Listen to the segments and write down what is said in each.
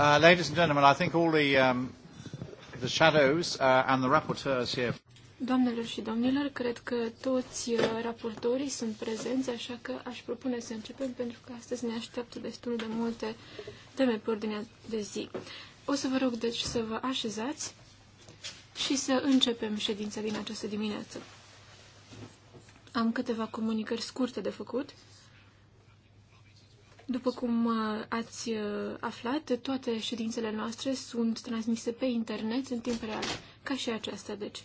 Uh, ladies and gentlemen, I think all the, um, the shadows uh, and the rapporteurs here. Doamnelor și domnilor, cred că toți uh, raportorii sunt prezenți, așa că aș propune să începem, pentru că astăzi ne așteaptă destul de multe teme pe ordinea de zi. O să vă rog, deci, să vă așezați și să începem ședința din această dimineață. Am câteva comunicări scurte de făcut. După cum uh, ați uh, aflat, toate ședințele noastre sunt transmise pe internet în timp real, ca și aceasta, deci.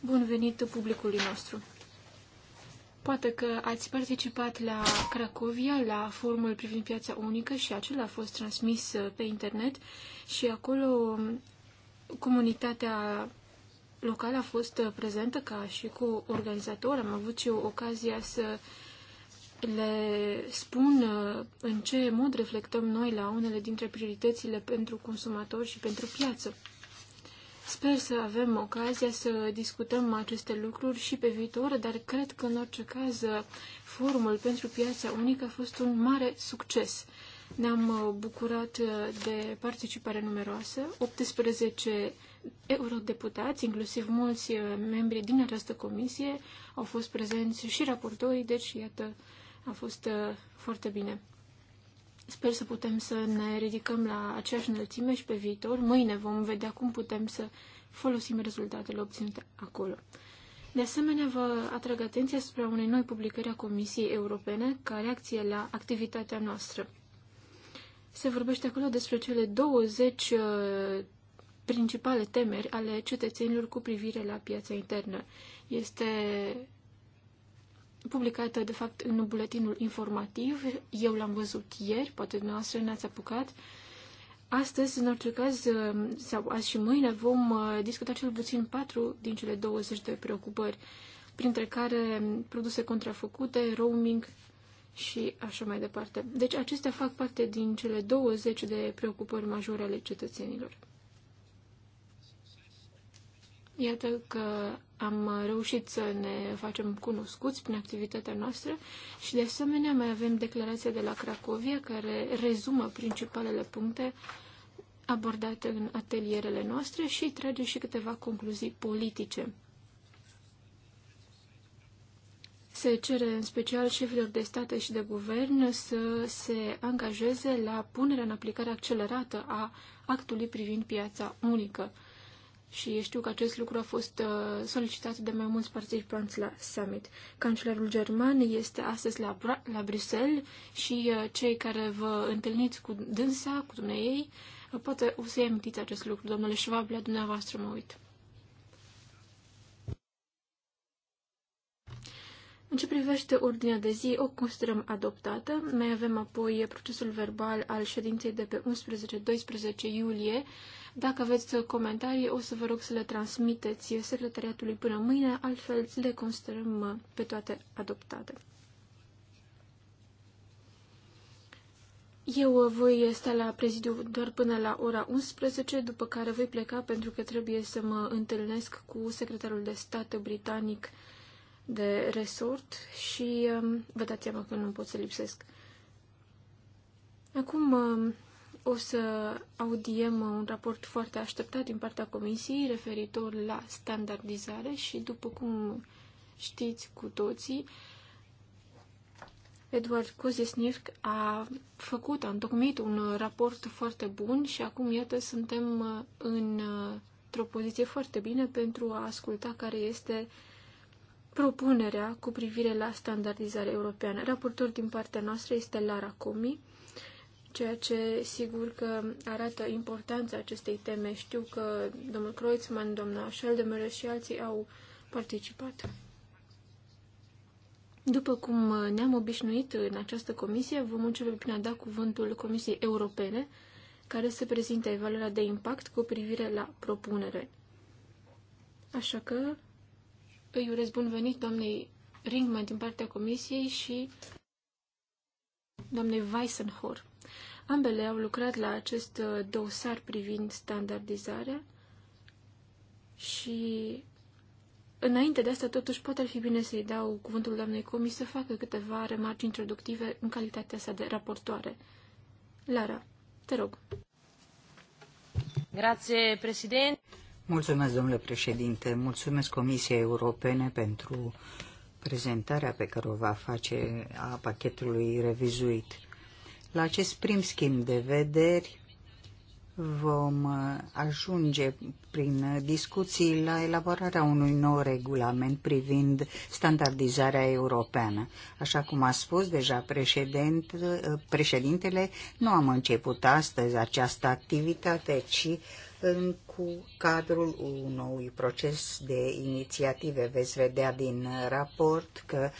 Bun venit publicului nostru! Poate că ați participat la Cracovia, la forumul privind piața unică și acela a fost transmis uh, pe internet și acolo um, comunitatea locală a fost prezentă ca și cu organizator. Am avut și eu ocazia să uh, le spun uh, în ce mod reflectăm noi la unele dintre prioritățile pentru consumatori și pentru piață. Sper să avem ocazia să discutăm aceste lucruri și pe viitor, dar cred că, în orice caz, forumul pentru piața unică a fost un mare succes. Ne-am uh, bucurat uh, de participare numeroasă, 18 eurodeputați, inclusiv mulți membri din această comisie, au fost prezenți și raportorii, deci, iată, a fost uh, foarte bine. Sper să putem să ne ridicăm la aceeași înălțime și pe viitor. Mâine vom vedea cum putem să folosim rezultatele obținute acolo. De asemenea, vă atrag atenția asupra unei noi publicări a Comisiei Europene ca reacție la activitatea noastră. Se vorbește acolo despre cele 20 uh, principale temeri ale cetățenilor cu privire la piața internă. Este publicată, de fapt, în buletinul informativ. Eu l-am văzut ieri, poate dumneavoastră ne ați apucat. Astăzi, în orice caz, uh, sau azi și mâine, vom uh, discuta cel puțin patru din cele 20 de preocupări, printre care um, produse contrafăcute, roaming și așa mai departe. Deci acestea fac parte din cele 20 de preocupări majore ale cetățenilor. Iată că am reușit să ne facem cunoscuți prin activitatea noastră și de asemenea mai avem declarația de la Cracovia care rezumă principalele puncte abordate în atelierele noastre și trage și câteva concluzii politice. Se cere în special șefilor de state și de guvern să se angajeze la punerea în aplicare accelerată a actului privind piața unică și știu că acest lucru a fost uh, solicitat de mai mulți participanți la summit. Cancelarul german este astăzi la, la Bruxelles și uh, cei care vă întâlniți cu dânsa, cu uh, poate o să-i amintiți acest lucru. Domnule Schwab, la dumneavoastră mă uit. În ce privește ordinea de zi, o considerăm adoptată. Mai avem apoi procesul verbal al ședinței de pe 11-12 iulie. Dacă aveți comentarii, o să vă rog să le transmiteți secretariatului până mâine, altfel le considerăm pe toate adoptate. Eu voi sta la prezidiu doar până la ora 11, după care voi pleca pentru că trebuie să mă întâlnesc cu secretarul de stat britanic de resort și um, vă dați seama că nu pot să lipsesc. Acum um, o să audiem un raport foarte așteptat din partea Comisiei referitor la standardizare și, după cum știți cu toții, Edward Kozesnirk a făcut, a întocmit un raport foarte bun și acum, iată, suntem în, uh, într-o poziție foarte bine pentru a asculta care este uh, propunerea cu privire la standardizare europeană. Raportul din partea noastră este Lara Comi, ceea ce sigur că arată importanța acestei teme. Știu că domnul Kreutzmann, doamna Scheldemere și alții au participat. După cum ne-am obișnuit în această comisie, vom începe prin a da cuvântul Comisiei Europene, care se prezintă evaluarea de impact cu privire la propunere. Așa că îi urez bun venit doamnei Ringman din partea comisiei și doamnei Weissenhor. Ambele au lucrat la acest uh, dosar privind standardizarea și înainte de asta, totuși, poate ar fi bine să-i dau cuvântul doamnei Comis să facă câteva remarci introductive în calitatea sa de raportoare. Lara, te rog. Grazie, președinte. Mulțumesc, domnule președinte, mulțumesc Comisiei Europene pentru prezentarea pe care o va face a pachetului revizuit. La acest prim schimb de vederi vom ajunge prin discuții la elaborarea unui nou regulament privind standardizarea europeană. Așa cum a spus deja președintele, nu am început astăzi această activitate, ci în cu cadrul unui proces de inițiative. Veți vedea din raport că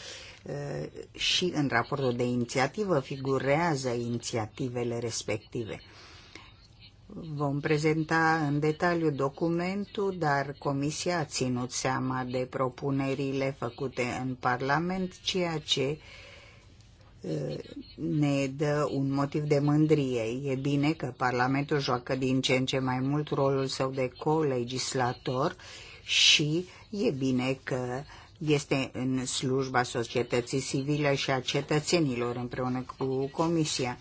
uh, și în raportul de inițiativă figurează inițiativele respective. Vom prezenta în detaliu documentul, dar Comisia a ținut seama de propunerile făcute în Parlament, ceea ce uh, ne dă un motiv de mândrie. E bine că Parlamentul joacă din ce în ce mai mult rolul său de co-legislator și e bine că este în slujba societății civile și a cetățenilor împreună cu Comisia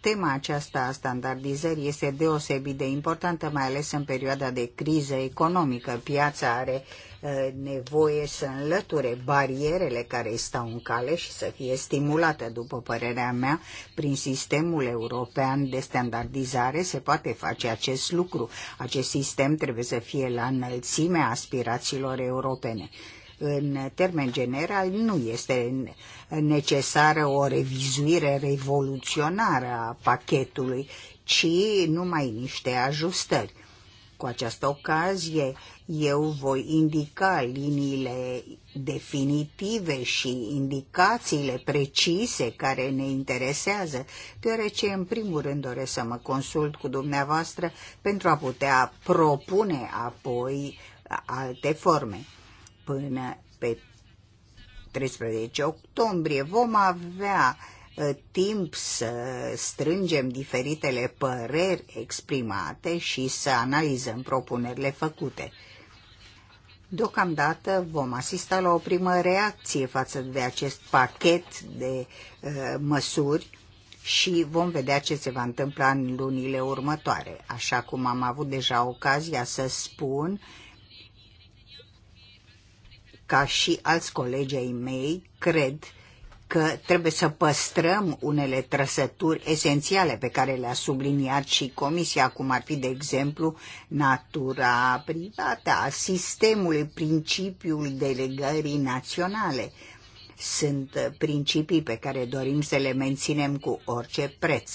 tema aceasta a standardizării este deosebit de importantă, mai ales în perioada de criză economică. Piața are uh, nevoie să înlăture barierele care îi stau în cale și să fie stimulată, după părerea mea, prin sistemul european de standardizare se poate face acest lucru. Acest sistem trebuie să fie la înălțimea aspirațiilor europene. În termen general, nu este necesară o revizuire revoluționară a pachetului, ci numai niște ajustări. Cu această ocazie, eu voi indica liniile definitive și indicațiile precise care ne interesează, deoarece în primul rând doresc să mă consult cu dumneavoastră pentru a putea propune apoi alte forme. Până pe 13 octombrie vom avea ă, timp să strângem diferitele păreri exprimate și să analizăm propunerile făcute. Deocamdată vom asista la o primă reacție față de acest pachet de uh, măsuri și vom vedea ce se va întâmpla în lunile următoare. Așa cum am avut deja ocazia să spun, uh, ca și alți colegii mei, cred că trebuie să păstrăm unele trăsături esențiale pe care le-a subliniat și Comisia, cum ar fi, de exemplu, natura privată a sistemului, principiul delegării naționale. Sunt principii pe care dorim să le menținem cu orice preț.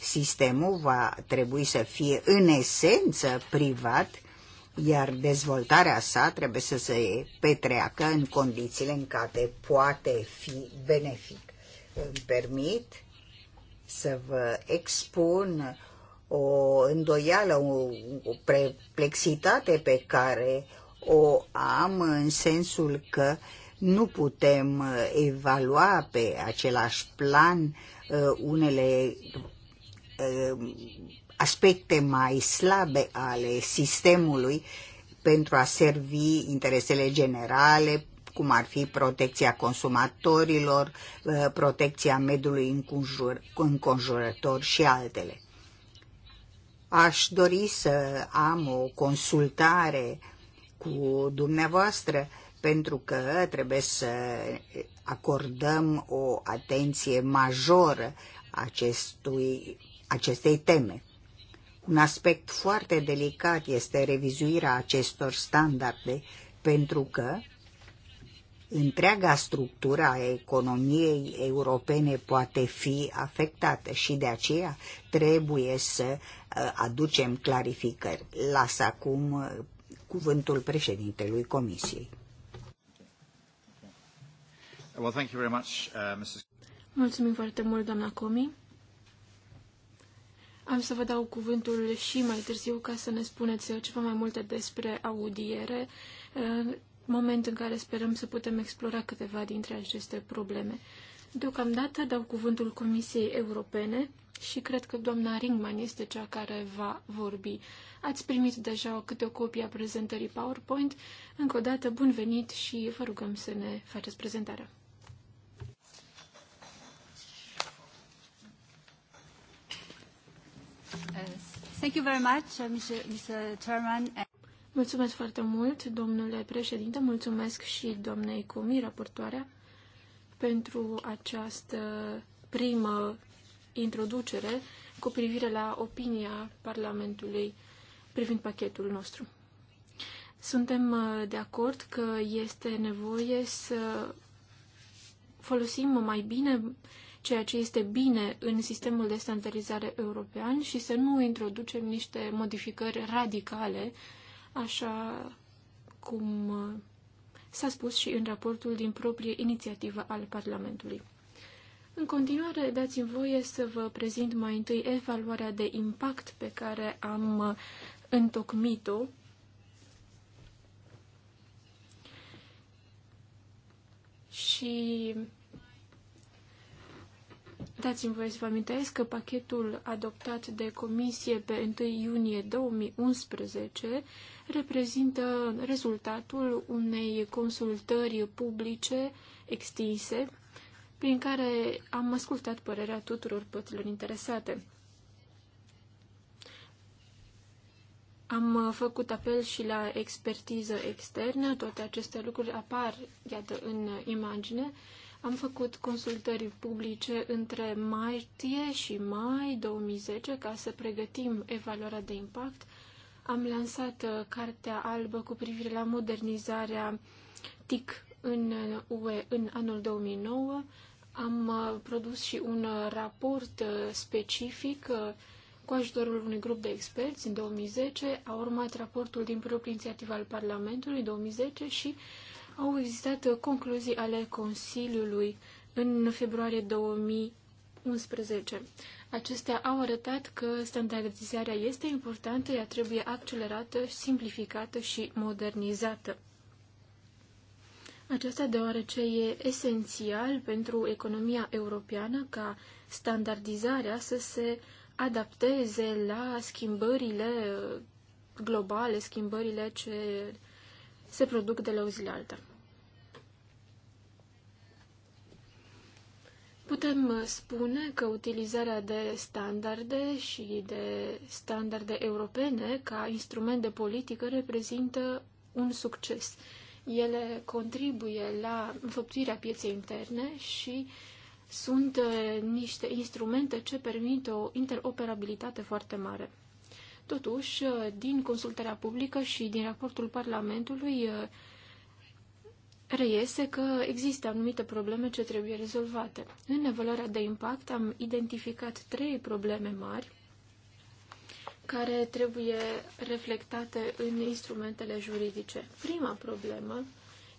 Sistemul va trebui să fie în esență privat iar dezvoltarea sa trebuie să se petreacă în condițiile în care poate fi benefic. Îmi permit să vă expun o îndoială, o, o perplexitate pe care o am în sensul că nu putem evalua pe același plan uh, unele uh, aspecte mai slabe ale sistemului pentru a servi interesele generale, cum ar fi protecția consumatorilor, uh, protecția mediului înconjurător și altele. Aș dori să am o consultare cu dumneavoastră pentru că trebuie să acordăm o atenție majoră acestui, acestei teme. Un aspect foarte delicat este revizuirea acestor standarde, pentru că întreaga structură a economiei europene poate fi afectată și de aceea trebuie să uh, aducem clarificări. Las acum uh, cuvântul președintelui Comisiei. Uh, Mulțumim foarte mult, doamna Comi. Am să vă dau cuvântul și mai târziu ca să ne spuneți ceva mai multe despre audiere, moment în care sperăm să putem explora câteva dintre aceste probleme. Deocamdată dau cuvântul Comisiei Europene și cred că doamna Ringman este cea care va vorbi. Ați primit deja câte o copie a prezentării PowerPoint. Încă o dată, bun venit și vă rugăm să ne faceți prezentarea. Thank you very much, uh, Mr. Chairman. Mulțumesc foarte mult, domnule președinte, mulțumesc și doamnei Comi, raportoarea, pentru această primă introducere cu privire la opinia Parlamentului privind pachetul nostru. Suntem uh, de acord că este nevoie să folosim mai bine ceea ce este bine în sistemul de standardizare european și să nu introducem niște modificări radicale, așa cum uh, s-a spus și în raportul din proprie inițiativă al Parlamentului. În continuare, dați-mi voie să vă prezint mai întâi evaluarea de impact pe care am uh, întocmit-o și Dați-mi voie să vă amintesc că pachetul adoptat de Comisie pe 1 iunie 2011 reprezintă rezultatul unei consultări publice extinse, prin care am ascultat părerea tuturor părților interesate. Am făcut apel și la expertiză externă, toate aceste lucruri apar, iată, în imagine, am făcut consultări publice între martie și mai 2010 ca să pregătim evaluarea de impact. Am lansat uh, cartea albă cu privire la modernizarea TIC în UE uh, în anul 2009. Am uh, produs și un raport specific cu ajutorul unui grup de experți în 2010. A urmat raportul din proprie inițiativă al Parlamentului în 2010 și au existat uh, concluzii ale Consiliului în februarie 2011. Acestea au arătat că standardizarea este importantă, ea trebuie accelerată, simplificată și modernizată. Aceasta deoarece e esențial pentru economia europeană ca standardizarea să se adapteze la schimbările uh, globale, schimbările ce se produc de la o zi la alta. Putem uh, spune că utilizarea de standarde și de standarde europene ca instrument de politică reprezintă un succes. Ele contribuie la înfăptuirea pieței interne și sunt uh, niște instrumente ce permit o interoperabilitate foarte mare. Totuși, uh, din consultarea publică și din raportul Parlamentului uh, reiese că există anumite probleme ce trebuie rezolvate. În evaluarea de impact am identificat trei probleme mari care trebuie reflectate în instrumentele juridice. Prima problemă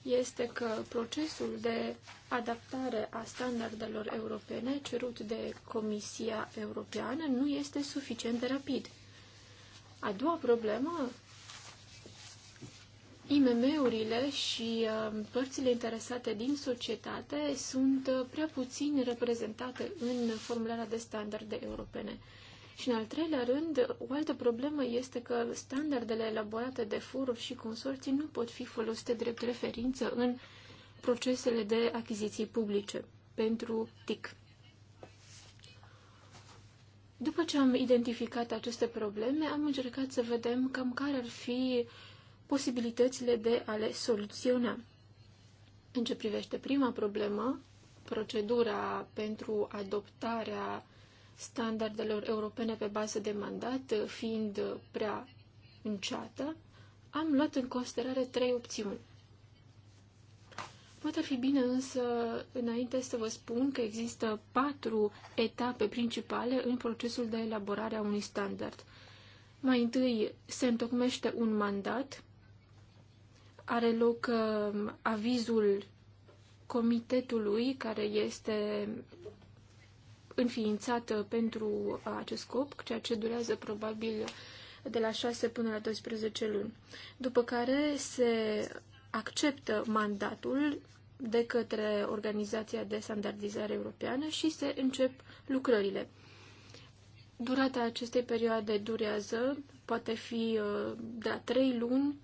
este că procesul de adaptare a standardelor europene cerut de Comisia Europeană nu este suficient de rapid. A doua problemă, IMM-urile și uh, părțile interesate din societate sunt uh, prea puțin reprezentate în formularea de standarde europene. Și în al treilea rând, o altă problemă este că standardele elaborate de foruri și consorții nu pot fi folosite drept referință în procesele de achiziții publice pentru TIC. După ce am identificat aceste probleme, am încercat să vedem cam care ar fi posibilitățile de a le soluționa. În ce privește prima problemă, procedura pentru adoptarea standardelor europene pe bază de mandat fiind prea înceată, am luat în considerare trei opțiuni. Poate ar fi bine însă, înainte să vă spun că există patru etape principale în procesul de elaborare a unui standard. Mai întâi se întocmește un mandat, are loc uh, avizul comitetului care este înființat uh, pentru uh, acest scop, ceea ce durează probabil de la 6 până la 12 luni. După care se acceptă mandatul de către Organizația de Standardizare Europeană și se încep lucrările. Durata acestei perioade durează, poate fi uh, de la trei luni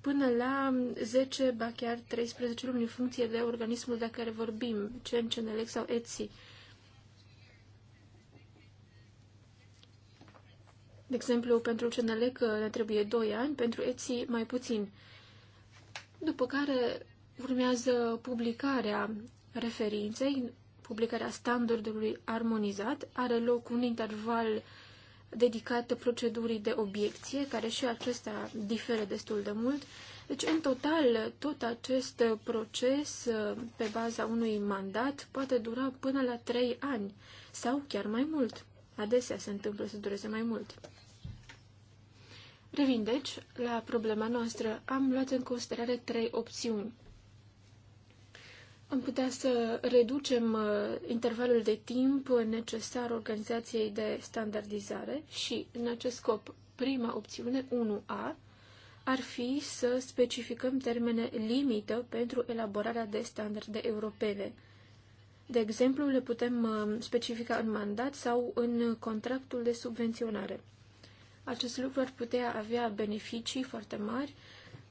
până la 10, ba chiar 13 luni, în funcție de organismul de care vorbim, CNCNLEC sau ETSI. De exemplu, pentru că ne trebuie 2 ani, pentru ETSI mai puțin. După care urmează publicarea referinței, publicarea standardului armonizat, are loc un interval dedicat procedurii de obiecție, care și acesta diferă destul de mult. Deci, în total, tot acest proces, pe baza unui mandat, poate dura până la 3 ani sau chiar mai mult. Adesea se întâmplă să dureze mai mult. Revin, deci, la problema noastră. Am luat în considerare trei opțiuni. Am putea să reducem uh, intervalul de timp necesar organizației de standardizare și, în acest scop, prima opțiune, 1A, ar fi să specificăm termene limită pentru elaborarea de standarde europene. De exemplu, le putem uh, specifica în mandat sau în contractul de subvenționare. Acest lucru ar putea avea beneficii foarte mari,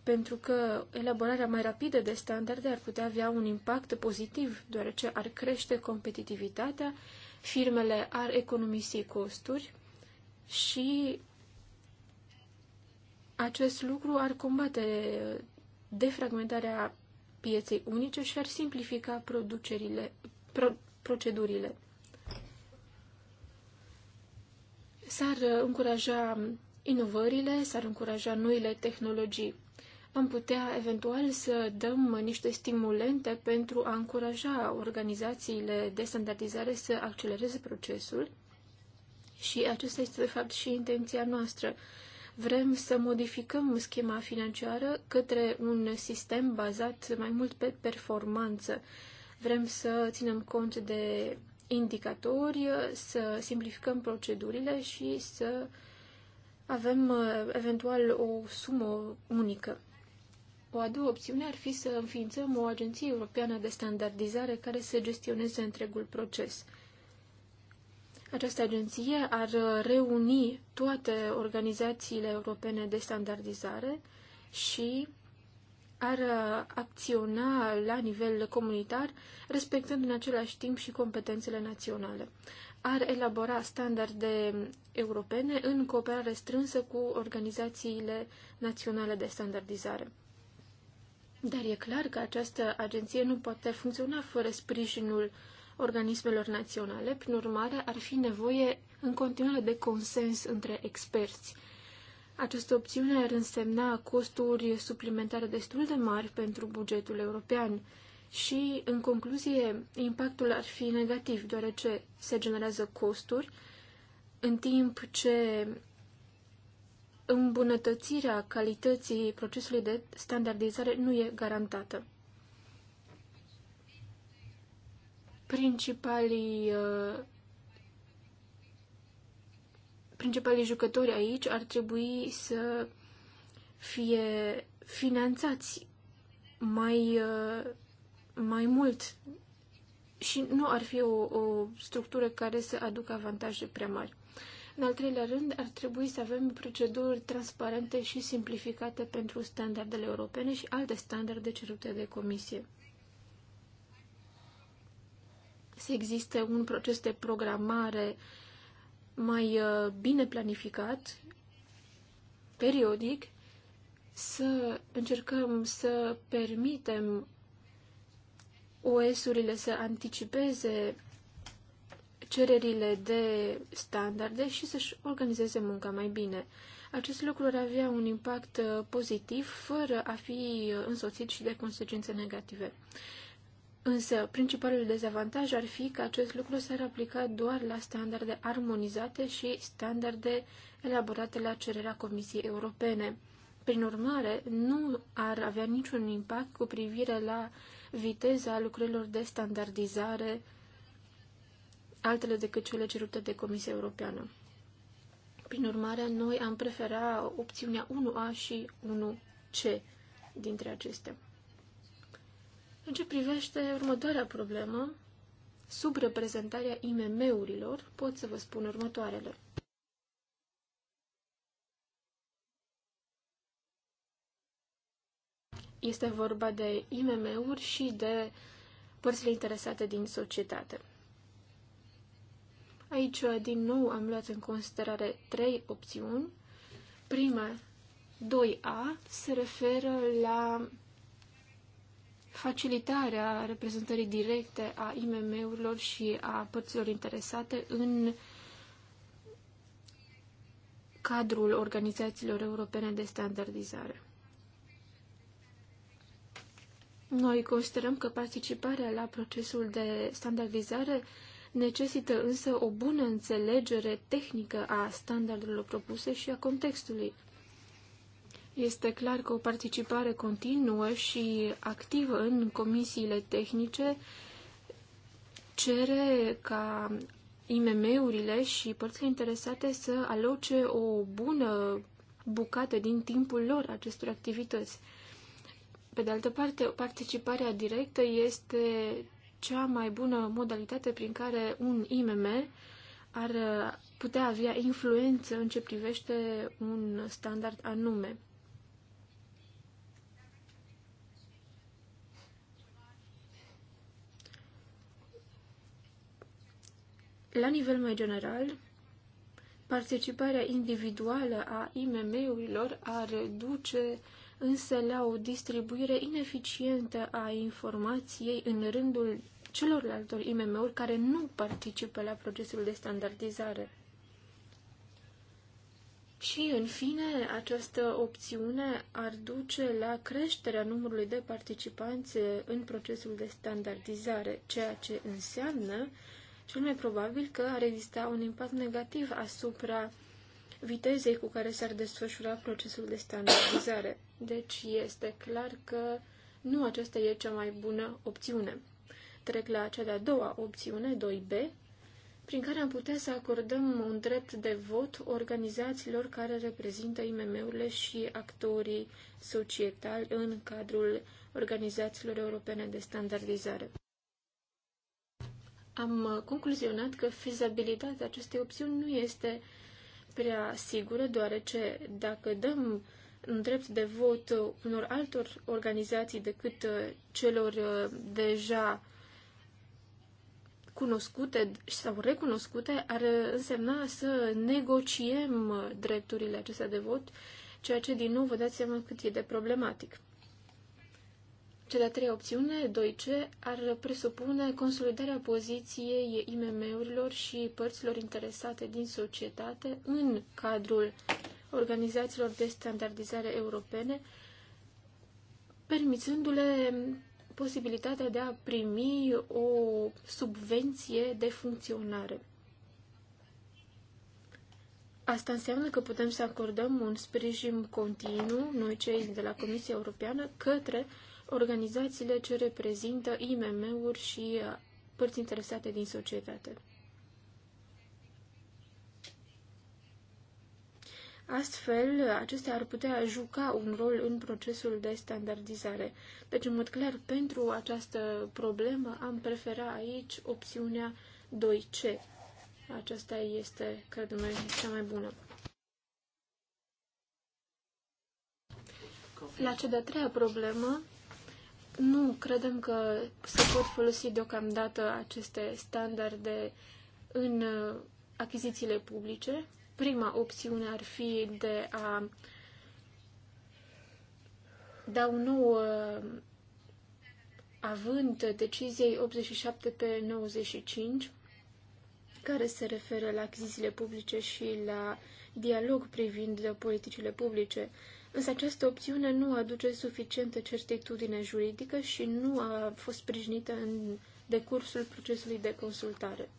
pentru că elaborarea mai rapidă de standarde ar putea avea un impact pozitiv, deoarece ar crește competitivitatea, firmele ar economisi costuri și acest lucru ar combate defragmentarea pieței unice și ar simplifica producerile, pro, procedurile. s-ar uh, încuraja inovările, s-ar încuraja noile tehnologii. Am putea eventual să dăm niște stimulente pentru a încuraja organizațiile de standardizare să accelereze procesul și acesta este de fapt și intenția noastră. Vrem să modificăm schema financiară către un sistem bazat mai mult pe performanță. Vrem să ținem cont de indicatori, să simplificăm procedurile și să avem uh, eventual o sumă unică. O a doua opțiune ar fi să înființăm o agenție europeană de standardizare care să gestioneze întregul proces. Această agenție ar uh, reuni toate organizațiile europene de standardizare și ar uh, acționa la nivel comunitar, respectând în același timp și competențele naționale. Ar elabora standarde europene în cooperare strânsă cu organizațiile naționale de standardizare. Dar e clar că această agenție nu poate funcționa fără sprijinul organismelor naționale, prin urmare ar fi nevoie în continuare de consens între experți această opțiune ar însemna costuri suplimentare destul de mari pentru bugetul european și, în concluzie, impactul ar fi negativ, deoarece se generează costuri, în timp ce îmbunătățirea calității procesului de standardizare nu e garantată. Principalii uh, principalii jucători aici ar trebui să fie finanțați mai, uh, mai mult și nu ar fi o, o structură care să aducă avantaje prea mari. În al treilea rând, ar trebui să avem proceduri transparente și simplificate pentru standardele europene și alte standarde cerute de comisie. Să existe un proces de programare uh, mai uh, bine planificat, periodic, să încercăm să permitem OS-urile să anticipeze cererile de standarde și să-și organizeze munca mai bine. Acest lucru ar avea un impact uh, pozitiv fără a fi uh, însoțit și de consecințe negative. Însă, principalul dezavantaj ar fi că acest lucru s-ar aplica doar la standarde armonizate și standarde elaborate la cererea Comisiei Europene. Prin urmare, nu ar avea niciun impact cu privire la viteza lucrurilor de standardizare, altele decât cele cerute de Comisia Europeană. Prin urmare, noi am preferat opțiunea 1A și 1C dintre acestea. În ce privește următoarea problemă, subreprezentarea IMM-urilor, pot să vă spun următoarele. Este vorba de IMM-uri și de părțile interesate din societate. Aici, din nou, am luat în considerare trei opțiuni. Prima, 2A, se referă la facilitarea reprezentării directe a IMM-urilor și a părților interesate în cadrul organizațiilor europene de standardizare. Noi considerăm că participarea la procesul de standardizare necesită însă o bună înțelegere tehnică a standardelor propuse și a contextului. Este clar că o participare continuă și activă în comisiile tehnice cere ca IMM-urile și părțile interesate să aloce o bună bucată din timpul lor acestor activități. Pe de altă parte, participarea directă este cea mai bună modalitate prin care un IMM ar putea avea influență în ce privește un standard anume. La nivel mai general, participarea individuală a IMM-urilor ar duce însă la o distribuire ineficientă a informației în rândul celorlaltor IMM-uri care nu participă la procesul de standardizare. Și, în fine, această opțiune ar duce la creșterea numărului de participanți în procesul de standardizare, ceea ce înseamnă cel mai probabil că ar exista un impact negativ asupra vitezei cu care s-ar desfășura procesul de standardizare. Deci este clar că nu aceasta e cea mai bună opțiune. Trec la cea de-a doua opțiune, 2B, prin care am putea să acordăm un drept de vot organizațiilor care reprezintă IMM-urile și actorii societali în cadrul organizațiilor europene de standardizare am uh, concluzionat că fezabilitatea acestei opțiuni nu este prea sigură, deoarece dacă dăm în drept de vot unor altor organizații decât uh, celor uh, deja cunoscute sau recunoscute, ar însemna să negociem drepturile acestea de vot, ceea ce din nou vă dați seama cât e de problematic. Cea a treia opțiune, 2C, ar presupune consolidarea poziției IMM-urilor și părților interesate din societate în cadrul organizațiilor de standardizare europene, permițându-le posibilitatea de a primi o subvenție de funcționare. Asta înseamnă că putem să acordăm un sprijin continuu, noi cei de la Comisia Europeană, către uh, organizațiile ce reprezintă IMM-uri și uh, părți interesate din societate. Astfel, acestea ar putea juca un rol în procesul de standardizare. Deci, în mod clar, pentru această problemă am prefera aici opțiunea 2C. Aceasta este, cred noi, cea mai bună. La cea de-a treia problemă, nu, credem că se pot folosi deocamdată aceste standarde în uh, achizițiile publice. Prima opțiune ar fi de a da un nou uh, având deciziei 87 pe 95 care se referă la achizițiile publice și la dialog privind politicile publice. Însă această opțiune nu aduce suficientă certitudine juridică și nu a fost sprijinită în decursul procesului de consultare.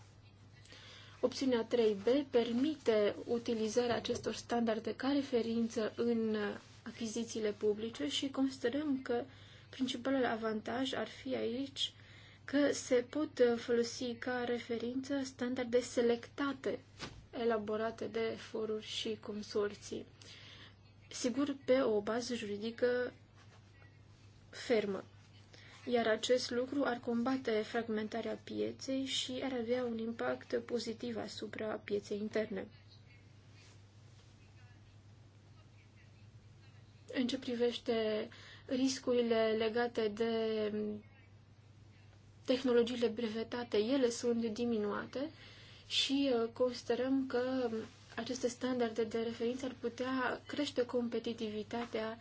Opțiunea 3b permite utilizarea acestor standarde ca referință în achizițiile publice și considerăm că principalul avantaj ar fi aici că se pot folosi ca referință standarde selectate elaborate de foruri și consorții sigur, pe o bază juridică fermă. Iar acest lucru ar combate fragmentarea pieței și ar avea un impact pozitiv asupra pieței interne. În ce privește riscurile legate de tehnologiile brevetate, ele sunt diminuate și uh, considerăm că aceste standarde de referință ar putea crește competitivitatea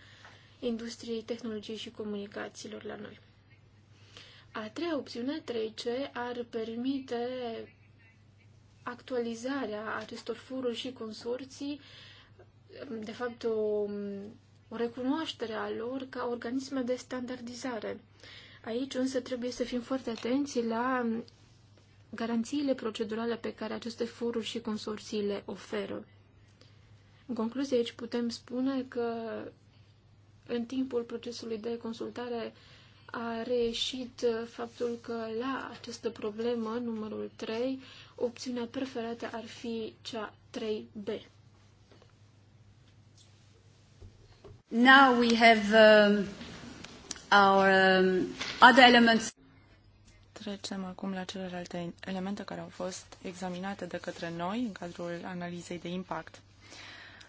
industriei tehnologiei și comunicațiilor la noi. A treia opțiune, 3C, ar permite actualizarea acestor fururi și consorții, de fapt o, o recunoaștere a lor ca organisme de standardizare. Aici însă trebuie să fim foarte atenți la garanțiile procedurale pe care aceste foruri și consorții le oferă. În concluzie, aici putem spune că în timpul procesului de consultare a reieșit faptul că la această problemă, numărul 3, opțiunea preferată ar fi cea 3B. Now we have um, our um, other elements. Trecem acum la celelalte elemente care au fost examinate de către noi în cadrul analizei de impact.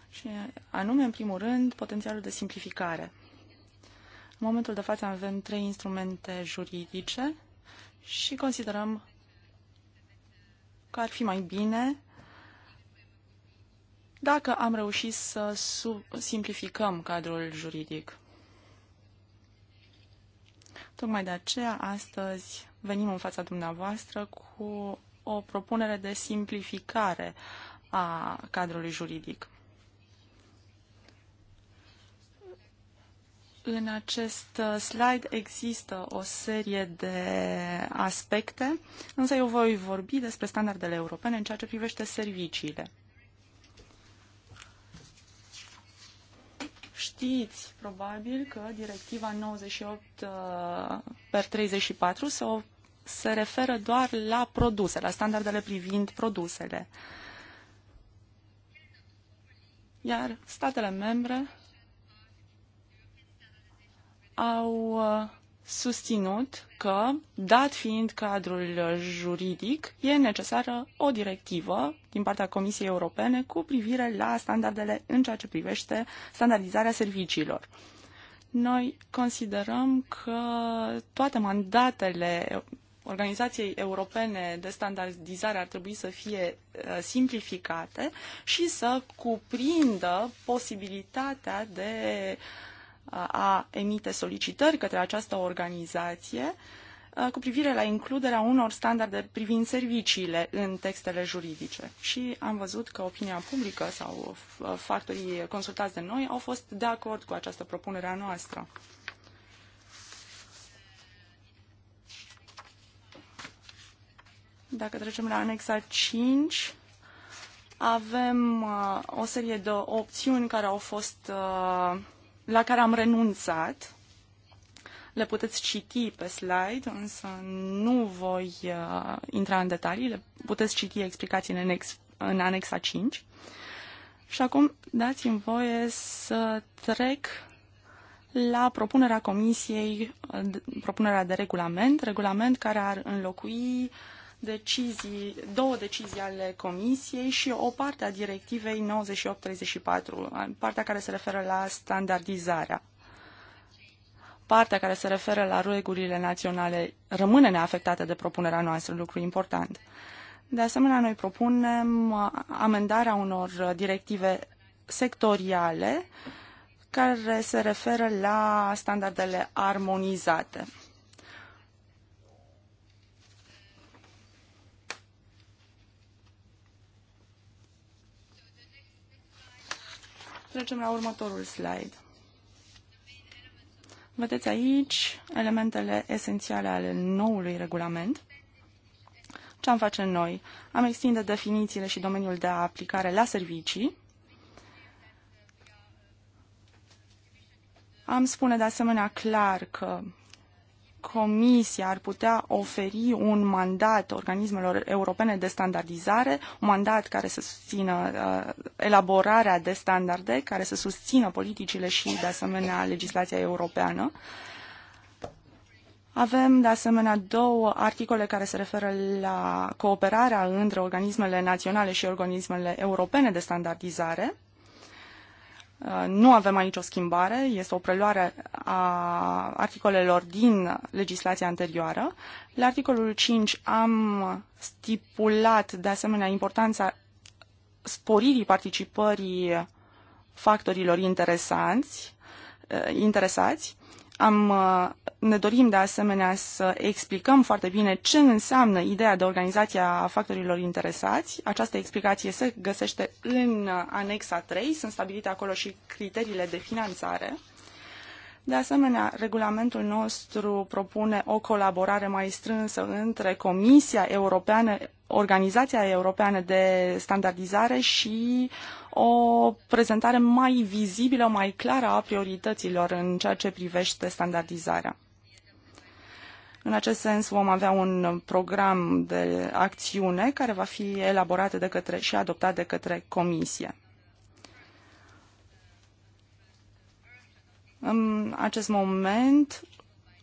Și anume, în primul rând, potențialul de simplificare. În momentul de față avem trei instrumente juridice și considerăm că ar fi mai bine dacă am reușit să simplificăm cadrul juridic. Tocmai de aceea, astăzi, venim în fața dumneavoastră cu o propunere de simplificare a cadrului juridic. În acest uh, slide există o serie de aspecte, însă eu voi vorbi despre standardele europene în ceea ce privește serviciile. Știți probabil că directiva 98 uh, per 34 se se referă doar la produse, la standardele privind produsele. Iar statele membre au uh, susținut că, dat fiind cadrul juridic, e necesară o directivă din partea Comisiei Europene cu privire la standardele în ceea ce privește standardizarea serviciilor. Noi considerăm că toate mandatele Organizației Europene de Standardizare ar trebui să fie uh, simplificate și să cuprindă posibilitatea de uh, a emite solicitări către această organizație uh, cu privire la includerea unor standarde privind serviciile în textele juridice. Și am văzut că opinia publică sau factorii consultați de noi au fost de acord cu această propunere a noastră. Dacă trecem la anexa 5, avem uh, o serie de opțiuni care au fost, uh, la care am renunțat. Le puteți citi pe slide, însă nu voi uh, intra în detalii. Le puteți citi explicații în, anex, în anexa 5. Și acum dați-mi voie să trec la propunerea Comisiei, uh, propunerea de regulament, regulament care ar înlocui uh, decizii, două decizii ale Comisiei și o parte a directivei 9834, partea care se referă la standardizarea. Partea care se referă la regulile naționale rămâne neafectată de propunerea noastră, lucru important. De asemenea, noi propunem amendarea unor directive sectoriale care se referă la standardele armonizate. Trecem la următorul slide. Vedeți aici elementele esențiale ale noului regulament. Ce am face noi? Am extinde definițiile și domeniul de aplicare la servicii. Am spune de asemenea clar că Comisia ar putea oferi un mandat organismelor europene de standardizare, un mandat care să susțină uh, elaborarea de standarde, care să susțină politicile și, de asemenea, legislația europeană. Avem, de asemenea, două articole care se referă la cooperarea între organismele naționale și organismele europene de standardizare. Uh, nu avem aici o schimbare, este o preluare a articolelor din legislația anterioară. La articolul 5 am stipulat de asemenea importanța sporirii participării factorilor interesanți, uh, interesați am, uh, ne dorim de asemenea să explicăm foarte bine ce înseamnă ideea de organizație a factorilor interesați. Această explicație se găsește în uh, anexa 3, sunt stabilite acolo și criteriile de finanțare. De asemenea, regulamentul nostru propune o colaborare mai strânsă între Comisia Europeană, Organizația Europeană de Standardizare și uh, o prezentare mai vizibilă, mai clară a priorităților în ceea ce privește standardizarea. În acest sens vom avea un program de acțiune care va fi elaborat de către, și adoptat de către Comisie. În acest moment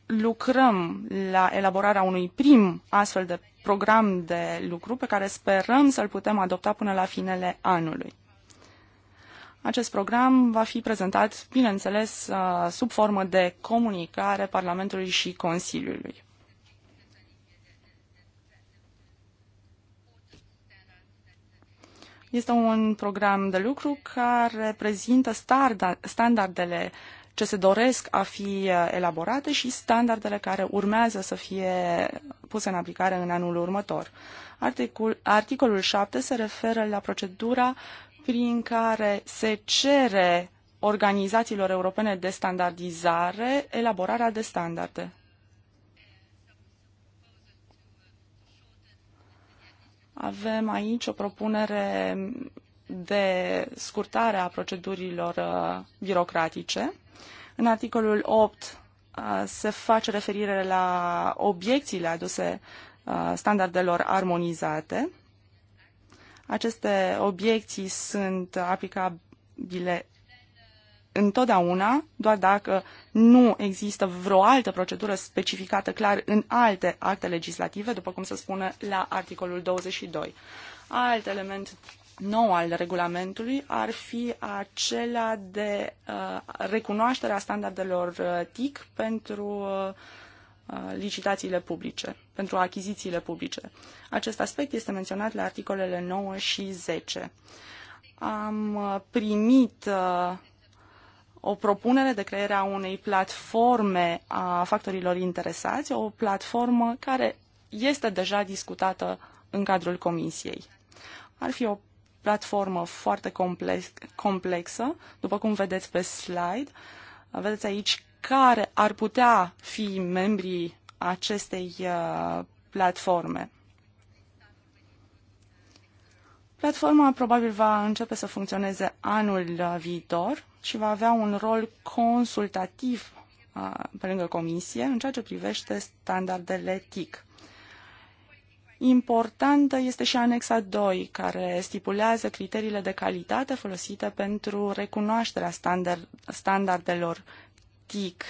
lucrăm la elaborarea unui prim astfel de program de lucru pe care sperăm să-l putem adopta până la finele anului. Acest program va fi prezentat, bineînțeles, uh, sub formă de comunicare Parlamentului și Consiliului. Este un program de lucru care prezintă standardele ce se doresc a fi uh, elaborate și standardele care urmează să fie puse în aplicare în anul următor. Articol, articolul 7 se referă la procedura prin care se cere organizațiilor europene de standardizare elaborarea de standarde. Avem aici o propunere de scurtare a procedurilor uh, birocratice. În articolul 8 uh, se face referire la obiecțiile aduse uh, standardelor armonizate. Aceste obiecții sunt aplicabile întotdeauna, doar dacă nu există vreo altă procedură specificată clar în alte acte legislative, după cum se spune la articolul 22. Alt element nou al regulamentului ar fi acela de uh, recunoașterea standardelor uh, TIC pentru uh, Uh, licitațiile publice, pentru achizițiile publice. Acest aspect este menționat la articolele 9 și 10. Am uh, primit uh, o propunere de creare a unei platforme a factorilor interesați, o platformă care este deja discutată în cadrul comisiei. Ar fi o platformă foarte complexă, după cum vedeți pe slide. Vedeți aici care ar putea fi membrii acestei uh, platforme. Platforma probabil va începe să funcționeze anul uh, viitor și va avea un rol consultativ uh, pe lângă comisie în ceea ce privește standardele TIC. Importantă este și anexa 2, care stipulează criteriile de calitate folosite pentru recunoașterea standard, standardelor TIC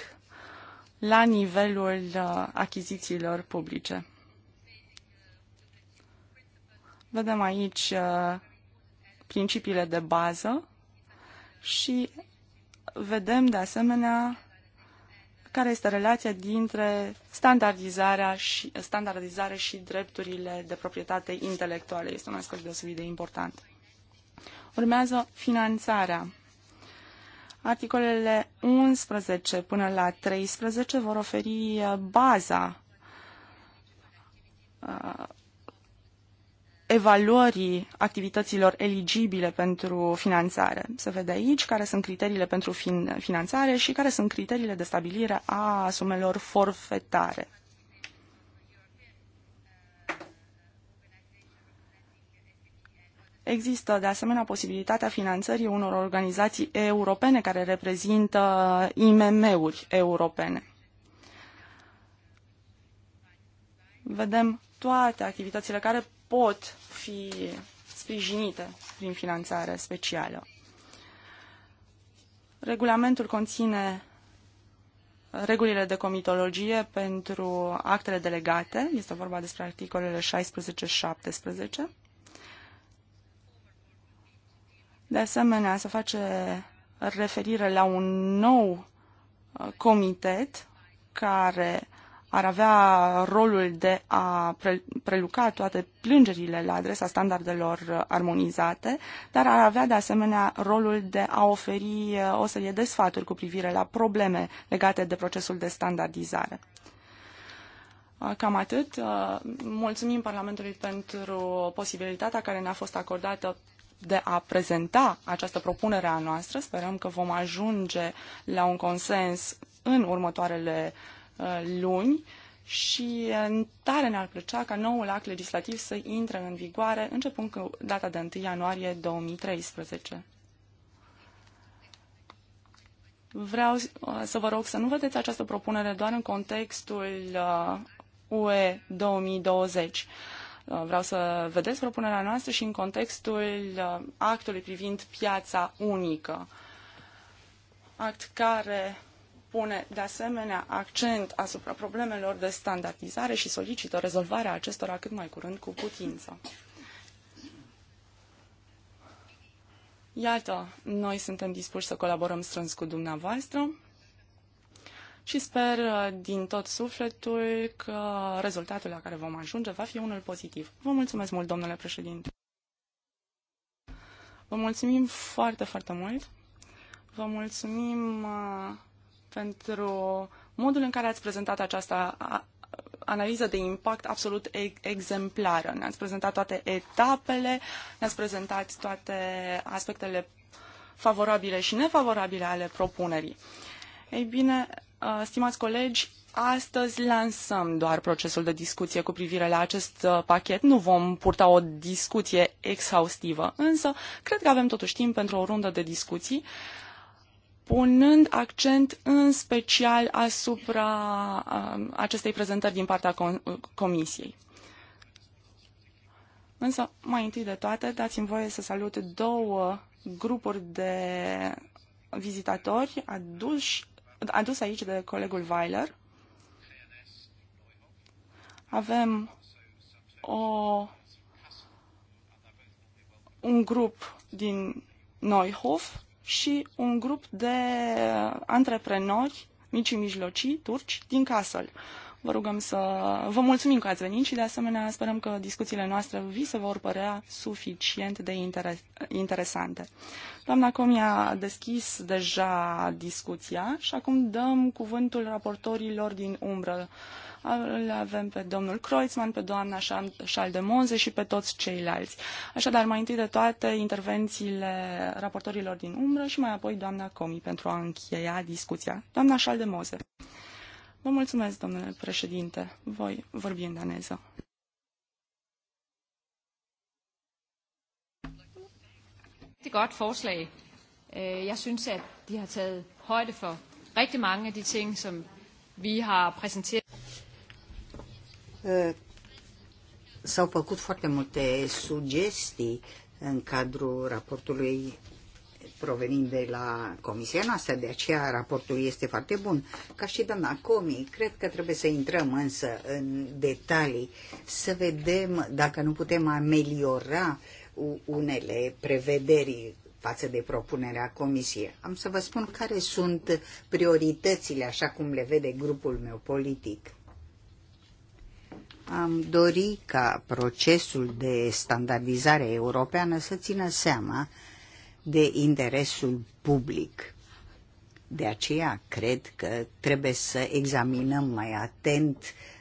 la nivelul uh, achizițiilor publice. Vedem aici uh, principiile de bază și vedem de asemenea care este relația dintre standardizarea și, standardizare și drepturile de proprietate intelectuală. Este un aspect deosebit de important. Urmează finanțarea. Articolele 11 până la 13 vor oferi uh, baza uh, evaluării activităților eligibile pentru finanțare. Se vede aici care sunt criteriile pentru finanțare și care sunt criteriile de stabilire a sumelor forfetare. Există de asemenea posibilitatea finanțării unor organizații europene care reprezintă IMM-uri europene. Vedem toate activitățile care pot fi sprijinite prin finanțare specială. Regulamentul conține regulile de comitologie pentru actele delegate, este vorba despre articolele 16-17, de asemenea, se face referire la un nou uh, comitet care ar avea rolul de a preluca toate plângerile la adresa standardelor uh, armonizate, dar ar avea de asemenea rolul de a oferi uh, o serie de sfaturi cu privire la probleme legate de procesul de standardizare. Cam atât. Mulțumim Parlamentului pentru posibilitatea care ne-a fost acordată de a prezenta această propunere a noastră. Sperăm că vom ajunge la un consens în următoarele uh, luni și uh, tare ne-ar plăcea ca noul act legislativ să intre în vigoare începând cu data de 1 ianuarie 2013. Vreau uh, să vă rog să nu vedeți această propunere doar în contextul UE 2020. Uh, vreau să vedeți propunerea noastră și în contextul uh, actului privind piața unică, act care pune de asemenea accent asupra problemelor de standardizare și solicită rezolvarea acestora cât mai curând cu putință. Iată, noi suntem dispuși să colaborăm strâns cu dumneavoastră și sper uh, din tot sufletul că rezultatul la care vom ajunge va fi unul pozitiv. Vă mulțumesc mult, domnule președinte. Vă mulțumim foarte, foarte mult. Vă mulțumim uh, pentru modul în care ați prezentat această analiză de impact absolut exemplară. Ne-ați prezentat toate etapele, ne-ați prezentat toate aspectele favorabile și nefavorabile ale propunerii. Ei bine, Uh, stimați colegi, astăzi lansăm doar procesul de discuție cu privire la acest uh, pachet. Nu vom purta o discuție exhaustivă, însă cred că avem totuși timp pentru o rundă de discuții punând accent în special asupra uh, acestei prezentări din partea Comisiei. Însă, mai întâi de toate, dați-mi voie să salut două grupuri de vizitatori aduși adus aici de colegul Weiler. Avem o, un grup din Neuhof și un grup de antreprenori mici și mijlocii turci din Kassel. Uh, Vă rugăm să vă mulțumim că ați venit și de asemenea sperăm că discuțiile noastre vi se vor părea suficient de interes- interesante. Doamna Comi a deschis deja discuția și acum dăm cuvântul raportorilor din umbră. Le avem pe domnul Kreutzmann, pe doamna Șaldemonze și pe toți ceilalți. Așadar, mai întâi de toate, intervențiile raportorilor din umbră și mai apoi doamna Comi pentru a încheia discuția. Doamna Șaldemoze. Vă mulțumesc, domnule președinte. Voi vorbi în daneză. rigtig er godt forslag. Øh, jeg synes, at de har taget højde for rigtig mange af de ting, som vi har præsenteret. Øh, s-au făcut foarte multe sugestii în cadrul raportului provenind de la comisia noastră, de aceea raportul este foarte bun. Ca și doamna Comi, cred că trebuie să intrăm însă în detalii, să vedem dacă nu putem ameliora unele prevederi față de propunerea comisiei. Am să vă spun care sunt prioritățile așa cum le vede grupul meu politic. Am dorit ca procesul de standardizare europeană să țină seama de interesul public. De aceea cred că trebuie să examinăm mai atent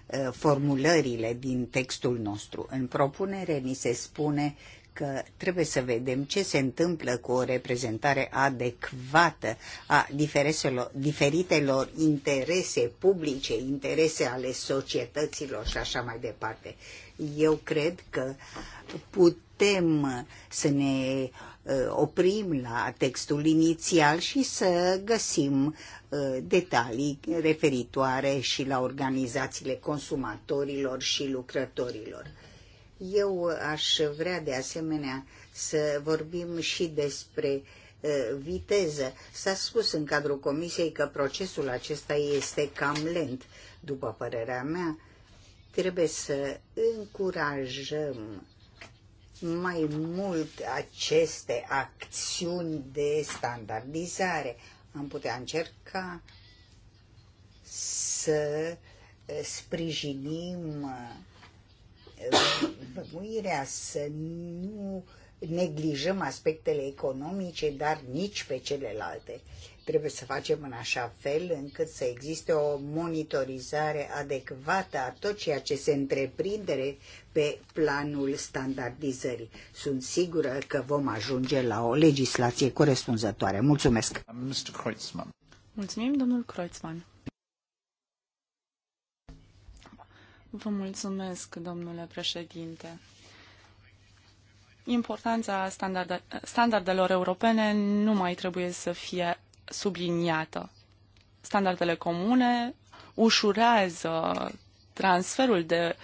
uh, formulările din textul nostru. În propunere ni se spune că trebuie să vedem ce se întâmplă cu o reprezentare adecvată a diferitelor interese publice, interese ale societăților și așa mai departe. Eu cred că putem să ne Uh, oprim la textul inițial și să găsim uh, detalii referitoare și la organizațiile consumatorilor și lucrătorilor. Eu aș vrea de asemenea să vorbim și despre uh, viteză. S-a spus în cadrul comisiei că procesul acesta este cam lent. După părerea mea, trebuie să încurajăm mai mult aceste acțiuni de standardizare. Am putea încerca să eh, sprijinim eh, bămuirea, să nu neglijăm aspectele economice, dar nici pe celelalte. Trebuie să facem în așa fel încât să existe o monitorizare adecvată a tot ceea ce se întreprindere pe planul standardizării. Sunt sigură că vom ajunge la o legislație corespunzătoare. Mulțumesc! Mr. Mulțumim, domnul Kreutzmann. Vă mulțumesc, domnule președinte. Importanța standardelor europene nu mai trebuie să fie subliniată. Standardele comune ușurează transferul de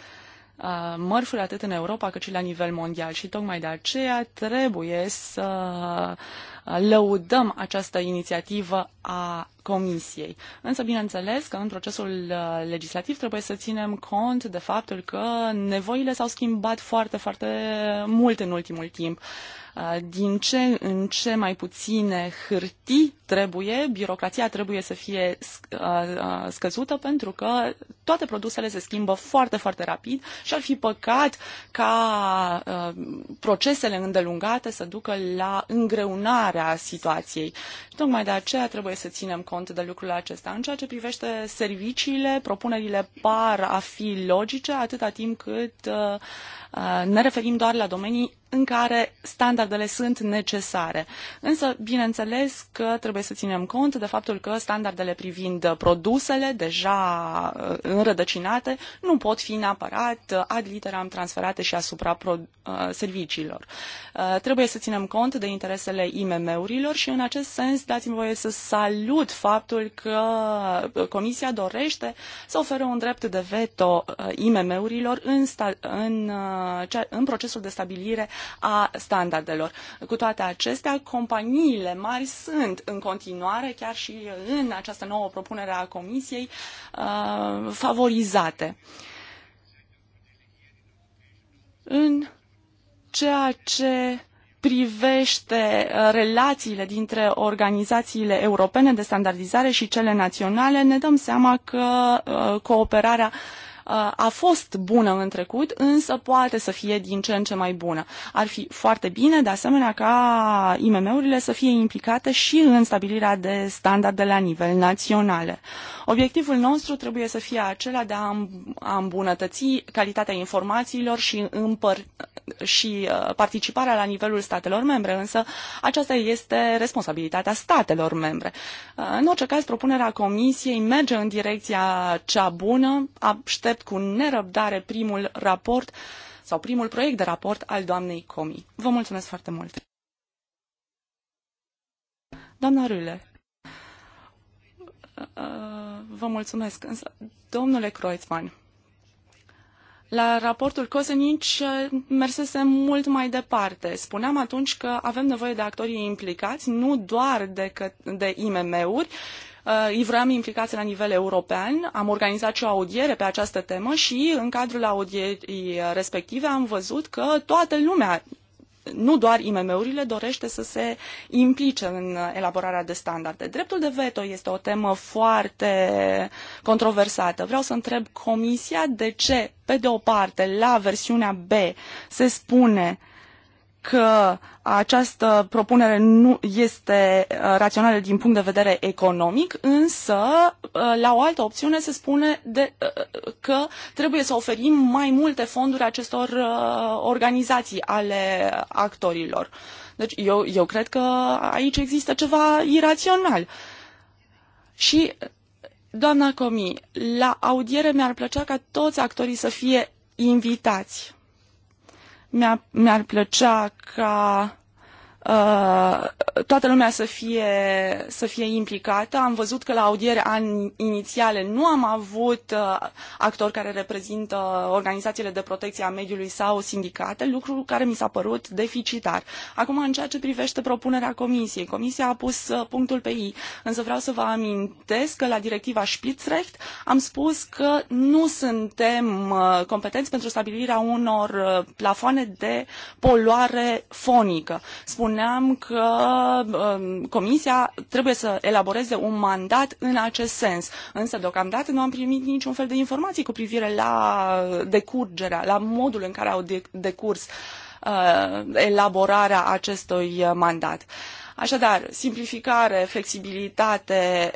uh, mărfuri atât în Europa cât și la nivel mondial și tocmai de aceea trebuie să uh, lăudăm această inițiativă a Comisiei. Însă, bineînțeles că în procesul uh, legislativ trebuie să ținem cont de faptul că nevoile s-au schimbat foarte, foarte mult în ultimul timp. Uh, din ce în ce mai puține hârtii trebuie, birocrația trebuie să fie uh, scăzută pentru că toate produsele se schimbă foarte, foarte rapid și ar fi păcat ca procesele îndelungate să ducă la îngreunarea situației. Tocmai de aceea trebuie să ținem cont cont de lucrul acesta. În ceea ce privește serviciile, propunerile par a fi logice atâta timp cât uh, uh, ne referim doar la domenii în care standardele sunt necesare. Însă, bineînțeles că trebuie să ținem cont de faptul că standardele privind produsele deja uh, înrădăcinate nu pot fi neapărat uh, ad literam transferate și asupra uh, serviciilor. Trebuie să ținem cont de interesele IMM-urilor și în acest sens dați-mi voie să salut faptul că Comisia dorește să ofere un drept de veto IMM-urilor în, în, în procesul de stabilire a standardelor. Cu toate acestea, companiile mari sunt în continuare, chiar și în această nouă propunere a Comisiei, uh, favorizate. În ceea ce privește uh, relațiile dintre organizațiile europene de standardizare și cele naționale, ne dăm seama că uh, cooperarea Uh, a fost bună în trecut, însă poate să fie din ce în ce mai bună. Ar fi foarte bine, de asemenea, ca IMM-urile să fie implicate și în stabilirea de standarde la nivel național. Obiectivul nostru trebuie să fie acela de a îmbunătăți calitatea informațiilor și, împăr- și uh, participarea la nivelul statelor membre, însă aceasta este responsabilitatea statelor membre. Uh, în orice caz, propunerea Comisiei merge în direcția cea bună, aștept aștept cu nerăbdare primul raport sau primul proiect de raport al doamnei Comi. Vă mulțumesc foarte mult! Doamna Râle, uh, vă mulțumesc, însă, domnule Kreuzmann, la raportul Cosenici uh, mersese mult mai departe. Spuneam atunci că avem nevoie de actorii implicați, nu doar de, că, de IMM-uri, Uh, vroiam implicați la nivel european. Am organizat și o audiere pe această temă și în cadrul audierii respective am văzut că toată lumea nu doar IMM-urile dorește să se implice în elaborarea de standarde. Dreptul de veto este o temă foarte controversată. Vreau să întreb Comisia de ce, pe de o parte, la versiunea B se spune uh, că această propunere nu este uh, rațională din punct de vedere economic, însă uh, la o altă opțiune se spune de, uh, că trebuie să oferim mai multe fonduri acestor organizații ale actorilor. Deci eu, eu cred că aici există ceva irațional. Și, doamna Comi, la audiere mi-ar plăcea ca toți actorii să fie invitați mi-ar, plăcea ca Uh, toată lumea să fie, să fie implicată. Am văzut că la audiere an, inițiale nu am avut uh, actori care reprezintă organizațiile de protecție a mediului sau sindicate, lucru care mi s-a părut deficitar. Acum, în ceea ce privește propunerea comisiei, comisia a pus uh, punctul pe I, însă vreau să vă amintesc că la directiva Spitzrecht am spus că nu suntem competenți pentru stabilirea unor plafoane de poluare fonică. Spun spuneam că um, Comisia trebuie să elaboreze un mandat în acest sens. Însă, deocamdată, nu am primit niciun fel de informații cu privire la decurgerea, la modul în care au decurs uh, elaborarea acestui mandat. Așadar, simplificare, flexibilitate,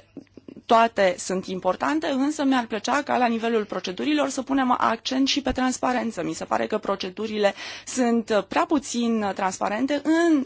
toate sunt importante, însă mi-ar plăcea ca la nivelul procedurilor să punem accent și pe transparență. Mi se pare că procedurile sunt prea puțin transparente în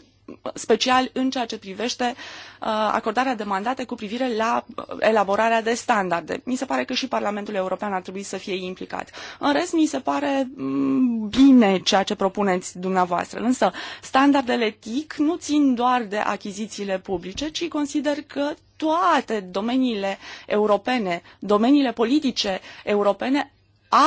special în ceea ce privește uh, acordarea de mandate cu privire la uh, elaborarea de standarde. Mi se pare că și Parlamentul European ar trebui să fie implicat. În rest, mi se pare mm, bine ceea ce propuneți dumneavoastră, însă standardele TIC nu țin doar de achizițiile publice, ci consider că toate domeniile europene, domeniile politice europene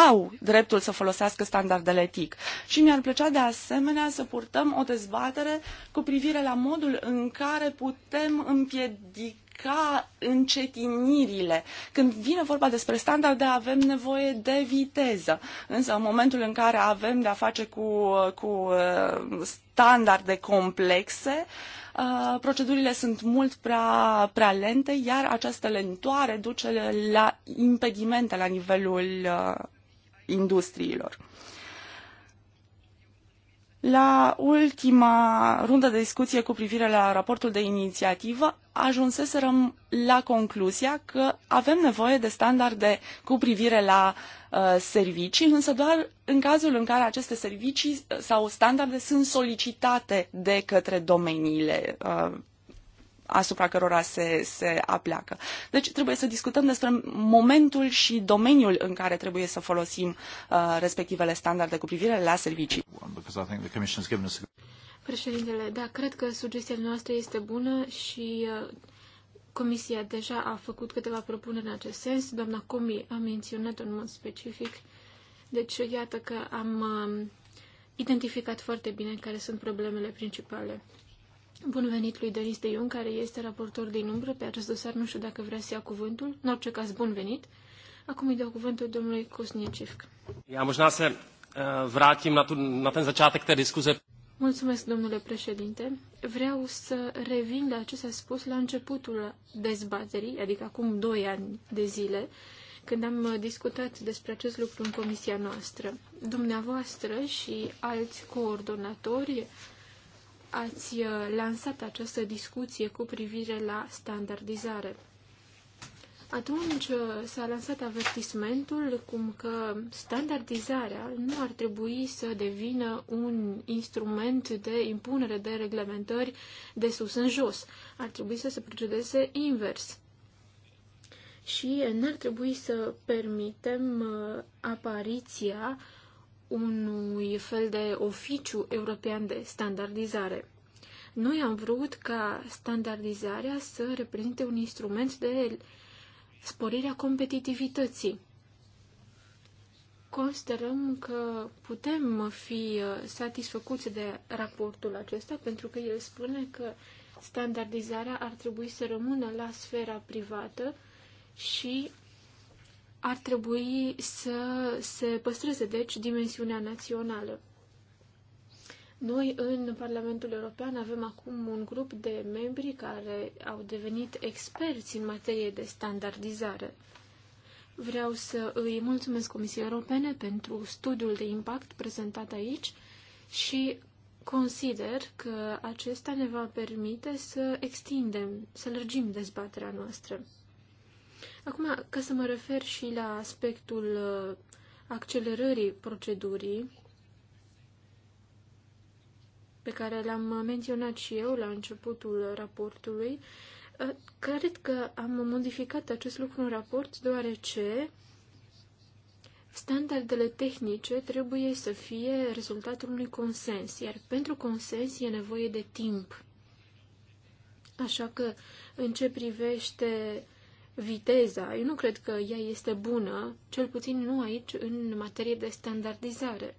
au dreptul să folosească standardele TIC. Și mi-ar plăcea de asemenea să purtăm o dezbatere cu privire la modul în care putem împiedica ca încetinirile. Când vine vorba despre standarde, avem nevoie de viteză. Însă, în momentul în care avem de-a face cu, cu uh, standarde complexe, uh, procedurile sunt mult prea, prea lente, iar această lentoare duce la impedimente la nivelul uh, industriilor. La ultima rundă de discuție cu privire la raportul de inițiativă, ajunseserăm la concluzia că avem nevoie de standarde cu privire la uh, servicii, însă doar în cazul în care aceste servicii uh, sau standarde sunt solicitate de către domeniile uh, asupra cărora se, se apleacă. Deci trebuie să discutăm despre momentul și domeniul în care trebuie să folosim uh, respectivele standarde cu privire la servicii. Președintele, da, cred că sugestia noastră este bună și uh, Comisia deja a făcut câteva propuneri în acest sens. Doamna Comi a menționat în mod specific. Deci, iată că am um, identificat foarte bine care sunt problemele principale. Bun venit lui Denis de Iun, care este raportor din umbră pe acest dosar. Nu știu dacă vrea să ia cuvântul. În orice caz, bun venit. Acum îi dau cuvântul domnului Kosniecic. Ja možná se eh, vrátím na, tu, na ten začátek té diskuze. Mulțumesc, domnule președinte. Vreau să revin la ce s-a spus la începutul dezbaterii, adică acum doi ani de zile, când am eh, discutat despre acest lucru în comisia noastră. Dumneavoastră și alți coordonatori ați uh, lansat această discuție cu privire la standardizare. Atunci uh, s-a lansat avertismentul cum că standardizarea nu ar trebui să devină un instrument de impunere de reglementări de sus în jos. Ar trebui să se procedeze invers. Și n-ar trebui să permitem uh, apariția uh, unui fel de oficiu european de standardizare. Noi am vrut ca standardizarea să reprezinte un instrument de sporirea competitivității. Considerăm că putem fi satisfăcuți de raportul acesta pentru că el spune că standardizarea ar trebui să rămână la sfera privată și ar trebui să se păstreze, deci, dimensiunea națională. Noi, în Parlamentul European, avem acum un grup de membri care au devenit experți în materie de standardizare. Vreau să îi mulțumesc Comisiei Europene pentru studiul de impact prezentat aici și consider că acesta ne va permite să extindem, să lărgim dezbaterea noastră. Acum, ca să mă refer și la aspectul uh, accelerării procedurii, pe care l-am menționat și eu la începutul raportului, uh, cred că am modificat acest lucru în raport deoarece standardele tehnice trebuie să fie rezultatul unui consens, iar pentru consens e nevoie de timp. Așa că, în ce privește viteza. Eu nu cred că ea este bună, cel puțin nu aici, în materie de standardizare.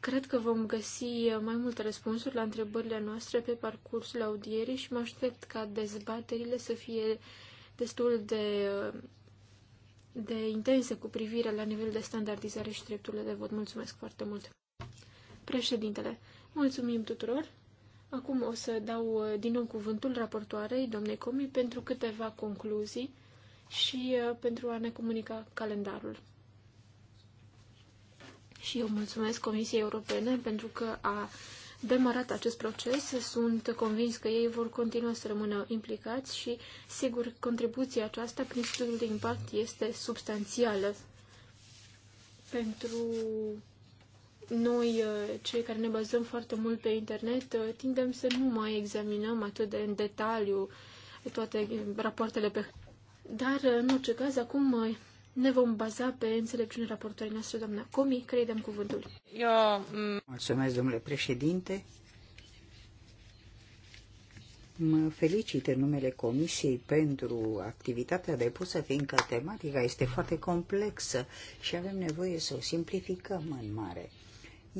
Cred că vom găsi mai multe răspunsuri la întrebările noastre pe parcursul audierii și mă aștept ca dezbaterile să fie destul de, de intense cu privire la nivelul de standardizare și drepturile de vot. Mulțumesc foarte mult! Președintele, mulțumim tuturor! Acum o să dau uh, din nou cuvântul raportoarei, doamnei Comi, pentru câteva concluzii și uh, pentru a ne comunica calendarul. Și eu mulțumesc Comisiei Europene pentru că a demarat acest proces. Sunt convins că ei vor continua să rămână implicați și, sigur, contribuția aceasta prin studiul de impact este substanțială pentru noi, uh, cei care ne bazăm foarte mult pe internet, uh, tindem să nu mai examinăm atât de în detaliu toate uh, rapoartele pe... Dar, în orice caz, acum ne vom baza pe înțelepciunea raportării noastre, doamna Comi, credem cuvântul. Eu... Mm, Mulțumesc, domnule președinte. Mă felicit în numele Comisiei pentru activitatea depusă, fiindcă tematica este foarte complexă și avem nevoie să o simplificăm în mare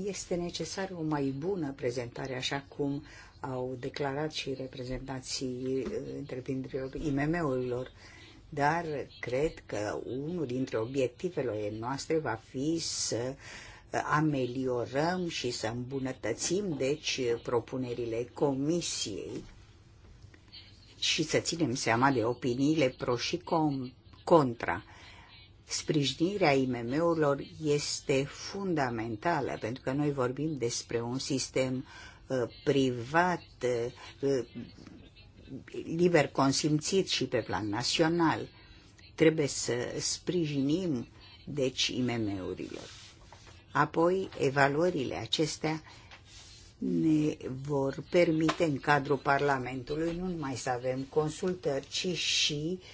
este necesară o mai bună prezentare, așa cum au declarat și reprezentanții uh, întreprinderilor IMM-urilor dar cred că unul dintre obiectivele noastre va fi să uh, ameliorăm și să îmbunătățim, deci, propunerile comisiei și să ținem seama de opiniile pro și contra sprijinirea IMM-urilor este fundamentală, pentru că noi vorbim despre un sistem uh, privat, uh, uh liber consimțit și pe plan național. Trebuie să sprijinim, deci, IMM-urilor. Apoi, evaluările acestea ne vor permite în cadrul Parlamentului nu numai să avem consultări, ci și uh,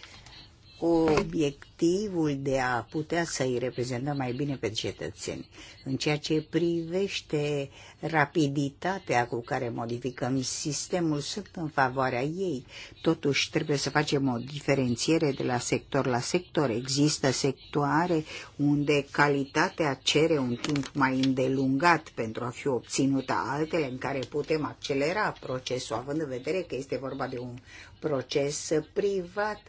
cu obiectivul de a putea să-i reprezentăm mai bine pe cetățeni. În ceea ce privește rapiditatea cu care modificăm sistemul, sunt în favoarea ei. Totuși, trebuie să facem o diferențiere de la sector la sector. Există sectoare unde calitatea cere un timp mai îndelungat pentru a fi obținută, altele în care putem accelera procesul, având în vedere că este vorba de un proces privat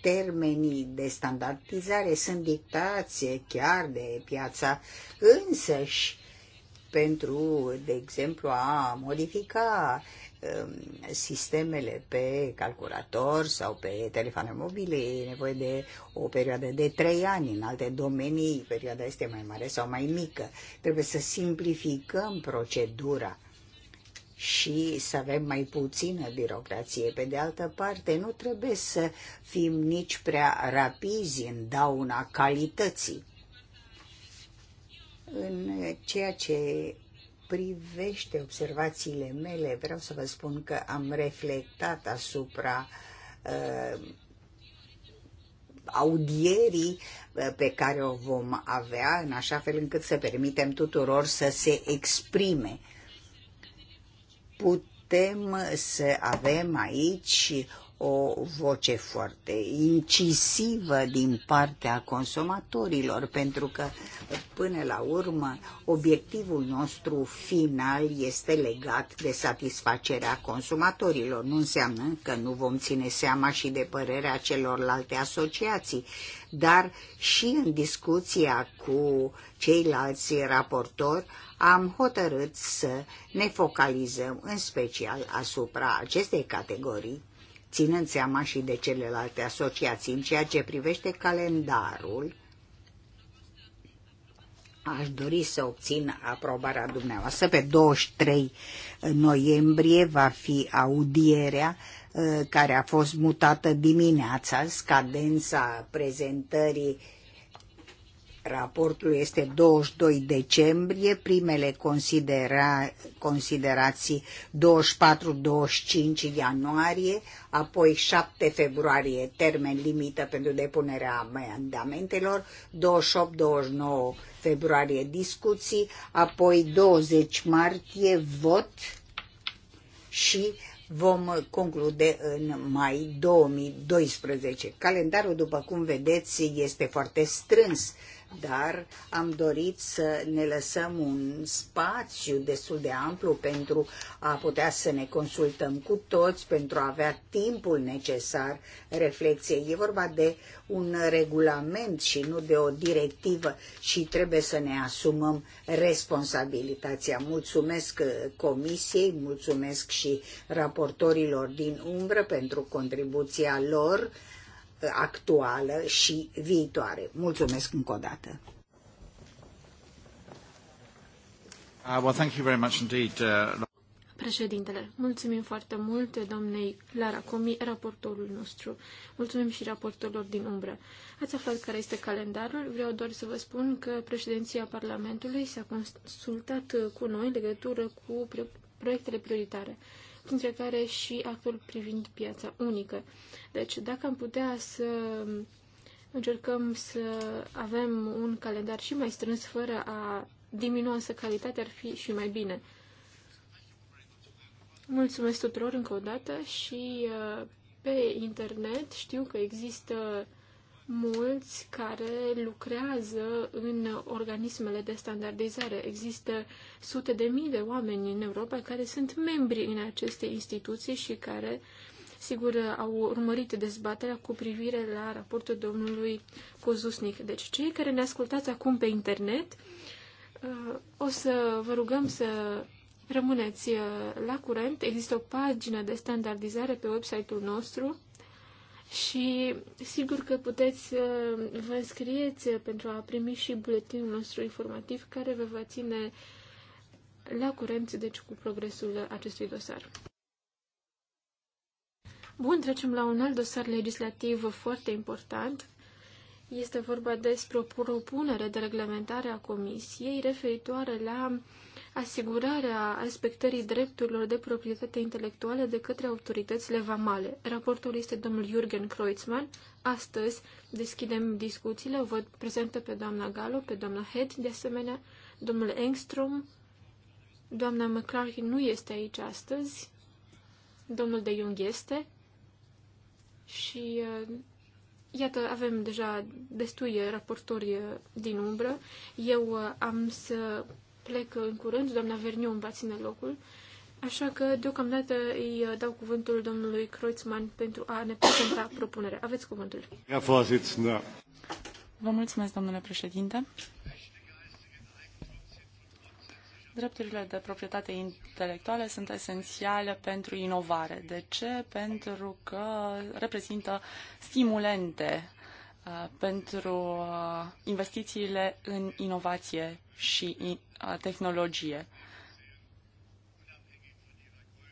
termenii de standardizare sunt dictați chiar de piața însăși pentru, de exemplu, a modifica um, sistemele pe calculator sau pe telefoane mobile e nevoie de o perioadă de trei ani. În alte domenii perioada este mai mare sau mai mică. Trebuie să simplificăm procedura și să avem mai puțină birocrație. Pe de altă parte, nu trebuie să fim nici prea rapizi în dauna calității. În ceea ce privește observațiile mele, vreau să vă spun că am reflectat asupra uh, audierii uh, pe care o vom avea, în așa fel încât să permitem tuturor să se exprime putem să avem aici o voce foarte incisivă din partea consumatorilor, pentru că, până la urmă, obiectivul nostru final este legat de satisfacerea consumatorilor. Nu înseamnă că nu vom ține seama și de părerea celorlalte asociații, dar și în discuția cu ceilalți raportori am hotărât să ne focalizăm în special asupra acestei categorii, ținând seama și de celelalte asociații în ceea ce privește calendarul, aș dori să obțin aprobarea dumneavoastră. Pe 23 noiembrie va fi audierea uh, care a fost mutată dimineața, scadența prezentării Raportul este 22 decembrie, primele considera, considerații 24-25 ianuarie, apoi 7 februarie, termen limită pentru depunerea amendamentelor, 28-29 februarie discuții, apoi 20 martie vot și vom conclude în mai 2012. Calendarul, după cum vedeți, este foarte strâns dar am dorit să ne lăsăm un spațiu destul de amplu pentru a putea să ne consultăm cu toți, pentru a avea timpul necesar reflexiei. E vorba de un regulament și nu de o directivă și trebuie să ne asumăm responsabilitatea. Mulțumesc comisiei, mulțumesc și raportorilor din umbră pentru contribuția lor actuală și viitoare. Mulțumesc încă o dată. Uh, well, thank you very much indeed, uh... Președintele, mulțumim foarte mult doamnei Clara Comi, raportorul nostru. Mulțumim și raportorilor din umbră. Ați aflat care este calendarul. Vreau doar să vă spun că președinția Parlamentului s-a consultat cu noi în legătură cu proiectele prioritare printre care și actul privind piața unică. Deci, dacă am putea să încercăm să avem un calendar și mai strâns, fără a diminua însă calitatea, ar fi și mai bine. Mulțumesc tuturor încă o dată și uh, pe internet știu că există mulți care lucrează în organismele de standardizare. Există sute de mii de oameni în Europa care sunt membri în aceste instituții și care, sigur, au urmărit dezbaterea cu privire la raportul domnului Cozusnic. Deci, cei care ne ascultați acum pe internet, uh, o să vă rugăm să rămâneți uh, la curent. Există o pagină de standardizare pe website-ul nostru și sigur că puteți uh, vă înscrieți pentru a primi și buletinul nostru informativ care vă va ține la curent deci cu progresul acestui dosar. Bun, trecem la un alt dosar legislativ foarte important. Este vorba despre o propunere de reglementare a Comisiei referitoare la uh, asigurarea respectării drepturilor de proprietate intelectuală de către autoritățile vamale. Raportul este domnul Jürgen Kreutzmann. Astăzi deschidem discuțiile. O văd prezentă pe doamna Galo, pe doamna Head, de asemenea, domnul Engstrom. Doamna McClarkin nu este aici astăzi. Domnul de Jung este. Și uh, Iată, avem deja destui raportori uh, din umbră. Eu uh, am să plec în curând, doamna Verniu îmi va ține locul, așa că deocamdată îi uh, dau cuvântul domnului Kreutzmann pentru a ne prezenta propunerea. Aveți cuvântul. Vă mulțumesc, domnule președinte. Drepturile de proprietate intelectuale sunt esențiale pentru inovare. De ce? Pentru că reprezintă stimulente uh, pentru uh, investițiile în inovație și tehnologie.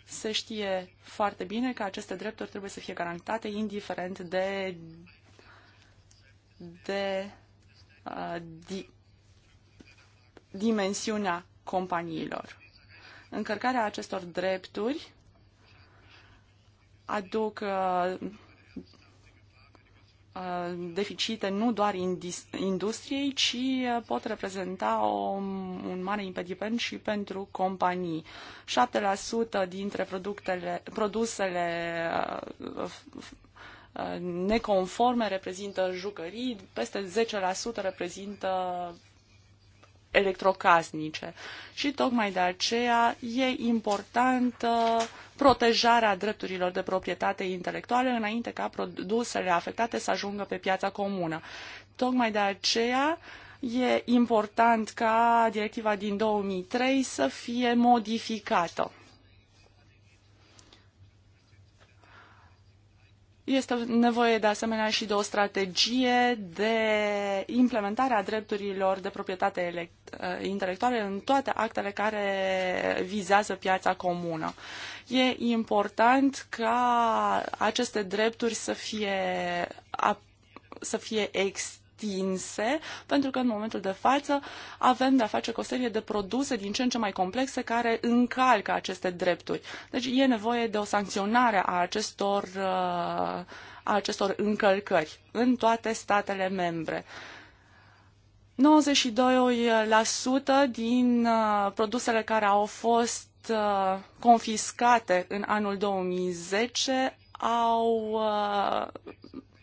Se știe foarte bine că aceste drepturi trebuie să fie garantate indiferent de, de uh, di, dimensiunea companiilor. Încărcarea acestor drepturi aduc uh, Uh, deficite nu doar industriei, ci uh, pot reprezenta o, un mare impediment și pentru companii. 7% dintre productele, produsele uh, neconforme reprezintă jucării, peste 10% reprezintă electrocasnice. Și tocmai de aceea e importantă uh, protejarea drepturilor de proprietate intelectuală înainte ca produsele afectate să ajungă pe piața comună. Tocmai de aceea e important ca directiva din 2003 să fie modificată. Este nevoie de asemenea și de o strategie de implementare a drepturilor de proprietate uh, intelectuală în toate actele care vizează piața comună. E important ca aceste drepturi să fie, să fie extinse extinse, pentru că în momentul de față avem de-a face cu o serie de produse din ce în ce mai complexe care încalcă aceste drepturi. Deci e nevoie de o sancționare a acestor, uh, a acestor încălcări în toate statele membre. 92% din uh, produsele care au fost uh, confiscate în anul 2010 au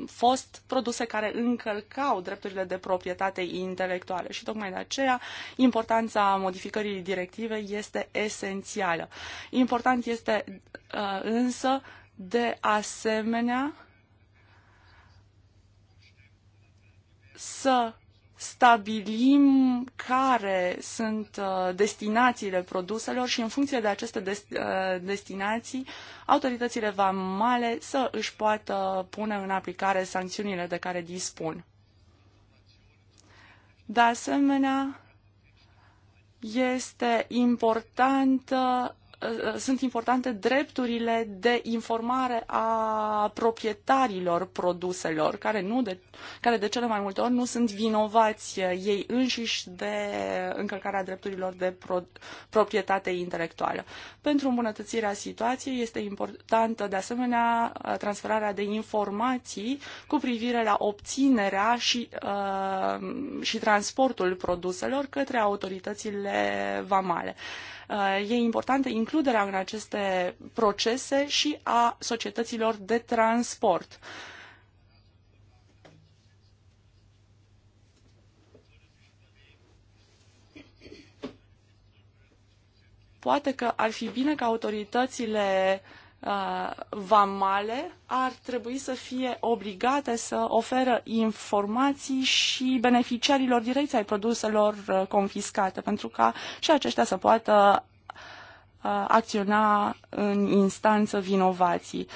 fost produse care încălcau drepturile de proprietate intelectuale și tocmai de aceea importanța modificării directivei este esențială. Important este uh, însă de asemenea să stabilim care sunt uh, destinațiile produselor și în funcție de aceste uh, destinații, autoritățile vamale să își poată pune în aplicare sancțiunile de care dispun. De asemenea, este importantă Uh, sunt importante drepturile de informare a proprietarilor produselor, care, nu de, care de cele mai multe ori nu sunt vinovați uh, ei înșiși de încălcarea drepturilor de pro, proprietate intelectuală. Pentru îmbunătățirea situației este importantă, de asemenea, uh, transferarea de informații cu privire la obținerea și, uh, și transportul produselor către autoritățile vamale. Uh, e importantă includerea în aceste procese și a societăților de transport. Poate că ar fi bine ca autoritățile uh, Uh, vamale ar trebui să fie obligate să oferă informații și beneficiarilor direcți ai produselor uh, confiscate, pentru ca și aceștia să poată uh, acționa în instanță vinovații. Uh,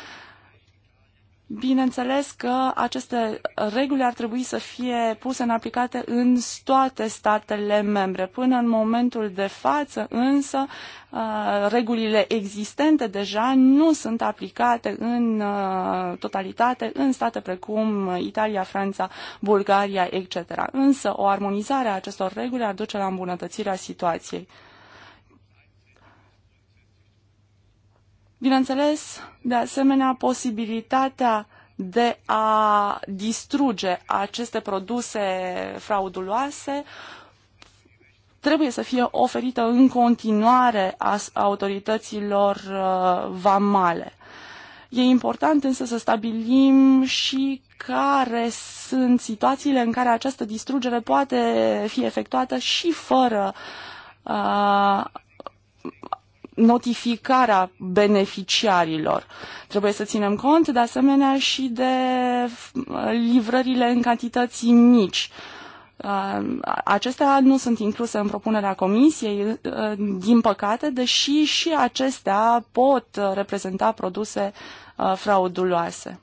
Bineînțeles că aceste reguli ar trebui să fie puse în aplicate în toate statele membre. Până în momentul de față, însă, uh, regulile existente deja nu sunt aplicate în uh, totalitate în state precum Italia, Franța, Bulgaria, etc. Însă, o armonizare a acestor reguli ar duce la îmbunătățirea situației. Bineînțeles, de asemenea, posibilitatea de a distruge aceste produse frauduloase trebuie să fie oferită în continuare a autorităților uh, vamale. E important însă să stabilim și care sunt situațiile în care această distrugere poate fi efectuată și fără uh, notificarea beneficiarilor. Trebuie să ținem cont, de asemenea, și de uh, livrările în cantități mici. Uh, acestea nu sunt incluse în propunerea comisiei, uh, din păcate, deși și acestea pot reprezenta produse frauduloase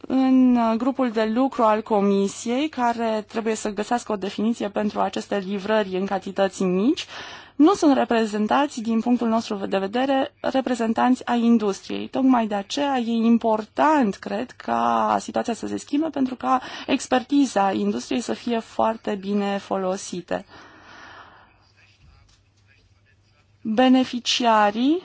în grupul de lucru al comisiei, care trebuie să găsească o definiție pentru aceste livrări în cantități mici, nu sunt reprezentați, din punctul nostru de vedere, reprezentanți ai industriei. Tocmai de aceea e important, cred, ca situația să se schimbe pentru ca expertiza industriei să fie foarte bine folosită. Beneficiarii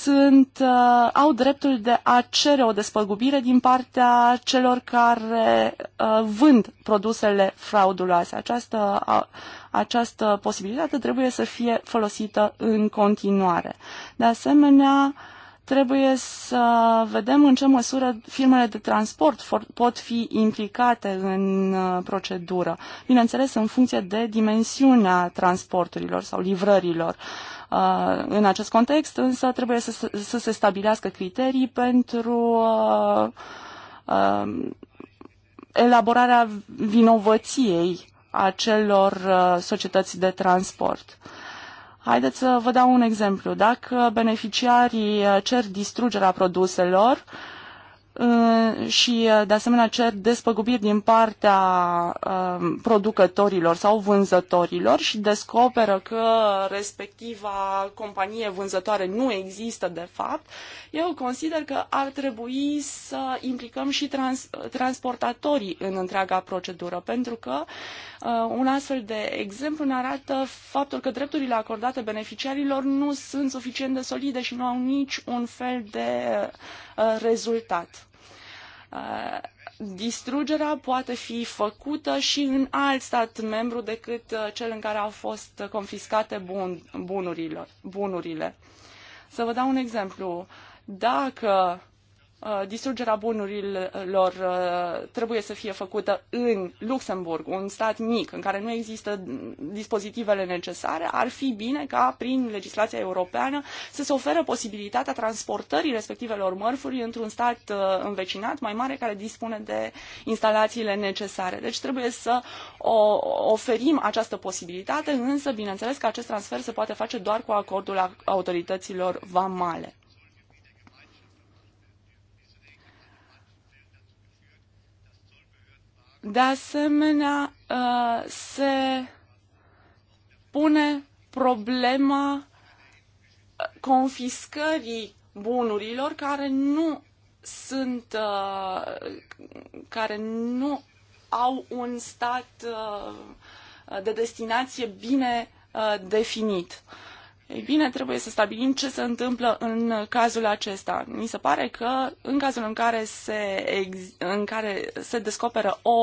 sunt, uh, au dreptul de a cere o despăgubire din partea celor care uh, vând produsele frauduloase. Această uh, această posibilitate trebuie să fie folosită în continuare. De asemenea, trebuie să vedem în ce măsură firmele de transport pot fi implicate în uh, procedură, bineînțeles în funcție de dimensiunea transporturilor sau livrărilor. Uh, în acest context însă trebuie să, să se stabilească criterii pentru uh, elaborarea vinovăției acelor uh, societăți de transport. Haideți să vă dau un exemplu. Dacă beneficiarii uh, cer distrugerea produselor, uh, Uh, și uh, de asemenea cer despăgubiri din partea uh, producătorilor sau vânzătorilor și descoperă că respectiva companie vânzătoare nu există de fapt, eu consider că ar trebui să implicăm și trans- transportatorii în întreaga procedură, pentru că un astfel de exemplu ne arată faptul că drepturile acordate beneficiarilor nu sunt suficient de solide și nu au nici un fel de rezultat. Uh, distrugerea poate fi făcută și în alt stat membru decât uh, cel în care au fost confiscate bun, bunurile. Să vă dau un exemplu. Dacă Uh, distrugerea bunurilor uh, trebuie să fie făcută în Luxemburg, un stat mic în care nu există dispozitivele necesare, ar fi bine ca prin legislația europeană să se ofere posibilitatea transportării respectivelor mărfuri într-un stat uh, învecinat mai mare care dispune de instalațiile necesare. Deci trebuie să oferim această posibilitate, însă bineînțeles că acest transfer se poate face doar cu acordul autorităților vamale. De asemenea, uh, se pune problema uh, confiscării bunurilor care nu sunt uh, care nu au un stat de destinație bine definit. Ei bine, trebuie să stabilim ce se întâmplă în cazul acesta. Mi se pare că în cazul în care se, în care se descoperă o,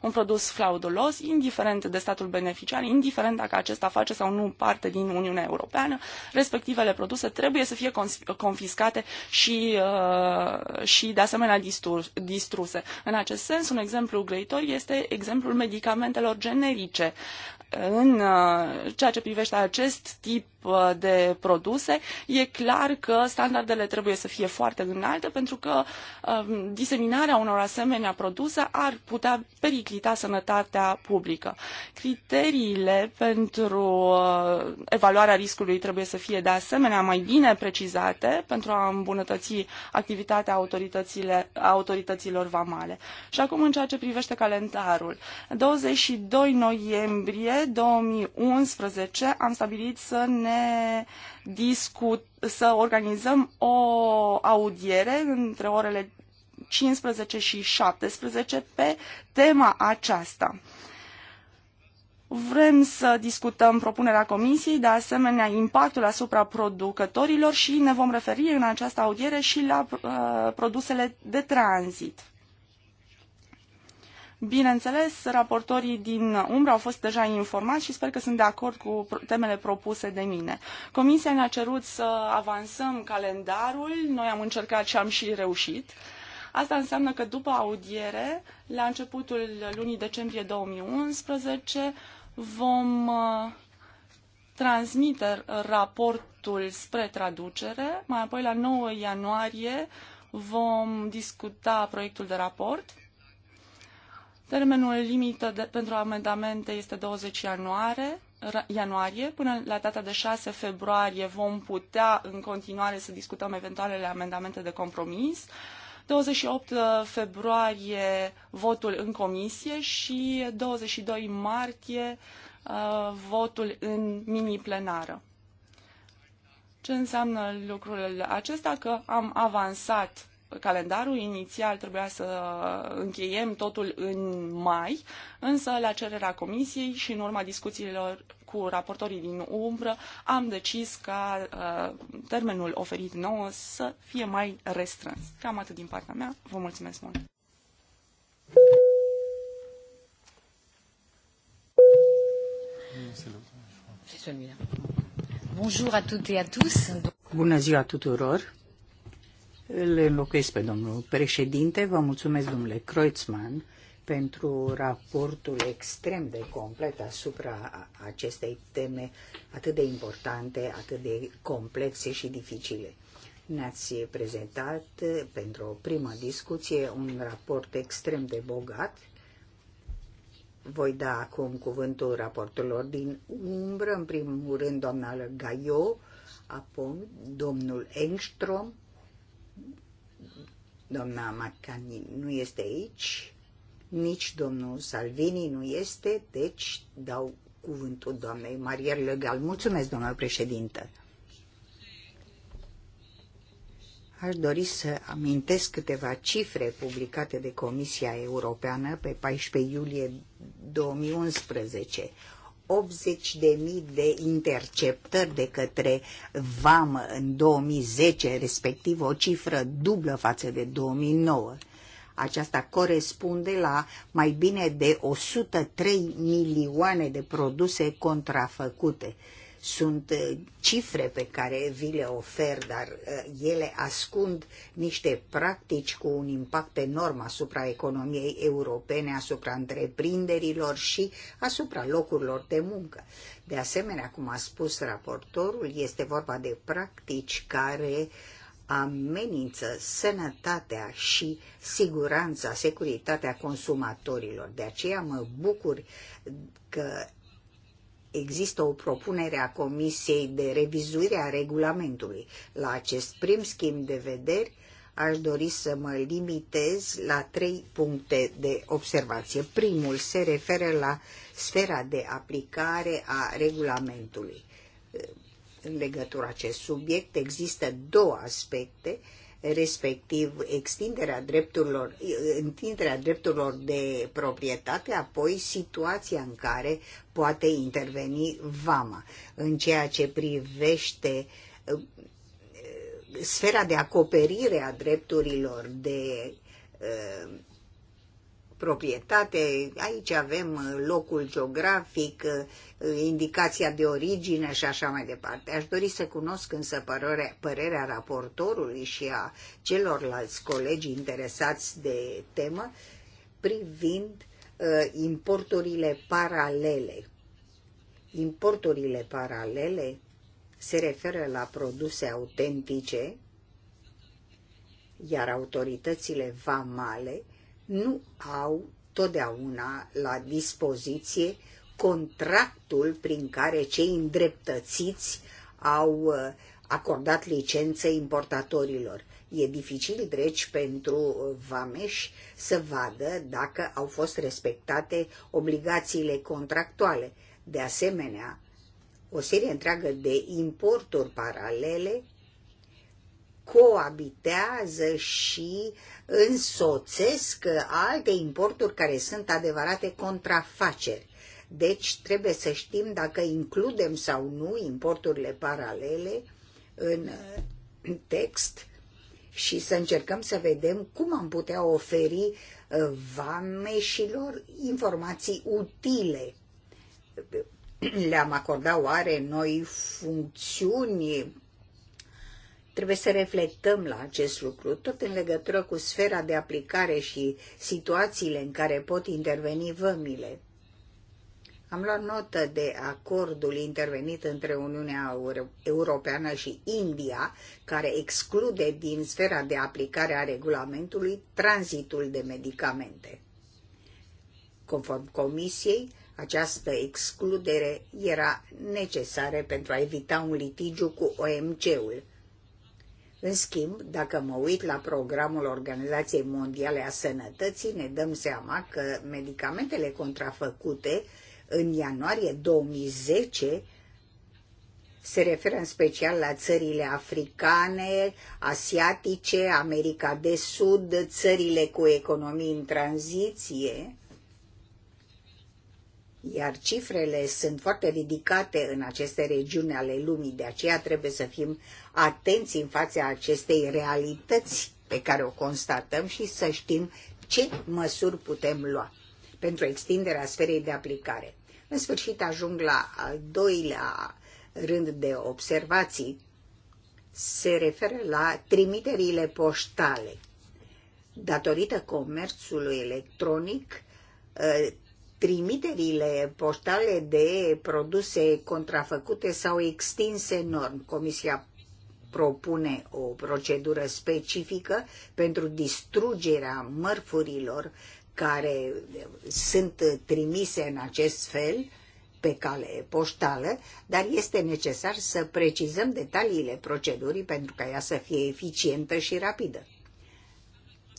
un produs fraudulos, indiferent de statul beneficiar, indiferent dacă acesta face sau nu parte din Uniunea Europeană, respectivele produse trebuie să fie confiscate și, uh, și de asemenea distruse. În acest sens, un exemplu greitor este exemplul medicamentelor generice în uh, ceea ce privește acest tip uh, de produse, e clar că standardele trebuie să fie foarte înalte pentru că uh, diseminarea unor asemenea produse ar putea periclita sănătatea publică. Criteriile pentru evaluarea riscului trebuie să fie de asemenea mai bine precizate pentru a îmbunătăți activitatea autorităților vamale. Și acum în ceea ce privește calendarul. 22 noiembrie 2011 am stabilit să ne discut, să organizăm o audiere între orele 15 și 17 pe tema aceasta. Vrem să discutăm propunerea Comisiei, de asemenea impactul asupra producătorilor și ne vom referi în această audiere și la uh, produsele de tranzit. Bineînțeles, raportorii din umbră au fost deja informați și sper că sunt de acord cu temele propuse de mine. Comisia ne-a cerut să avansăm calendarul, noi am încercat și am și reușit. Asta înseamnă că după audiere, la începutul lunii decembrie 2011, vom uh, transmite raportul spre traducere, mai apoi la 9 ianuarie vom discuta proiectul de raport Termenul limită de, pentru amendamente este 20 ianuarie, ianuarie. Până la data de 6 februarie vom putea în continuare să discutăm eventualele amendamente de compromis. 28 uh, februarie votul în comisie și 22 martie uh, votul în mini-plenară. Ce înseamnă lucrul acesta? Că am avansat calendarul. Inițial trebuia să încheiem totul în mai, însă la cererea comisiei și în urma discuțiilor cu raportorii din umbră am decis ca uh, termenul oferit nouă să fie mai restrâns. Cam atât din partea mea. Vă mulțumesc mult! Bună ziua tuturor! Îl înlocuiesc pe domnul președinte. Vă mulțumesc, domnule Kreutzmann, pentru raportul extrem de complet asupra acestei teme atât de importante, atât de complexe și dificile. Ne-ați prezentat pentru o primă discuție un raport extrem de bogat. Voi da acum cuvântul raportelor din umbră, în primul rând doamna Gaio, apoi domnul Engstrom, Doamna Macani nu este aici, nici domnul Salvini nu este, deci dau cuvântul doamnei Marier Legal. Mulțumesc, doamnă președintă. Aș dori să amintesc câteva cifre publicate de Comisia Europeană pe 14 iulie 2011. 80.000 de interceptări de către VAM în 2010, respectiv o cifră dublă față de 2009. Aceasta corespunde la mai bine de 103 milioane de produse contrafăcute. Sunt eh, cifre pe care vi le ofer, dar eh, ele ascund niște practici cu un impact enorm asupra economiei europene, asupra întreprinderilor și asupra locurilor de muncă. De asemenea, cum a spus raportorul, este vorba de practici care amenință sănătatea și siguranța, securitatea consumatorilor. De aceea mă bucur că există o propunere a Comisiei de revizuire a regulamentului. La acest prim schimb de vederi, aș dori să mă limitez la trei puncte de observație. Primul se referă la sfera de aplicare a regulamentului. În legătură acest subiect există două aspecte respectiv extinderea drepturilor, întinderea drepturilor de proprietate, apoi situația în care poate interveni vama. În ceea ce privește uh, sfera de acoperire a drepturilor de uh, proprietate, aici avem uh, locul geografic, uh, indicația de origine și așa mai departe. Aș dori să cunosc însă părerea, părerea raportorului și a celorlalți colegi interesați de temă privind uh, importurile paralele. Importurile paralele se referă la produse autentice, iar autoritățile vamale nu au totdeauna la dispoziție contractul prin care cei îndreptățiți au uh, acordat licențe importatorilor. E dificil, deci, pentru uh, vameși să vadă dacă au fost respectate obligațiile contractuale. De asemenea, o serie întreagă de importuri paralele coabitează și însoțesc alte importuri care sunt adevărate contrafaceri. Deci trebuie să știm dacă includem sau nu importurile paralele în text și să încercăm să vedem cum am putea oferi uh, vameșilor informații utile. Le-am acordat oare noi funcțiuni Trebuie să reflectăm la acest lucru, tot în legătură cu sfera de aplicare și situațiile în care pot interveni vămile. Am luat notă de acordul intervenit între Uniunea Europeană și India, care exclude din sfera de aplicare a regulamentului tranzitul de medicamente. Conform Comisiei, această excludere era necesară pentru a evita un litigiu cu OMC-ul. În schimb, dacă mă uit la programul Organizației Mondiale a Sănătății, ne dăm seama că medicamentele contrafăcute în ianuarie 2010 se referă în special la țările africane, asiatice, America de Sud, țările cu economii în tranziție, iar cifrele sunt foarte ridicate în aceste regiuni ale lumii, de aceea trebuie să fim atenți în fața acestei realități pe care o constatăm și să știm ce măsuri putem lua pentru extinderea sferei de aplicare. În sfârșit ajung la al doilea rând de observații, se referă la trimiterile poștale. Datorită comerțului electronic, ă, trimiterile poștale de produse contrafăcute s-au extins enorm. Comisia propune o procedură specifică pentru distrugerea mărfurilor care sunt trimise în acest fel pe cale poștală, dar este necesar să precizăm detaliile procedurii pentru ca ea să fie eficientă și rapidă.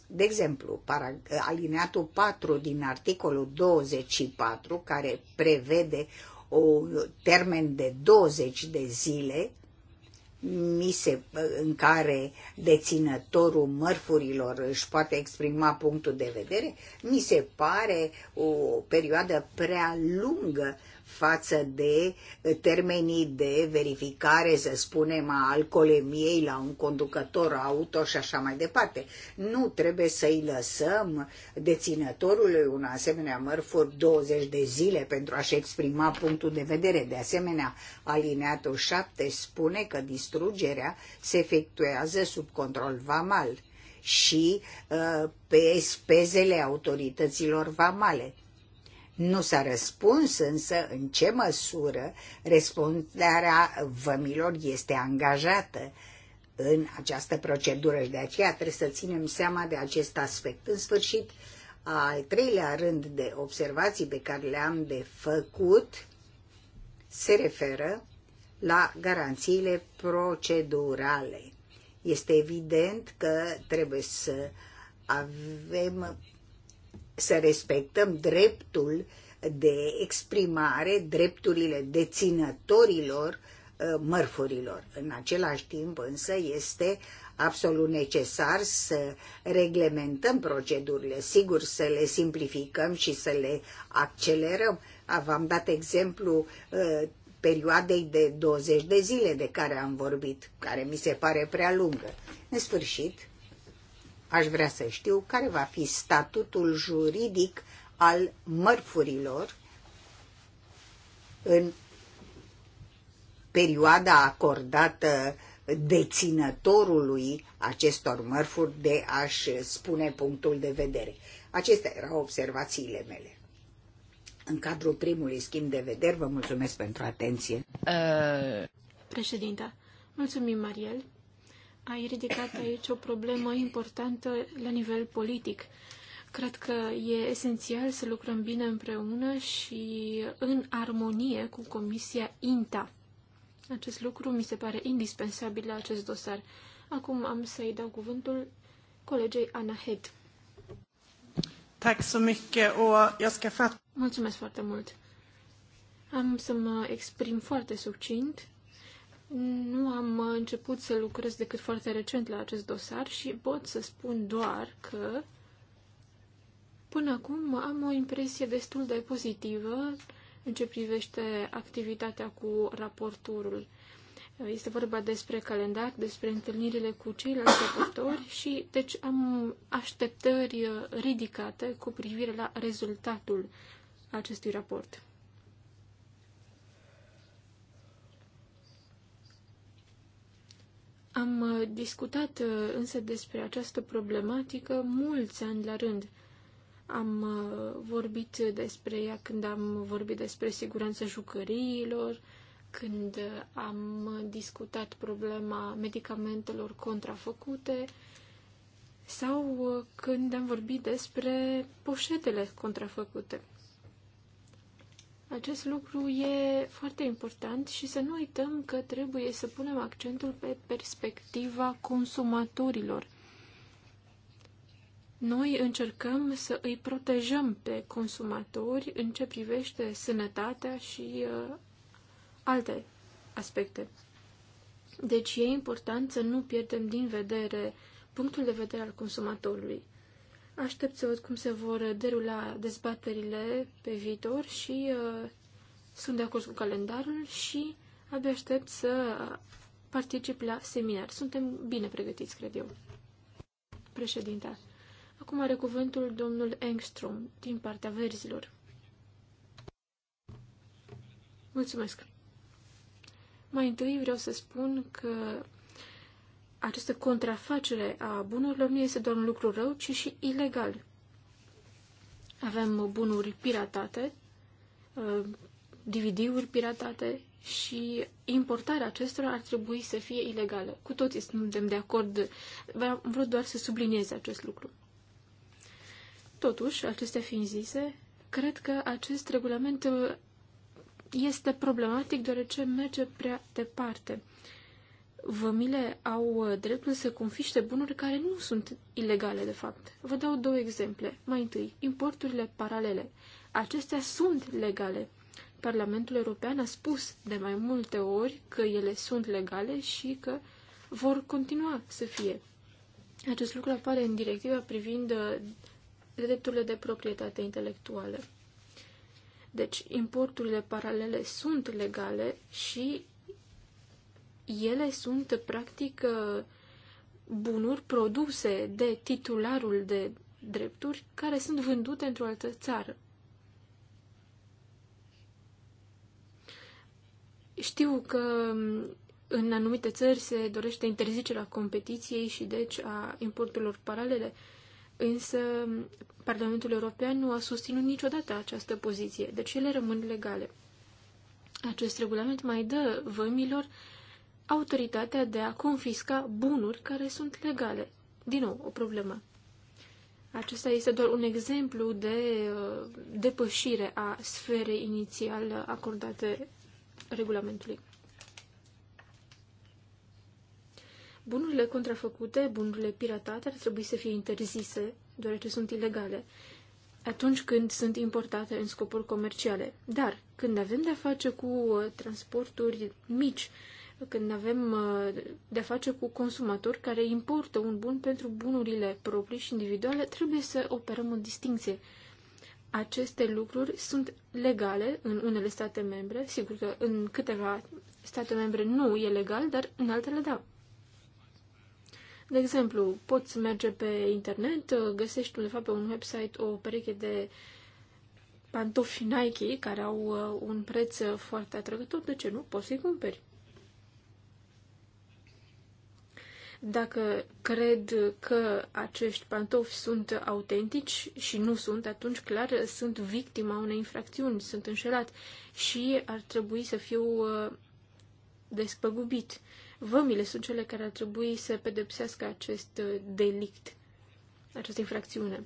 De exemplu, alineatul 4 din articolul 24, care prevede un termen de 20 de zile mise în care deținătorul mărfurilor își poate exprima punctul de vedere, mi se pare o perioadă prea lungă față de eh, termenii de verificare, să spunem, a alcoolemiei la un conducător auto și așa mai departe. Nu trebuie să-i lăsăm deținătorului un asemenea mărfur 20 de zile pentru a-și exprima punctul de vedere. De asemenea, alineatul 7 spune că distrugerea se efectuează sub control vamal și uh, pe spezele autorităților vamale. Nu s-a răspuns însă în ce măsură răspunderea vămilor este angajată în această procedură și de aceea trebuie să ținem seama de acest aspect. În sfârșit, al treilea rând de observații pe care le-am de făcut se referă la garanțiile procedurale. Este evident că trebuie să avem să respectăm dreptul de exprimare, drepturile deținătorilor uh, mărfurilor. În același timp însă este absolut necesar să reglementăm procedurile, sigur să le simplificăm și să le accelerăm. V-am dat exemplu uh, perioadei de 20 de zile de care am vorbit, care mi se pare prea lungă. În sfârșit, Aș vrea să știu care va fi statutul juridic al mărfurilor în perioada acordată deținătorului acestor mărfuri de a-și spune punctul de vedere. Acestea erau observațiile mele. În cadrul primului schimb de vedere, vă mulțumesc pentru atenție. Uh... Președinte, mulțumim, Mariel ai ridicat aici o problemă importantă la nivel politic. Cred că e esențial să lucrăm bine împreună și în armonie cu Comisia INTA. Acest lucru mi se pare indispensabil la acest dosar. Acum am să-i dau cuvântul colegei Ana Head. Mulțumesc foarte mult. Am să mă exprim foarte succint. Nu am început să lucrez decât foarte recent la acest dosar și pot să spun doar că până acum am o impresie destul de pozitivă în ce privește activitatea cu raporturul. Este vorba despre calendar, despre întâlnirile cu ceilalți raportori și deci am așteptări ridicate cu privire la rezultatul acestui raport. Am uh, discutat uh, însă despre această problematică mulți ani la rând. Am uh, vorbit despre ea când am vorbit despre siguranța jucăriilor, când am discutat problema medicamentelor contrafăcute sau când am vorbit despre poșetele contrafăcute. Acest lucru e foarte important și să nu uităm că trebuie să punem accentul pe perspectiva consumatorilor. Noi încercăm să îi protejăm pe consumatori în ce privește sănătatea și uh, alte aspecte. Deci e important să nu pierdem din vedere punctul de vedere al consumatorului. Aștept să văd cum se vor derula dezbaterile pe viitor și uh, sunt de acord cu calendarul și abia aștept să particip la seminar. Suntem bine pregătiți, cred eu. Președinta. Acum are cuvântul domnul Engstrom, din partea verzilor. Mulțumesc. Mai întâi vreau să spun că această contrafacere a bunurilor nu este doar un lucru rău, ci și ilegal. Avem bunuri piratate, uh, DVD-uri piratate și importarea acestora ar trebui să fie ilegală. Cu toții suntem de acord, am vrut doar să subliniez acest lucru. Totuși, acestea fiind zise, cred că acest regulament uh, este problematic deoarece merge prea departe. Uh, vămile au uh, dreptul să confiște bunuri care nu sunt ilegale, de fapt. Vă dau două exemple. Mai întâi, importurile paralele. Acestea sunt legale. Parlamentul European a spus de mai multe ori că ele sunt legale și că vor continua să fie. Acest lucru apare în directiva privind uh, drepturile de proprietate intelectuală. Deci, importurile paralele sunt legale și ele sunt practic uh, bunuri produse de titularul de drepturi care sunt vândute într-o altă țară. Știu că um, în anumite țări se dorește interzicerea competiției și deci a importurilor paralele, însă um, Parlamentul European nu a susținut niciodată această poziție, deci ele rămân legale. Acest regulament mai dă vămilor autoritatea de a confisca bunuri care sunt legale. Din nou, o problemă. Acesta este doar un exemplu de uh, depășire a sferei inițial acordate regulamentului. Bunurile contrafăcute, bunurile piratate ar trebui să fie interzise, deoarece sunt ilegale, atunci când sunt importate în scopuri comerciale. Dar, când avem de-a face cu uh, transporturi mici, când avem uh, de-a face cu consumatori care importă un bun pentru bunurile proprii și individuale, trebuie să operăm o distinție. Aceste lucruri sunt legale în unele state membre, sigur că în câteva state membre nu e legal, dar în altele da. De exemplu, poți merge pe internet, uh, găsești undeva pe un website o pereche de pantofi Nike care au uh, un preț foarte atrăgător, de ce nu? Poți să-i cumperi. Dacă cred că acești pantofi sunt autentici și nu sunt, atunci clar sunt victima unei infracțiuni, sunt înșelat și ar trebui să fiu uh, despăgubit. Vămile sunt cele care ar trebui să pedepsească acest uh, delict, această infracțiune.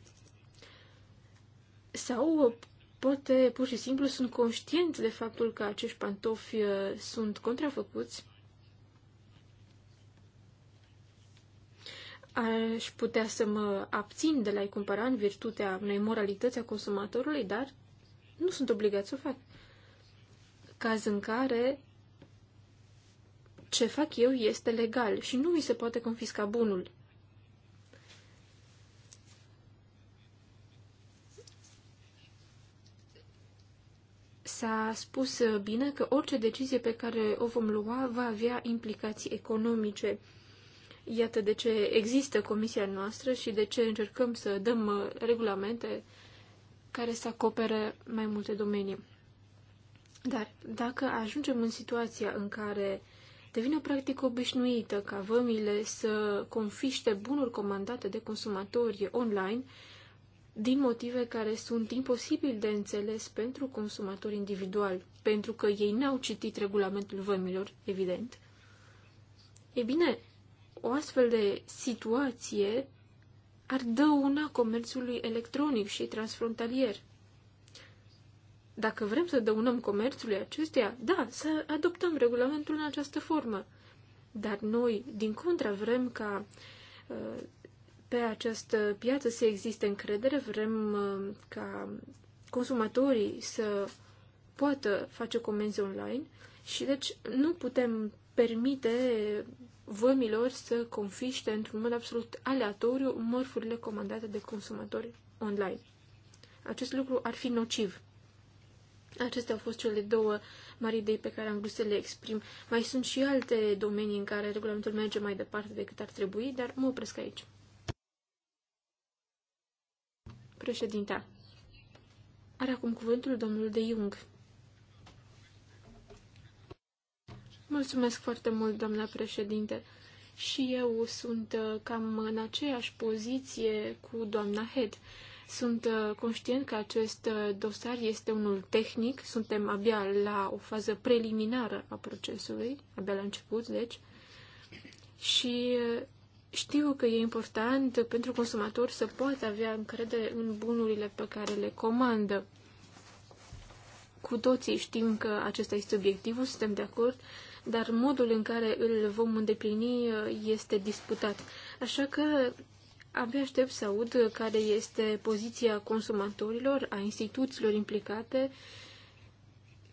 Sau uh, poate pur și simplu sunt conștient de faptul că acești pantofi sunt contrafăcuți aș putea să mă abțin de la-i cumpăra în virtutea unei moralități a consumatorului, dar nu sunt obligat să o fac. Caz în care ce fac eu este legal și nu mi se poate confisca bunul. S-a spus bine că orice decizie pe care o vom lua va avea implicații economice. Iată de ce există comisia noastră și de ce încercăm să dăm uh, regulamente care să acopere mai multe domenii. Dar dacă ajungem în situația în care devine o practică obișnuită ca vămile să confiște bunuri comandate de consumatori online, din motive care sunt imposibil de înțeles pentru consumatori individual, pentru că ei n-au citit regulamentul vămilor, evident. E bine, o astfel de situație ar dăuna comerțului electronic și transfrontalier. Dacă vrem să dăunăm comerțului acestuia, da, să adoptăm regulamentul în această formă. Dar noi, din contra, vrem ca uh, pe această piață să existe încredere, vrem uh, ca consumatorii să poată face comenzi online și deci nu putem permite vămilor să confiște într-un mod absolut aleatoriu mărfurile comandate de consumatori online. Acest lucru ar fi nociv. Acestea au fost cele două mari idei pe care am vrut să le exprim. Mai sunt și alte domenii în care regulamentul merge mai departe decât ar trebui, dar mă opresc aici. Președinta. Are acum cuvântul domnul de Jung. Mulțumesc foarte mult, doamna președinte. Și eu sunt uh, cam în aceeași poziție cu doamna Head. Sunt uh, conștient că acest uh, dosar este unul tehnic, suntem abia la o fază preliminară a procesului, abia la început, deci, și știu că e important pentru consumator să poată avea încredere în bunurile pe care le comandă. Cu toții știm că acesta este obiectivul, suntem de acord, dar modul în care îl vom îndeplini uh, este disputat. Așa că abia aștept să aud care este poziția consumatorilor, a instituțiilor implicate.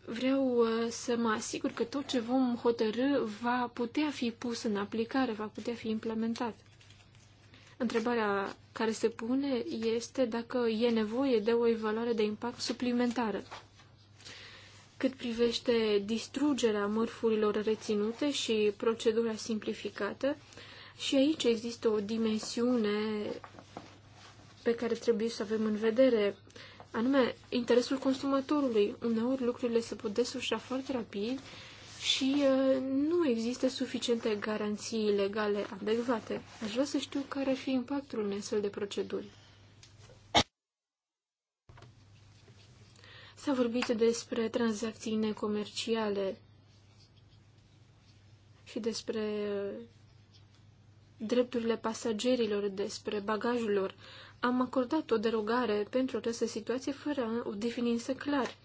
Vreau uh, să mă asigur că tot ce vom hotărâ va putea fi pus în aplicare, va putea fi implementat. Întrebarea care se pune este dacă e nevoie de o evaluare de impact suplimentară. Cât privește distrugerea mărfurilor reținute și procedura simplificată, și aici există o dimensiune pe care trebuie să avem în vedere, anume interesul consumatorului. Uneori lucrurile se pot desfășura foarte rapid și uh, nu există suficiente garanții legale adecvate. Aș vrea să știu care ar fi impactul unei astfel de proceduri. S-a vorbit despre tranzacții necomerciale și despre uh, drepturile pasagerilor, despre bagajul lor. Am acordat o derogare pentru această situație fără o definință clar.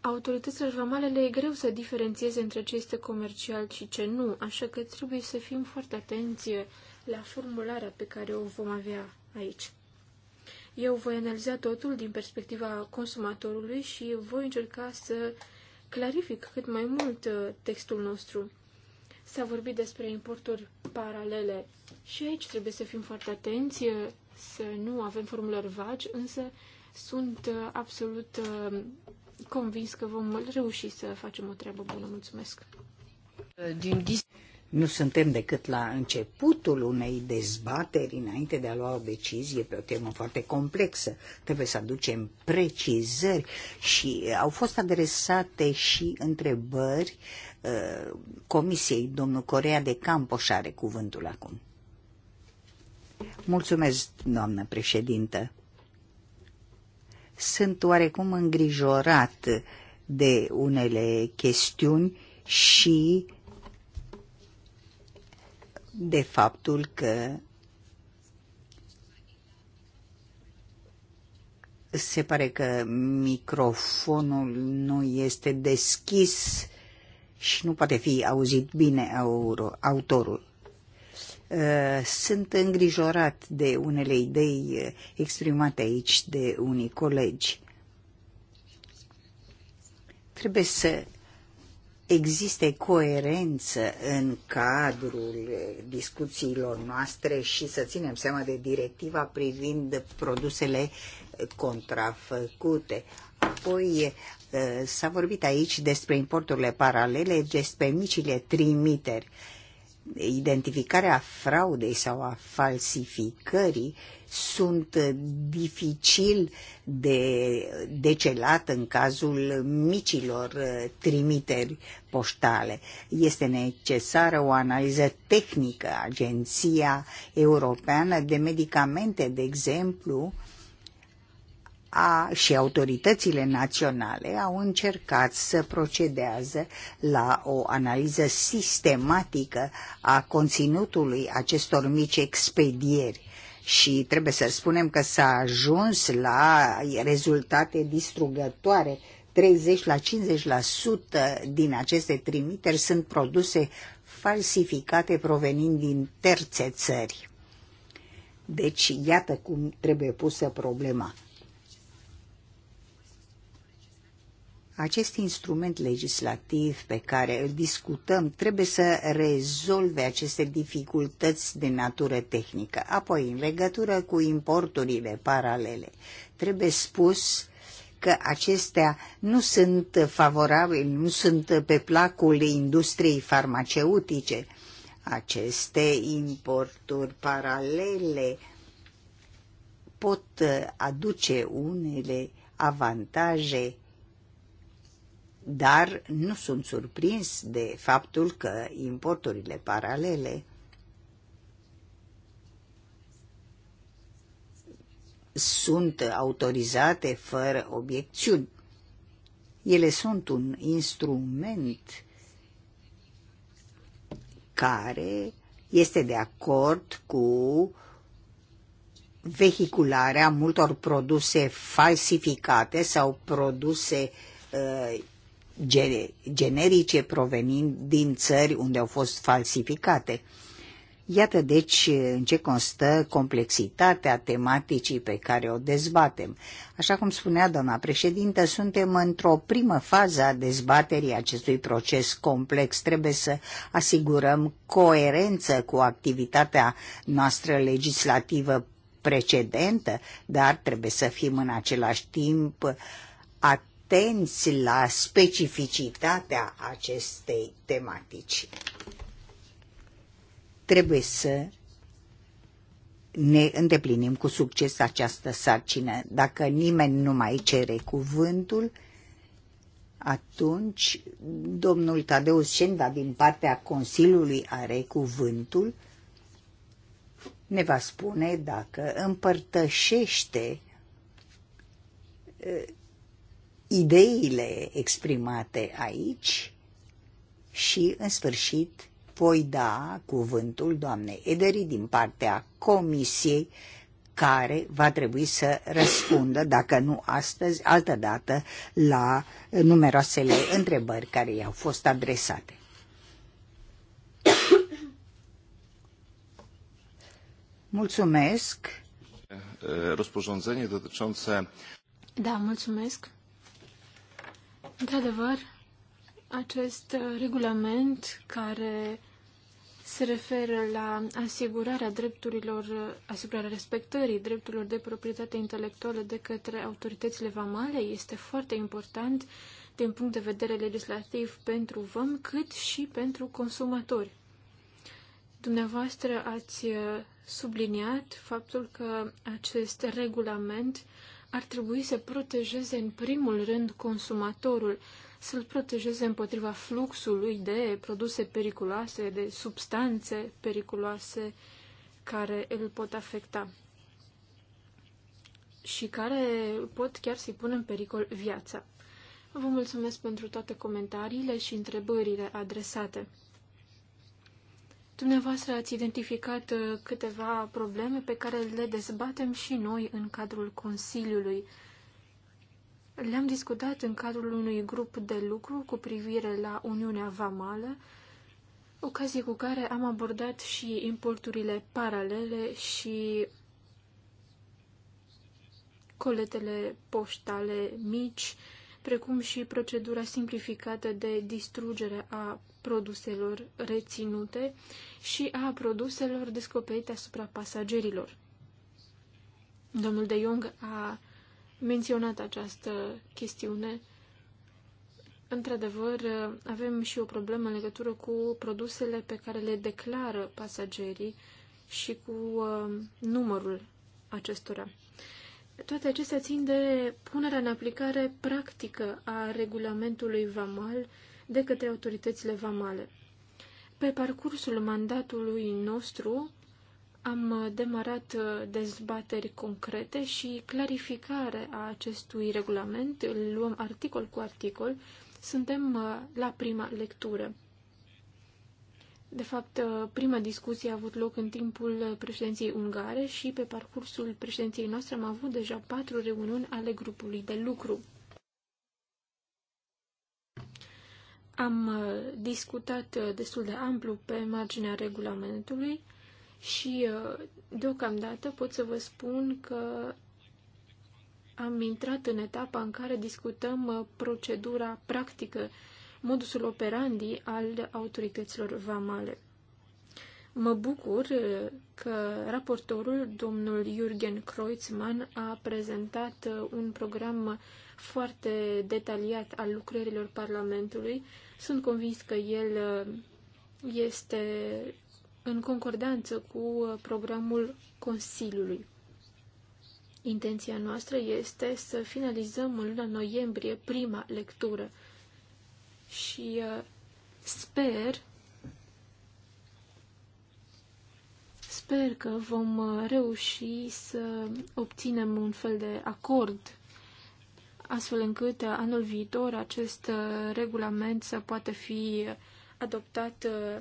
Autorităților vamale le e greu să diferențieze între ce este comercial și ce nu, așa că trebuie să fim foarte atenți la formularea pe care o vom avea aici. Eu voi analiza totul din perspectiva consumatorului și voi încerca să clarific cât mai mult uh, textul nostru. S-a vorbit despre importuri paralele și aici trebuie să fim foarte atenți, uh, să nu avem formulări vagi, însă sunt uh, absolut convins că vom reuși să facem o treabă bună. Mulțumesc! Nu suntem decât la începutul unei dezbateri înainte de a lua o decizie pe o temă foarte complexă. Trebuie să aducem precizări și uh, au fost adresate și întrebări uh, comisiei. Domnul Corea de Campoș are cuvântul acum. Mulțumesc, doamnă președintă. Sunt oarecum îngrijorat de unele chestiuni și de faptul că se pare că microfonul nu este deschis și nu poate fi auzit bine autorul. Uh, sunt îngrijorat de unele idei uh, exprimate aici de unii colegi. Trebuie să existe coerență în cadrul discuțiilor noastre și să ținem seama de directiva privind produsele contrafăcute. Apoi s-a vorbit aici despre importurile paralele, despre micile trimiteri identificarea fraudei sau a falsificării sunt dificil de decelat în cazul micilor uh, trimiteri poștale. Este necesară o analiză tehnică. Agenția Europeană de Medicamente, de exemplu, a, și autoritățile naționale au încercat să procedează la o analiză sistematică a conținutului acestor mici expedieri și trebuie să spunem că s-a ajuns la rezultate distrugătoare. 30 la 50% din aceste trimiteri sunt produse falsificate provenind din terțe țări. Deci, iată cum trebuie pusă problema. Acest instrument legislativ pe care îl discutăm trebuie să rezolve aceste dificultăți de natură tehnică. Apoi, în legătură cu importurile paralele, trebuie spus că acestea nu sunt favorabile, nu sunt pe placul industriei farmaceutice. Aceste importuri paralele pot aduce unele avantaje dar nu sunt surprins de faptul că importurile paralele sunt autorizate fără obiecțiuni. Ele sunt un instrument care este de acord cu vehicularea multor produse falsificate sau produse uh, generice provenind din țări unde au fost falsificate. Iată deci în ce constă complexitatea tematicii pe care o dezbatem. Așa cum spunea doamna președintă, suntem într-o primă fază a dezbaterii acestui proces complex. Trebuie să asigurăm coerență cu activitatea noastră legislativă precedentă, dar trebuie să fim în același timp atenți atenți la specificitatea acestei tematici. Trebuie să ne îndeplinim cu succes această sarcină. Dacă nimeni nu mai cere cuvântul, atunci domnul Tadeu Șenda din partea Consiliului are cuvântul, ne va spune dacă împărtășește ideile exprimate aici și, în sfârșit, voi da cuvântul doamnei Ederi din partea comisiei care va trebui să răspundă, dacă nu astăzi, altă dată, la numeroasele întrebări care i-au fost adresate. Mulțumesc. Răspunzenie dotyczące. Da, mulțumesc. Într-adevăr, acest uh, regulament care se referă la asigurarea drepturilor, uh, asigurarea respectării drepturilor de proprietate intelectuală de către autoritățile vamale este foarte important din punct de vedere legislativ pentru VAM, cât și pentru consumatori. Dumneavoastră ați uh, subliniat faptul că acest regulament ar trebui să protejeze în primul rând consumatorul, să-l protejeze împotriva fluxului de produse periculoase, de substanțe periculoase care îl pot afecta și care pot chiar să-i pună în pericol viața. Vă mulțumesc pentru toate comentariile și întrebările adresate. Dumneavoastră ați identificat uh, câteva probleme pe care le dezbatem și noi în cadrul Consiliului. Le-am discutat în cadrul unui grup de lucru cu privire la Uniunea Vamală, ocazie cu care am abordat și importurile paralele și coletele poștale mici, precum și procedura simplificată de distrugere a produselor reținute și a produselor descoperite asupra pasagerilor. Domnul de Jong a menționat această chestiune. Într-adevăr, avem și o problemă în legătură cu produsele pe care le declară pasagerii și cu uh, numărul acestora. Toate acestea țin de punerea în aplicare practică a regulamentului VAMAL de către autoritățile vamale. Pe parcursul mandatului nostru am demarat dezbateri concrete și clarificare a acestui regulament, îl luăm articol cu articol, suntem uh, la prima lectură. De fapt, uh, prima discuție a avut loc în timpul președinției ungare și pe parcursul președinției noastre am avut deja patru reuniuni ale grupului de lucru. Am uh, discutat uh, destul de amplu pe marginea regulamentului și uh, deocamdată pot să vă spun că am intrat în etapa în care discutăm procedura practică, modusul operandi al autorităților vamale. Mă bucur că raportorul, domnul Jürgen Kreutzmann, a prezentat un program foarte detaliat al lucrărilor Parlamentului sunt convins că el uh, este în concordanță cu uh, programul Consiliului. Intenția noastră este să finalizăm în luna noiembrie prima lectură și uh, sper sper că vom reuși să obținem un fel de acord astfel încât uh, anul viitor acest uh, regulament să poată fi adoptat uh,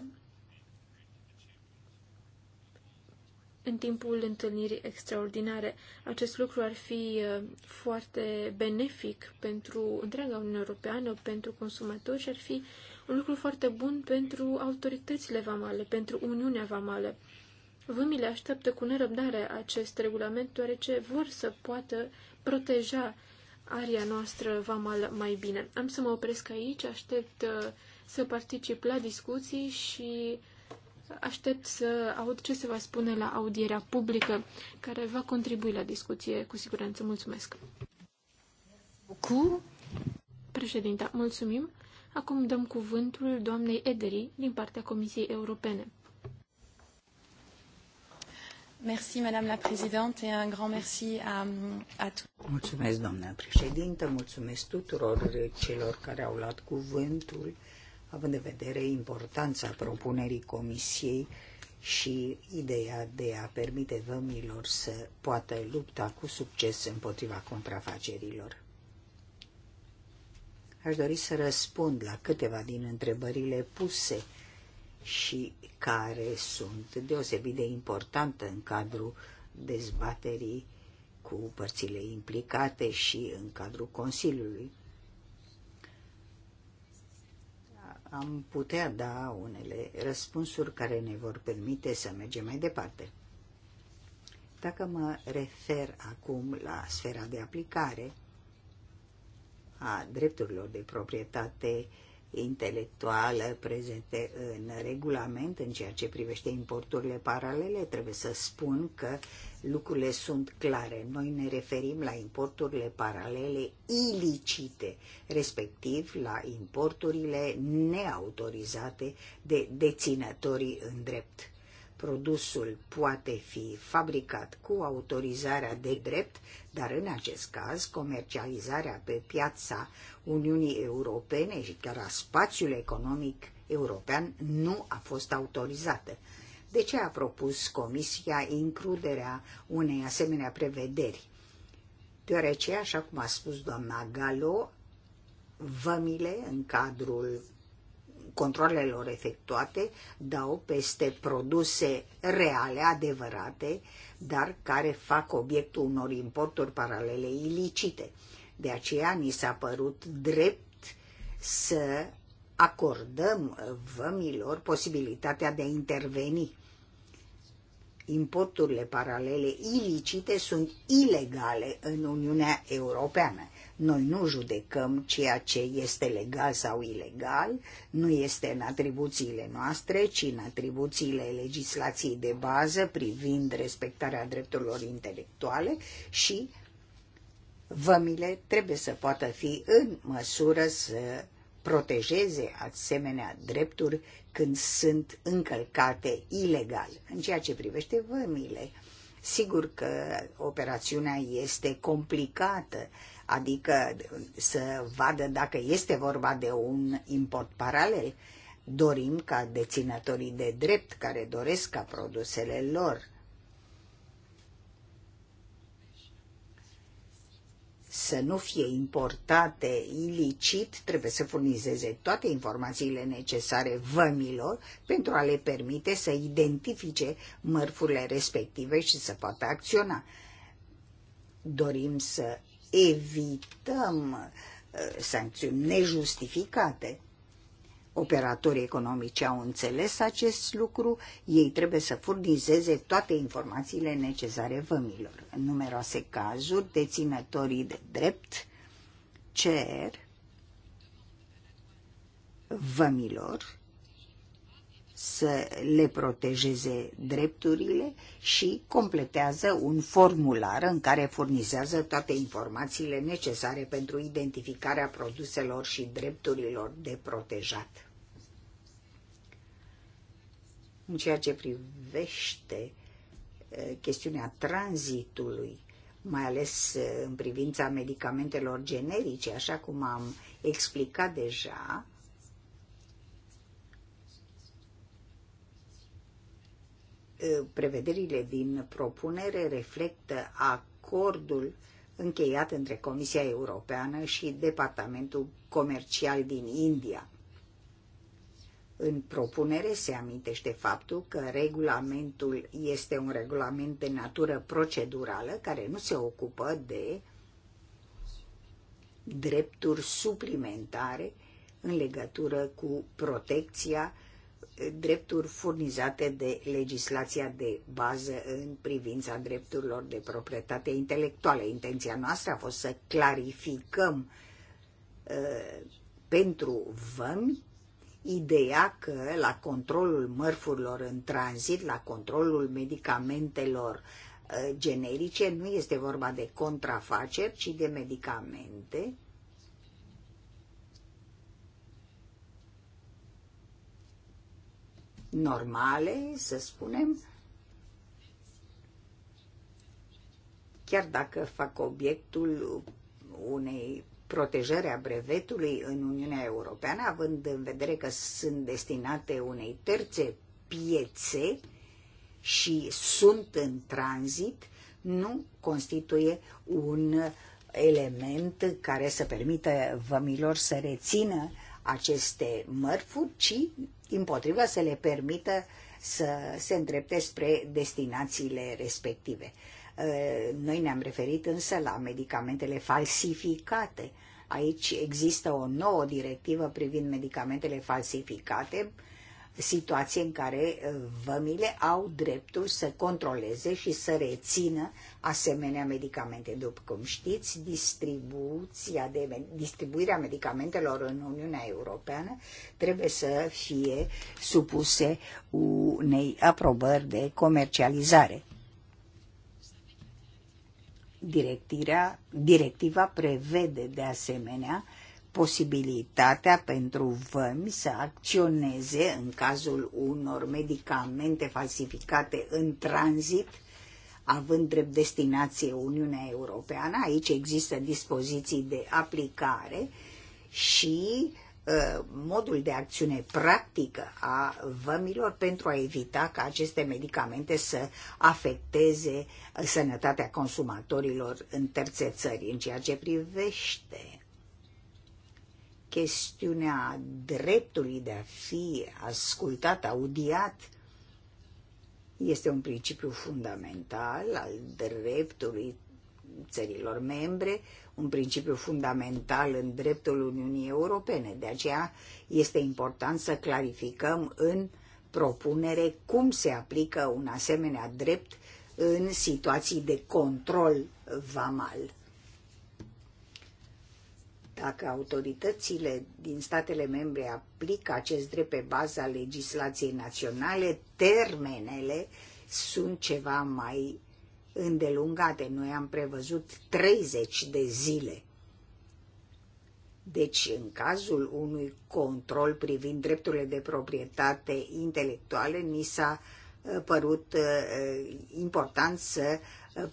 în timpul întâlnirii extraordinare. Acest lucru ar fi foarte benefic pentru întreaga Uniune Europeană, pentru consumatori și ar fi un lucru foarte bun pentru autoritățile vamale, pentru Uniunea Vamală. Vămile așteaptă cu nerăbdare acest regulament, deoarece vor să poată proteja aria noastră va mai bine. Am să mă opresc aici, aștept uh, să particip la discuții și aștept să aud ce se va spune la audierea publică, care va contribui la discuție cu siguranță. Mulțumesc! Cu președinta, mulțumim! Acum dăm cuvântul doamnei Ederi din partea Comisiei Europene. Merci, Madame la Présidente, et un grand merci à, à tous. Mulțumesc, doamna președintă, mulțumesc tuturor celor care au luat cuvântul, având în vedere importanța propunerii Comisiei și ideea de a permite vămilor să poată lupta cu succes împotriva contrafacerilor. Aș dori să răspund la câteva din întrebările puse și care sunt deosebit de importantă în cadrul dezbaterii cu părțile implicate și în cadrul Consiliului. Am putea da unele răspunsuri care ne vor permite să mergem mai departe. Dacă mă refer acum la sfera de aplicare a drepturilor de proprietate intelectuală prezente în regulament în ceea ce privește importurile paralele, trebuie să spun că lucrurile sunt clare. Noi ne referim la importurile paralele ilicite, respectiv la importurile neautorizate de deținătorii în drept produsul poate fi fabricat cu autorizarea de drept, dar în acest caz comercializarea pe piața Uniunii Europene și chiar a spațiului economic european nu a fost autorizată. De ce a propus Comisia includerea unei asemenea prevederi? Deoarece, așa cum a spus doamna Galo, vămile în cadrul controlelor efectuate dau peste produse reale, adevărate, dar care fac obiectul unor importuri paralele ilicite. De aceea ni s-a părut drept să acordăm vămilor posibilitatea de a interveni. Importurile paralele ilicite sunt ilegale în Uniunea Europeană noi nu judecăm ceea ce este legal sau ilegal, nu este în atribuțiile noastre, ci în atribuțiile legislației de bază privind respectarea drepturilor intelectuale și vămile trebuie să poată fi în măsură să protejeze asemenea drepturi când sunt încălcate ilegal. În ceea ce privește vămile, sigur că operațiunea este complicată, adică să vadă dacă este vorba de un import paralel. Dorim ca deținătorii de drept care doresc ca produsele lor să nu fie importate ilicit, trebuie să furnizeze toate informațiile necesare vămilor pentru a le permite să identifice mărfurile respective și să poată acționa. Dorim să evităm uh, sancțiuni nejustificate. Operatorii economici au înțeles acest lucru, ei trebuie să furnizeze toate informațiile necesare vămilor. În numeroase cazuri, deținătorii de drept cer vămilor să le protejeze drepturile și completează un formular în care furnizează toate informațiile necesare pentru identificarea produselor și drepturilor de protejat. În ceea ce privește chestiunea tranzitului, mai ales în privința medicamentelor generice, așa cum am explicat deja, Eh, prevederile din propunere reflectă acordul încheiat între Comisia Europeană și Departamentul Comercial din India. În propunere se amintește faptul că regulamentul este un regulament de natură procedurală care nu se ocupă de drepturi suplimentare în legătură cu protecția drepturi furnizate de legislația de bază în privința drepturilor de proprietate intelectuală. Intenția noastră a fost să clarificăm uh, pentru vămi ideea că la controlul mărfurilor în tranzit, la controlul medicamentelor uh, generice, nu este vorba de contrafaceri, ci de medicamente normale, să spunem, chiar dacă fac obiectul unei protejări a brevetului în Uniunea Europeană, având în vedere că sunt destinate unei terțe piețe și sunt în tranzit, nu constituie un element care să permită vămilor să rețină aceste mărfuri, ci împotrivă să le permită să se îndrepte spre destinațiile respective. Uh, noi ne-am referit însă la medicamentele falsificate. Aici există o nouă directivă privind medicamentele falsificate situație în care uh, vămile au dreptul să controleze și să rețină asemenea medicamente. După cum știți, distribuția de, distribuirea medicamentelor în Uniunea Europeană trebuie să fie supuse unei aprobări de comercializare. directiva prevede de asemenea posibilitatea pentru vămi să acționeze în cazul unor medicamente falsificate în tranzit, având drept destinație Uniunea Europeană. Aici există dispoziții de aplicare și ă, modul de acțiune practică a vămilor pentru a evita ca aceste medicamente să afecteze ă, sănătatea consumatorilor în terțe țări. În ceea ce privește chestiunea dreptului de a fi ascultat, audiat, este un principiu fundamental al dreptului țărilor membre, un principiu fundamental în dreptul Uniunii Europene. De aceea este important să clarificăm în propunere cum se aplică un asemenea drept în situații de control vamal. Dacă autoritățile din statele membre aplică acest drept pe baza legislației naționale, termenele sunt ceva mai îndelungate. Noi am prevăzut 30 de zile. Deci, în cazul unui control privind drepturile de proprietate intelectuale, ni s-a uh, părut uh, uh, important să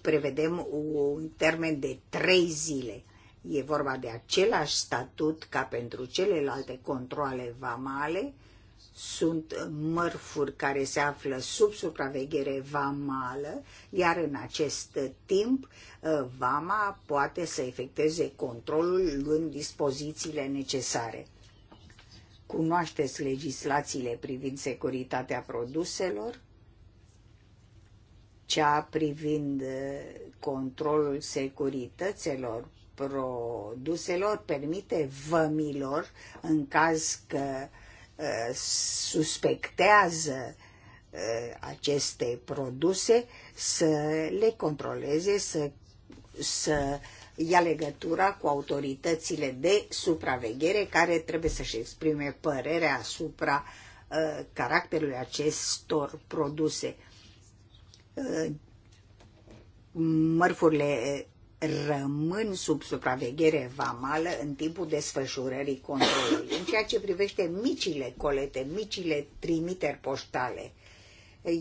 prevedem un termen de trei zile. E vorba de același statut ca pentru celelalte controle vamale, sunt mărfuri care se află sub supraveghere vamală, iar în acest timp uh, vama poate să efecteze controlul luând dispozițiile necesare. Cunoașteți legislațiile privind securitatea produselor, cea privind uh, controlul securităților produselor, permite vămilor, în caz că uh, suspectează uh, aceste produse, să le controleze, să, să ia legătura cu autoritățile de supraveghere care trebuie să-și exprime părerea asupra uh, caracterului acestor produse. mărfurile rămân sub supraveghere vamală în timpul desfășurării controlului. În ceea ce privește micile colete, micile trimiteri poștale,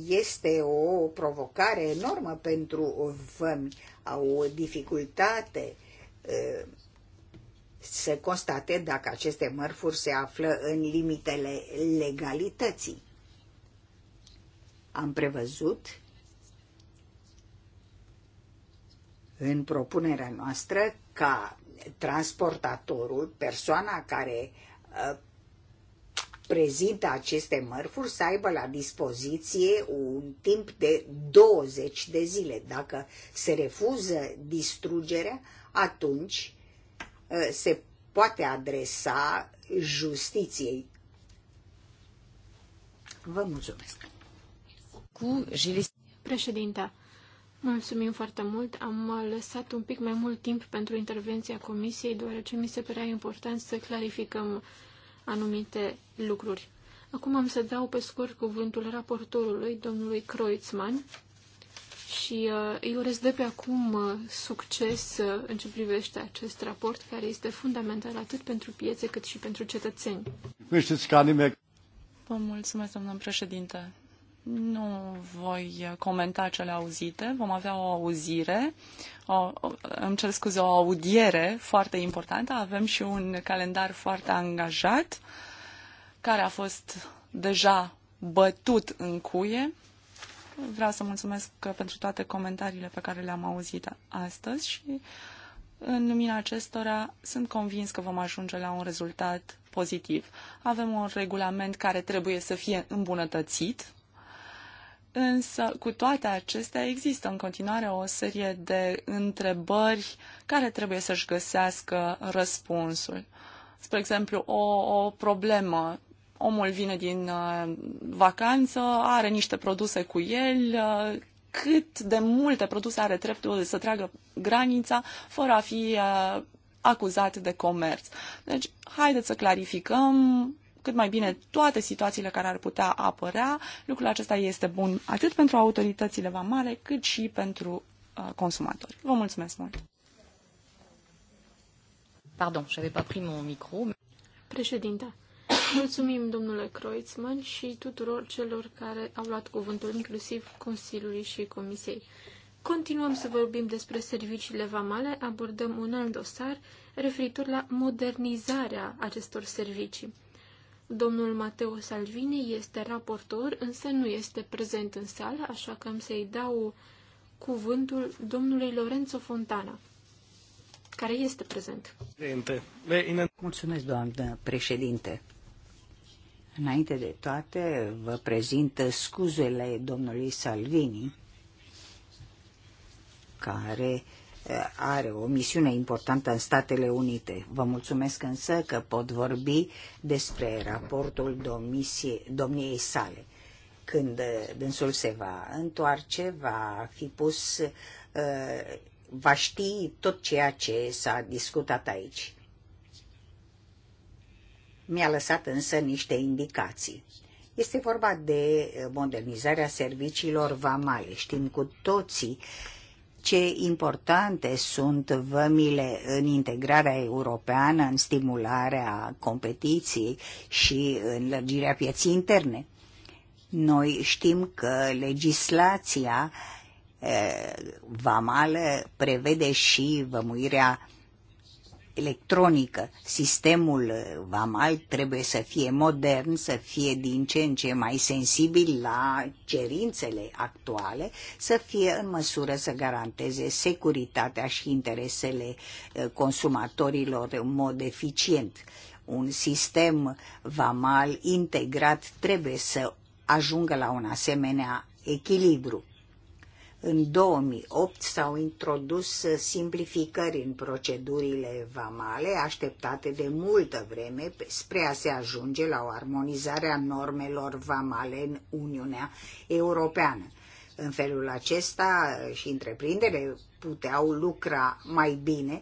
este o provocare enormă pentru vămi, au o dificultate să constate dacă aceste mărfuri se află în limitele legalității. Am prevăzut în propunerea noastră ca transportatorul, persoana care uh, prezintă aceste mărfuri să aibă la dispoziție un timp de 20 de zile. Dacă se refuză distrugerea, atunci uh, se poate adresa justiției. Vă mulțumesc. Cu Președinte, Mulțumim foarte mult. Am lăsat un pic mai mult timp pentru intervenția comisiei, deoarece mi se părea important să clarificăm anumite lucruri. Acum am să dau pe scurt cuvântul raportorului, domnului Kreutzmann, și uh, îi urez de pe acum uh, succes uh, în ce privește acest raport, care este fundamental atât pentru piețe cât și pentru cetățeni. Vă mulțumesc, doamnă președinte. Nu voi comenta cele auzite. Vom avea o auzire, o, îmi cer scuze, o audiere foarte importantă. Avem și un calendar foarte angajat care a fost deja bătut în cuie. Vreau să mulțumesc pentru toate comentariile pe care le-am auzit astăzi și în lumina acestora sunt convins că vom ajunge la un rezultat pozitiv. Avem un regulament care trebuie să fie îmbunătățit, Însă, cu toate acestea, există în continuare o serie de întrebări care trebuie să-și găsească răspunsul. Spre exemplu, o, o problemă. Omul vine din uh, vacanță, are niște produse cu el, uh, cât de multe produse are dreptul să treagă granița fără a fi uh, acuzat de comerț. Deci, haideți să clarificăm cât mai bine toate situațiile care ar putea apărea. Lucrul acesta este bun atât pentru autoritățile vamale, cât și pentru uh, consumatori. Vă mulțumesc mult! Pardon, j'avais pas pris mon micro. Președinte, mulțumim domnule Kreutzmann și tuturor celor care au luat cuvântul, inclusiv Consiliului și Comisiei. Continuăm să vorbim despre serviciile vamale, abordăm un alt dosar referitor la modernizarea acestor servicii. Domnul Mateo Salvini este raportor, însă nu este prezent în sală, așa că am să-i dau cuvântul domnului Lorenzo Fontana, care este prezent. Mulțumesc, doamnă președinte. Înainte de toate, vă prezint scuzele domnului Salvini, care are o misiune importantă în Statele Unite. Vă mulțumesc însă că pot vorbi despre raportul domisie, domniei sale. Când dânsul se va întoarce, va fi pus, uh, va ști tot ceea ce s-a discutat aici. Mi-a lăsat însă niște indicații. Este vorba de modernizarea serviciilor vamale. Știm cu toții ce importante sunt vămile în integrarea europeană, în stimularea competiției și în lărgirea pieții interne. Noi știm că legislația eh, vamală prevede și vămuirea electronică. Sistemul eh, vamal trebuie să fie modern, să fie din ce în ce mai sensibil la cerințele actuale, să fie în măsură să garanteze securitatea și interesele eh, consumatorilor în mod eficient. Un sistem vamal integrat trebuie să ajungă la un asemenea echilibru. În 2008 s-au introdus simplificări în procedurile vamale așteptate de multă vreme spre a se ajunge la o armonizare a normelor vamale în Uniunea Europeană. În felul acesta uh, și întreprinderile puteau lucra mai bine,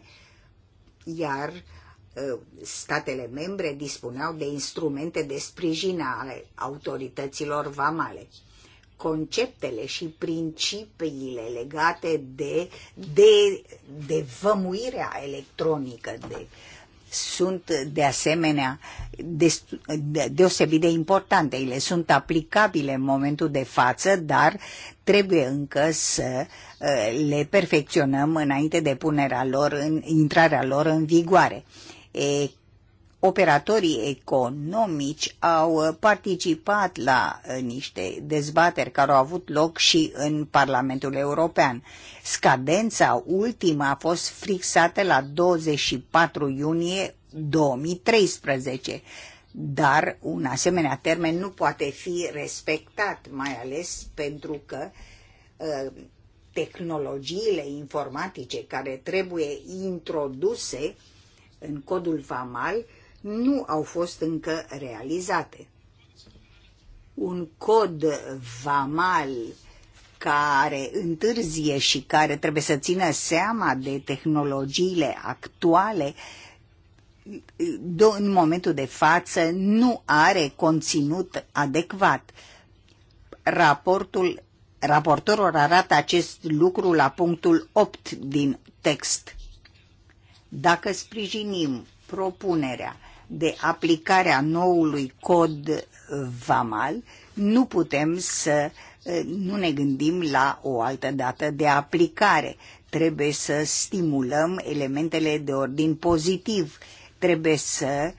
iar uh, statele membre dispuneau de instrumente de sprijin ale autorităților vamale conceptele și principiile legate de, de, de vămuirea electronică, de, sunt de asemenea deosebit de importante. Ele sunt aplicabile în momentul de față, dar trebuie încă să uh, le perfecționăm înainte de punerea lor, în, intrarea lor în vigoare. E operatorii economici au participat la uh, niște dezbateri care au avut loc și în Parlamentul European. Scadența ultimă a fost fixată la 24 iunie 2013, dar un asemenea termen nu poate fi respectat, mai ales pentru că uh, tehnologiile informatice care trebuie introduse în codul FAMAL uh, nu au fost încă realizate. Un cod vamal care întârzie și care trebuie să țină seama de tehnologiile actuale, în momentul de față nu are conținut adecvat. Raportul, raportorul arată acest lucru la punctul 8 din text. Dacă sprijinim propunerea de aplicarea noului cod VAMAL, nu putem să eh, nu ne gândim la o altă dată de aplicare. Trebuie să stimulăm elementele de ordin pozitiv. Trebuie să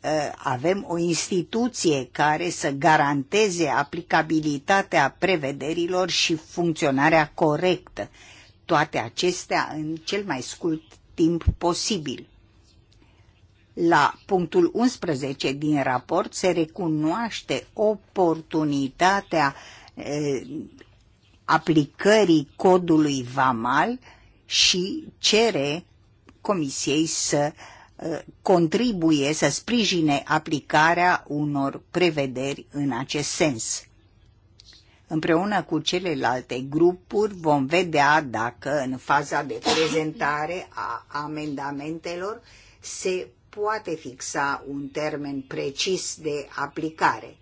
eh, avem o instituție care să garanteze aplicabilitatea prevederilor și funcționarea corectă. Toate acestea în cel mai scurt timp posibil. La punctul 11 din raport se recunoaște oportunitatea aplicării codului VAMAL și cere Comisiei să contribuie să sprijine aplicarea unor prevederi în acest sens. Împreună cu celelalte grupuri vom vedea dacă în faza de prezentare a amendamentelor se poate fixa un termen precis de aplicare.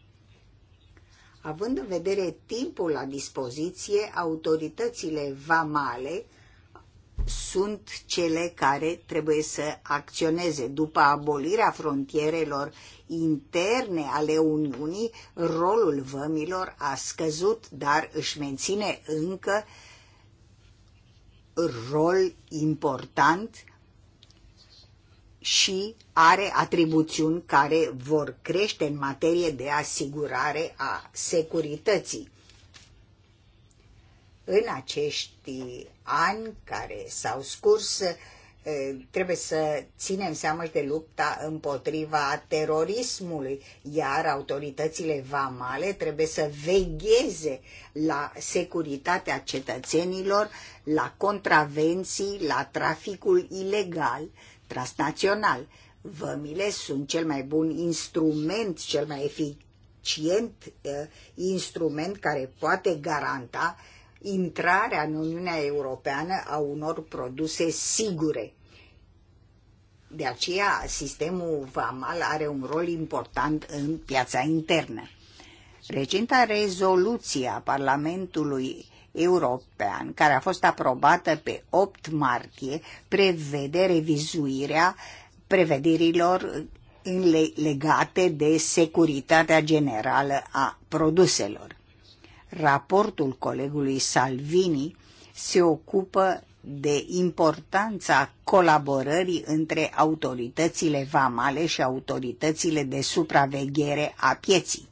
Având în vedere timpul la dispoziție, autoritățile vamale sunt cele care trebuie să acționeze. După abolirea frontierelor interne ale Uniunii, rolul vămilor a scăzut, dar își menține încă rol important și are atribuțiuni care vor crește în materie de asigurare a securității. În acești ani care s-au scurs, trebuie să ținem seama și de lupta împotriva terorismului, iar autoritățile vamale trebuie să vegheze la securitatea cetățenilor, la contravenții, la traficul ilegal transnațional. Vămile sunt cel mai bun instrument, cel mai eficient uh, instrument care poate garanta intrarea în Uniunea Europeană a unor produse sigure. De aceea, sistemul VAMAL are un rol important în piața internă. Recenta rezoluție a Parlamentului european, care a fost aprobată pe 8 martie, prevede revizuirea prevederilor legate de securitatea generală a produselor. Raportul colegului Salvini se ocupă de importanța colaborării între autoritățile vamale și autoritățile de supraveghere a pieții.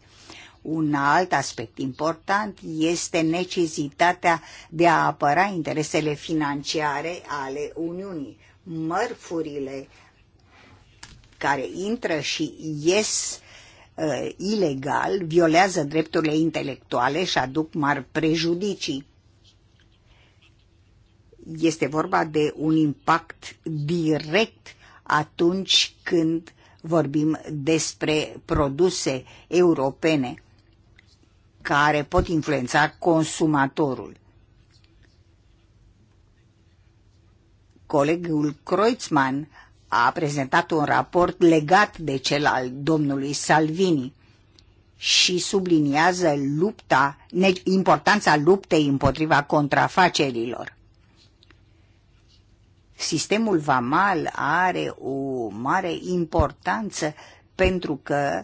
Un alt aspect important este necesitatea de a apăra interesele financiare ale Uniunii. Mărfurile care intră și ies uh, ilegal violează drepturile intelectuale și aduc mari prejudicii. Este vorba de un impact direct atunci când vorbim despre produse europene care pot influența consumatorul. Colegul Kreutzmann a prezentat un raport legat de cel al domnului Salvini și subliniază lupta, importanța luptei împotriva contrafacerilor. Sistemul vamal are o mare importanță pentru că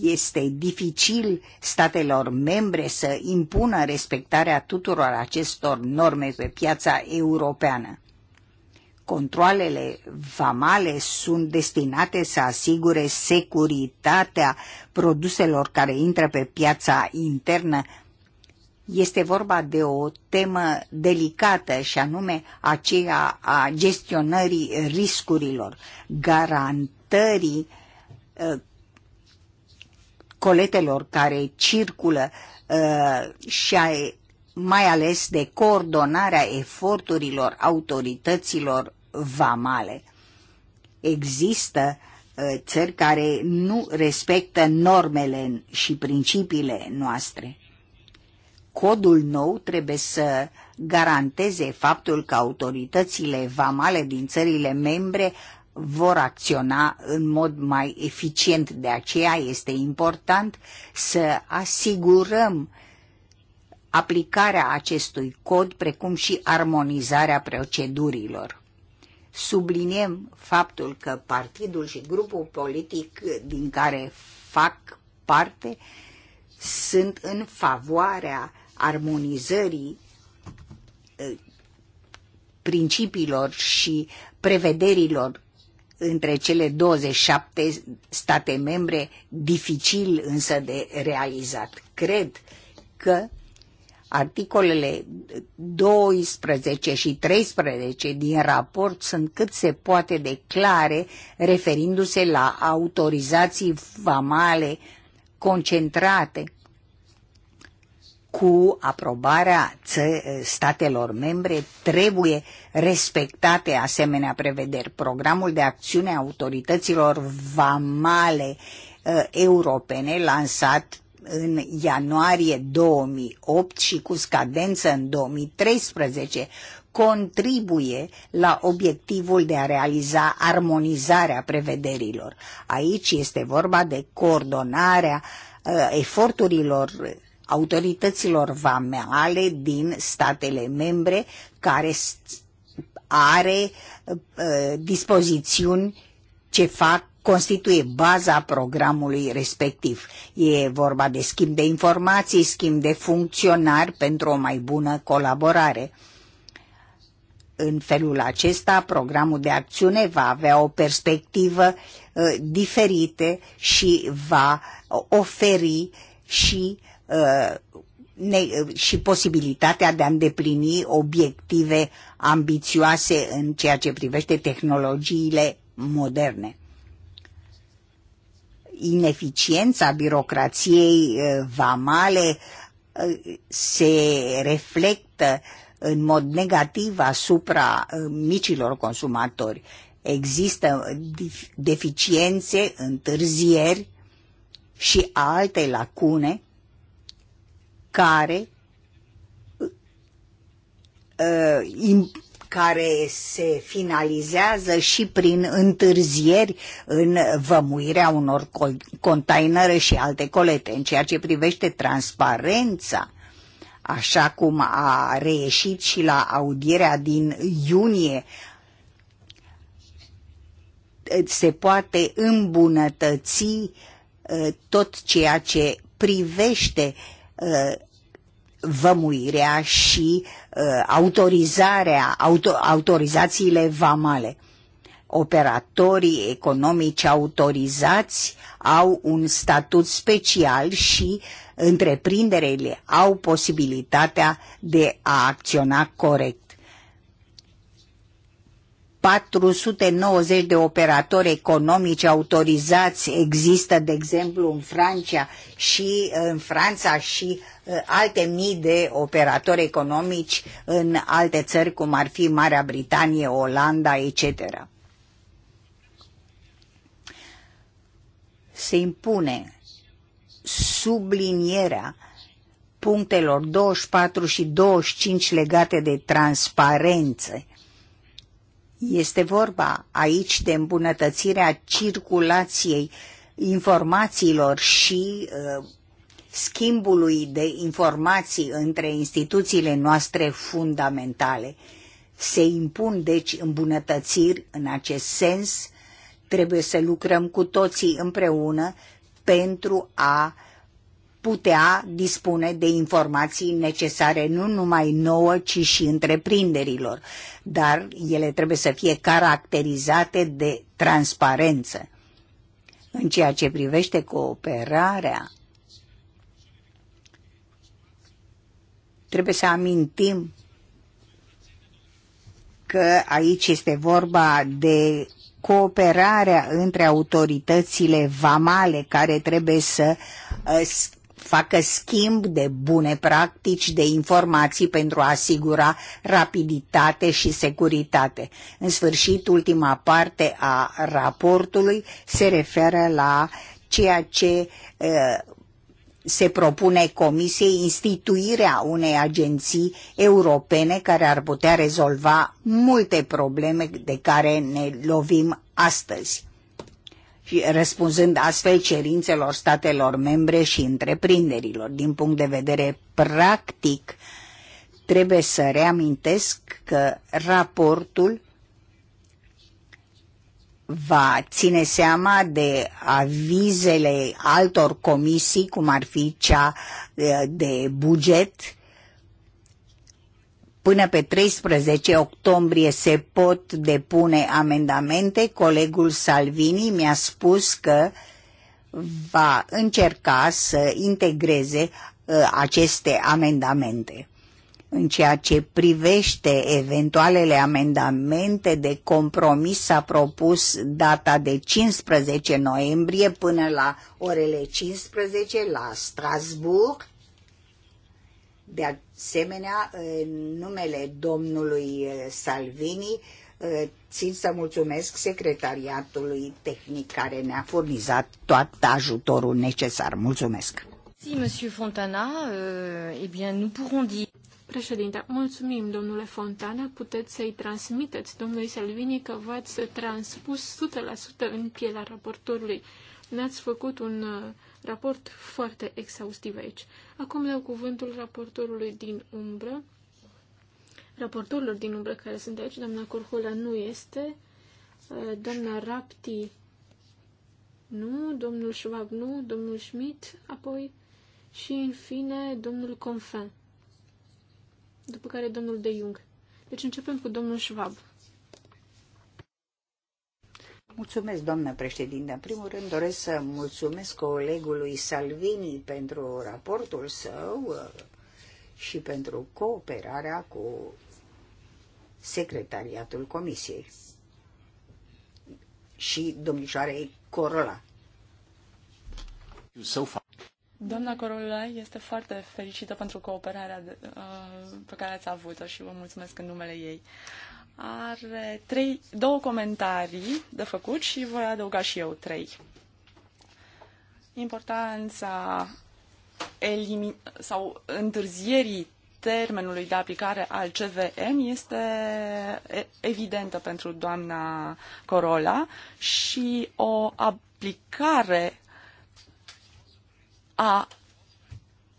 este dificil statelor membre să impună respectarea tuturor acestor norme pe piața europeană. Controlele vamale sunt destinate să asigure securitatea produselor care intră pe piața internă. Este vorba de o temă delicată și anume aceea a gestionării riscurilor, garantării ă, coletelor care circulă uh, și a, mai ales de coordonarea eforturilor autorităților vamale. Există uh, țări care nu respectă normele și principiile noastre. Codul nou trebuie să garanteze faptul că autoritățile vamale din țările membre vor acționa în mod mai eficient. De aceea este important să asigurăm aplicarea acestui cod, precum și armonizarea procedurilor. Subliniem faptul că partidul și grupul politic din care fac parte sunt în favoarea armonizării eh, principiilor și prevederilor între cele 27 state membre, dificil însă de realizat. Cred că articolele 12 și 13 din raport sunt cât se poate de clare referindu-se la autorizații vamale concentrate cu aprobarea statelor membre trebuie respectate asemenea prevederi. Programul de acțiune a autorităților vamale ă, europene lansat în ianuarie 2008 și cu scadență în 2013 contribuie la obiectivul de a realiza armonizarea prevederilor. Aici este vorba de coordonarea ă, eforturilor autorităților vameale din statele membre care are uh, dispozițiuni ce fac constituie baza programului respectiv. E vorba de schimb de informații, schimb de funcționari pentru o mai bună colaborare. În felul acesta, programul de acțiune va avea o perspectivă uh, diferită și va oferi și uh, Uh, și posibilitatea de a îndeplini obiective ambițioase în ceea ce privește tehnologiile moderne. Ineficiența birocrației uh, vamale uh, se reflectă în mod negativ asupra micilor consumatori. Există deficiențe, întârzieri și alte lacune care uh, care se finalizează și prin întârzieri în vămuirea unor containere și alte colete. În ceea ce privește transparența, așa cum a reieșit și la audierea din iunie, se poate îmbunătăți uh, tot ceea ce privește uh, Uh, vămuirea și uh, autorizarea, auto, autorizațiile vamale operatorii economici autorizați au un statut special și întreprinderile au posibilitatea de a acționa corect. 490 de operatori economici autorizați există, de exemplu, în Franța și uh, în Franța și uh, alte mii de operatori economici în alte țări, cum ar fi Marea Britanie, Olanda, etc. Se impune sublinierea punctelor 24 și 25 legate de transparență este vorba aici de îmbunătățirea circulației informațiilor și uh, schimbului de informații între instituțiile noastre fundamentale. Se impun, deci, îmbunătățiri în acest sens. Trebuie să lucrăm cu toții împreună pentru a uh, putea dispune de informații necesare nu numai nouă, ci și întreprinderilor, dar ele trebuie să fie caracterizate de transparență. În ceea ce privește cooperarea, trebuie să amintim că aici este vorba de cooperarea între autoritățile vamale care trebuie să uh, facă schimb de bune practici, de informații pentru a asigura rapiditate și securitate. În sfârșit, ultima parte a raportului se referă la ceea ce uh, se propune Comisiei instituirea unei agenții europene care ar putea rezolva multe probleme de care ne lovim astăzi răspunzând astfel cerințelor statelor membre și întreprinderilor. Din punct de vedere practic, trebuie să reamintesc că raportul va ține seama de avizele altor comisii, cum ar fi cea eh, de buget, Până pe 13 octombrie se pot depune amendamente. Colegul Salvini mi-a spus că va încerca să integreze uh, aceste amendamente. În ceea ce privește eventualele amendamente de compromis, s-a propus data de 15 noiembrie până la orele 15 la Strasburg. De asemenea, în numele domnului eh, Salvini, eh, țin să mulțumesc secretariatului tehnic care ne-a furnizat tot ajutorul necesar. Mulțumesc! Si, monsieur Fontana, eh, eh bien, nous pourrons dire... Președinte, mulțumim, domnule Fontana. Puteți să-i transmiteți domnului Salvini că v-ați transpus 100% în pielea raportorului. Ne-ați făcut un uh, raport foarte exhaustiv aici. Acum dau cuvântul raportorului din umbră, raportorilor din umbră care sunt aici. Doamna Corhola nu este, uh, doamna Rapti nu, domnul Schwab nu, domnul Schmidt apoi și, în fine, domnul Confin, după care domnul de Jung. Deci începem cu domnul Schwab. Mulțumesc, doamnă președinte. În primul rând doresc să mulțumesc colegului Salvini pentru raportul său uh, și pentru cooperarea cu secretariatul comisiei și domnișoarei Corola. Doamna Corola este foarte fericită pentru cooperarea de, uh, pe care ați avut-o și vă mulțumesc în numele ei. Uh, are trei, două comentarii de făcut și voi adăuga și eu trei. Importanța elimin- sau întârzierii termenului de aplicare al CVM este evidentă pentru doamna Corola și o aplicare a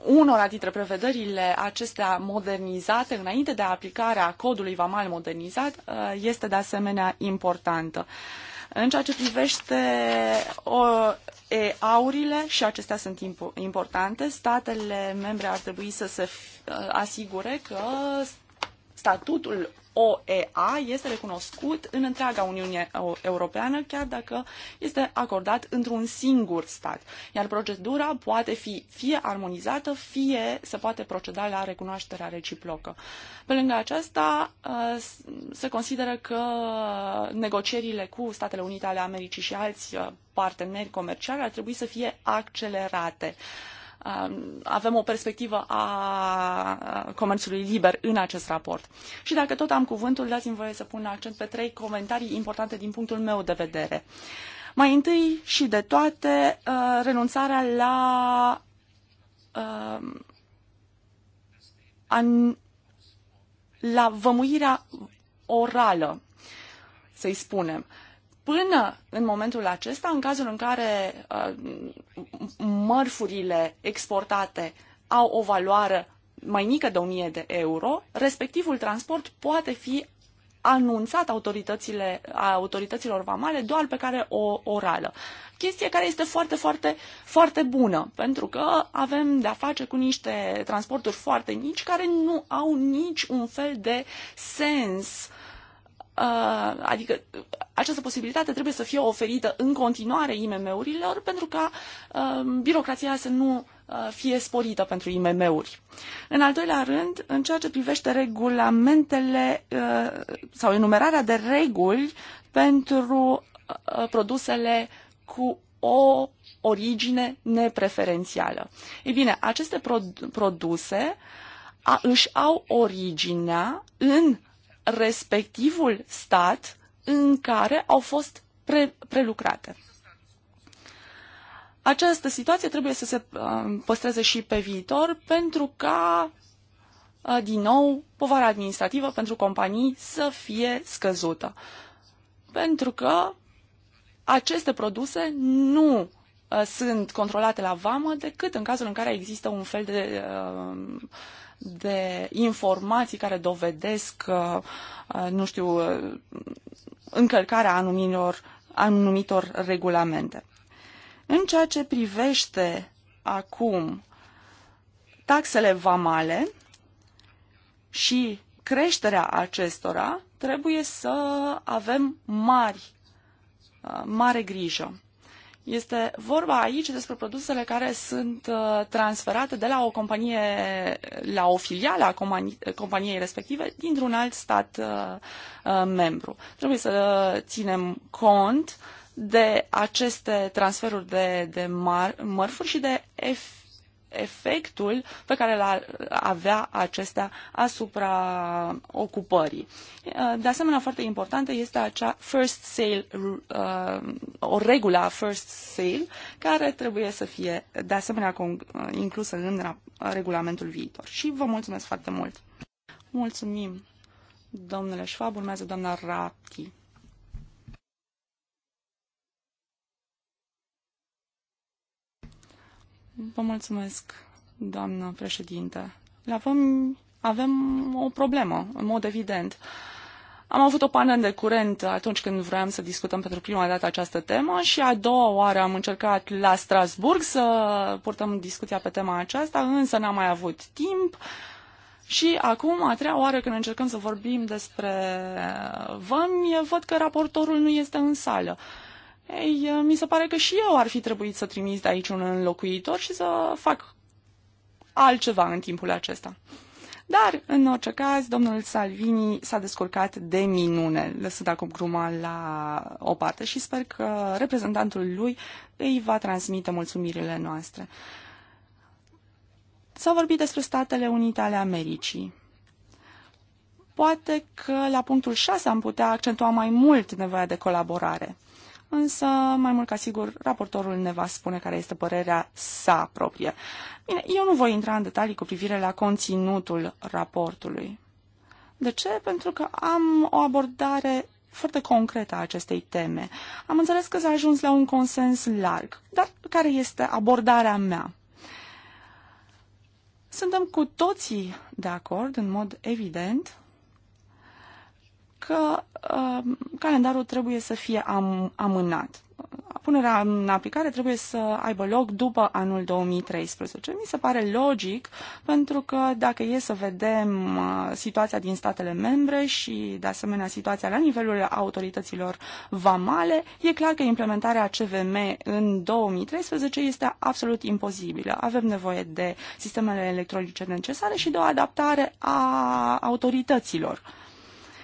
unora dintre prevederile acestea modernizate, înainte de aplicarea codului VAMAL modernizat, uh, este de asemenea importantă. În ceea ce privește aurile, și acestea sunt importante, statele membre ar trebui să se uh, asigure că statutul OEA este recunoscut în întreaga Uniune Europeană, chiar dacă este acordat într-un singur stat. Iar procedura poate fi fie armonizată, fie se poate proceda la recunoașterea reciprocă. Pe lângă aceasta, uh, se consideră că negocierile cu Statele Unite ale Americii și alți uh, parteneri comerciali ar trebui să fie accelerate. Um, avem o perspectivă a comerțului liber în acest raport. Și dacă tot am cuvântul, dați-mi voie să pun accent pe trei comentarii importante din punctul meu de vedere. Mai întâi și de toate, uh, renunțarea la um, la vămuirea orală, să-i spunem. Până în momentul acesta, în cazul în care uh, mărfurile exportate au o valoare mai mică de 1000 de euro, respectivul transport poate fi anunțat autoritățile, autorităților vamale doar pe care o orală. Chestie care este foarte, foarte, foarte bună, pentru că avem de-a face cu niște transporturi foarte mici care nu au nici un fel de sens uh, Uh, adică uh, această posibilitate trebuie să fie oferită în continuare IMM-urilor pentru ca uh, birocrația să nu fie sporită pentru IMM-uri. În al doilea rând, în ceea ce privește regulamentele sau enumerarea de reguli pentru produsele cu o origine nepreferențială. Ei bine, aceste produse își au originea în respectivul stat în care au fost pre- prelucrate. Această situație trebuie să se uh, păstreze și pe viitor pentru ca, uh, din nou, povara administrativă pentru companii să fie scăzută. Pentru că aceste produse nu uh, sunt controlate la vamă decât în cazul în care există un fel de uh, de informații care dovedesc, uh, uh, nu știu, uh, încălcarea anumitor, anumitor regulamente. În ceea ce privește acum taxele vamale și creșterea acestora, trebuie să avem mari, mare grijă. Este vorba aici despre produsele care sunt uh, transferate de la o companie, la o filială a companiei respective, dintr-un alt stat uh, uh, membru. Trebuie să ținem cont de aceste transferuri de, de mar, mărfuri și de efect efectul pe care l-ar avea acestea asupra ocupării. De asemenea, foarte importantă este acea first sale, uh, o regulă a first sale, care trebuie să fie de asemenea inclusă în regulamentul viitor. Și vă mulțumesc foarte mult! Mulțumim, domnule Schwab, urmează doamna Rapti. Vă mulțumesc, doamnă președinte. Avem, avem o problemă, în mod evident. Am avut o pană de curent atunci când vroiam să discutăm pentru prima dată această temă și a doua oară am încercat la Strasburg să purtăm discuția pe tema aceasta, însă n-am mai avut timp. Și acum, a treia oară când încercăm să vorbim despre vămi, văd că raportorul nu este în sală. Ei, eh, mi se pare că și eu ar fi trebuit să trimis de aici un înlocuitor și să fac altceva în timpul acesta. Dar, în orice caz, domnul Salvini s-a descurcat de minune, lăsând acum gruma la o parte și sper că reprezentantul lui îi va transmite mulțumirile noastre. S-a vorbit despre Statele Unite ale Americii. Poate că la punctul 6 am putea accentua mai mult nevoia de colaborare însă mai mult ca sigur raportorul ne va spune care este părerea sa proprie. Bine, eu nu voi intra în detalii cu privire la conținutul raportului. De ce? Pentru că am o abordare foarte concretă a acestei teme. Am înțeles că s-a ajuns la un consens larg, dar care este abordarea mea? Suntem cu toții de acord, în mod evident, că uh, calendarul trebuie să fie am, amânat. Punerea în aplicare trebuie să aibă loc după anul 2013. Mi se pare logic pentru că dacă e să vedem uh, situația din statele membre și de asemenea situația la nivelul autorităților vamale, e clar că implementarea CVM în 2013 este absolut imposibilă. Avem nevoie de sistemele electronice necesare și de o adaptare a autorităților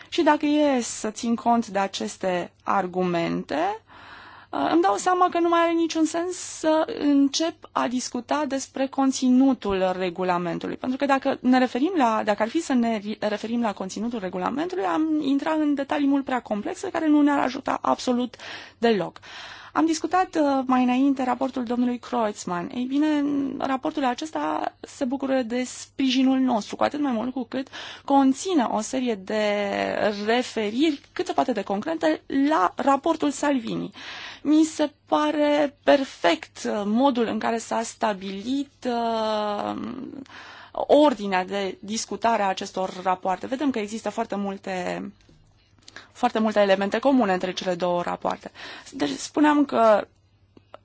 și dacă e să țin cont de aceste argumente, uh, îmi dau seama că nu mai are niciun sens să încep a discuta despre conținutul regulamentului. Pentru că dacă ne referim la, dacă ar fi să ne referim la conținutul regulamentului, am intrat în detalii mult prea complexe care nu ne-ar ajuta absolut deloc. Uh, am discutat uh, mai înainte raportul domnului Kreutzmann. Ei bine, raportul acesta se bucură de sprijinul nostru, cu atât mai mult cu cât conține o serie de referiri cât se poate de concrete la raportul Salvini. Mi se pare perfect uh, modul în care s-a stabilit uh, ordinea de discutare a acestor rapoarte. Vedem că există foarte multe foarte multe elemente comune între cele două rapoarte. Deci spuneam că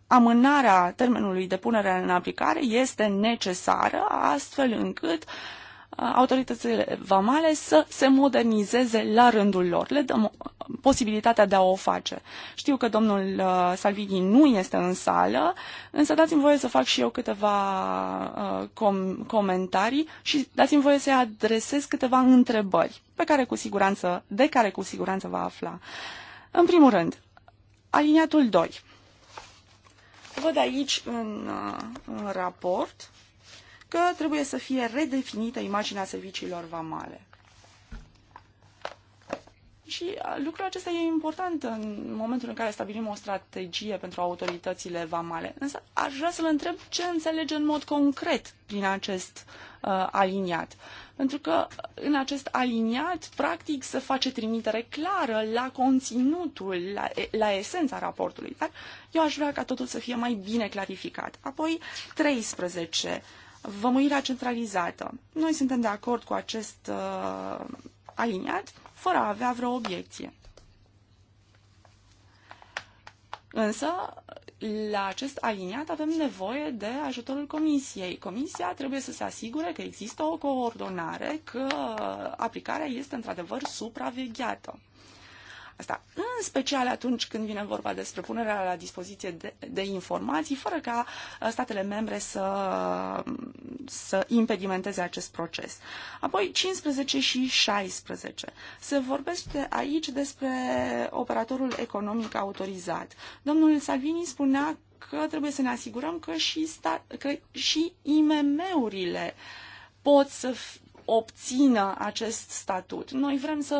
amânarea termenului de punere în aplicare este necesară astfel încât uh, autoritățile vamale să se modernizeze la rândul lor. Le dăm posibilitatea de a o face. Știu că domnul uh, Salvini nu este în sală, însă dați-mi voie să fac și eu câteva uh, com- comentarii și dați-mi voie să-i adresez câteva întrebări pe care cu siguranță, de care cu siguranță va afla. În primul rând, aliniatul 2. Văd aici în, uh, în raport că trebuie să fie redefinită imaginea serviciilor vamale. Și lucrul acesta e important în momentul în care stabilim o strategie pentru autoritățile vamale. Însă aș vrea să-l întreb ce înțelege în mod concret prin acest uh, aliniat. Pentru că în acest aliniat, practic, se face trimitere clară la conținutul, la, la esența raportului. Dar eu aș vrea ca totul să fie mai bine clarificat. Apoi, 13 vămuirea centralizată. Noi suntem de acord cu acest uh, aliniat, fără a avea vreo obiecție. Însă, la acest aliniat avem nevoie de ajutorul Comisiei. Comisia trebuie să se asigure că există o coordonare, că aplicarea este într-adevăr supravegheată. Asta în special atunci când vine vorba despre punerea la dispoziție de, de informații, fără ca uh, statele membre să, să impedimenteze acest proces. Apoi 15 și 16. Se vorbește aici despre operatorul economic autorizat. Domnul Salvini spunea că trebuie să ne asigurăm că și, sta, că și IMM-urile pot să obțină acest statut. Noi vrem să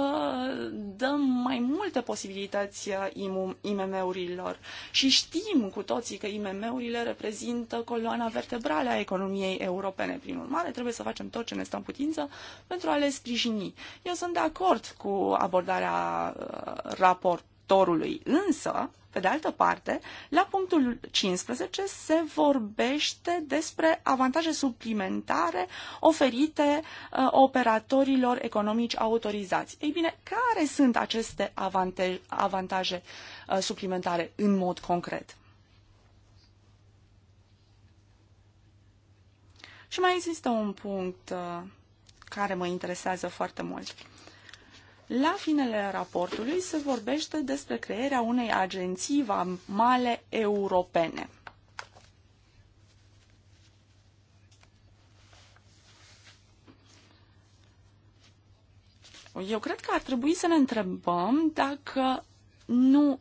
dăm mai multe posibilități uh, IMM-urilor și știm cu toții că IMM-urile reprezintă coloana vertebrală a economiei europene. Prin urmare, trebuie să facem tot ce ne stă în putință pentru a le sprijini. Eu sunt de acord cu abordarea uh, raport, sectorului. Însă, pe de altă parte, la punctul 15 se vorbește despre avantaje suplimentare oferite uh, operatorilor economici autorizați. Ei bine, care sunt aceste avantaje, avantaje uh, suplimentare în mod concret? Și mai există un punct uh, care mă interesează foarte mult. La finele raportului se vorbește despre crearea unei agenții vamale europene. Eu cred că ar trebui să ne întrebăm dacă nu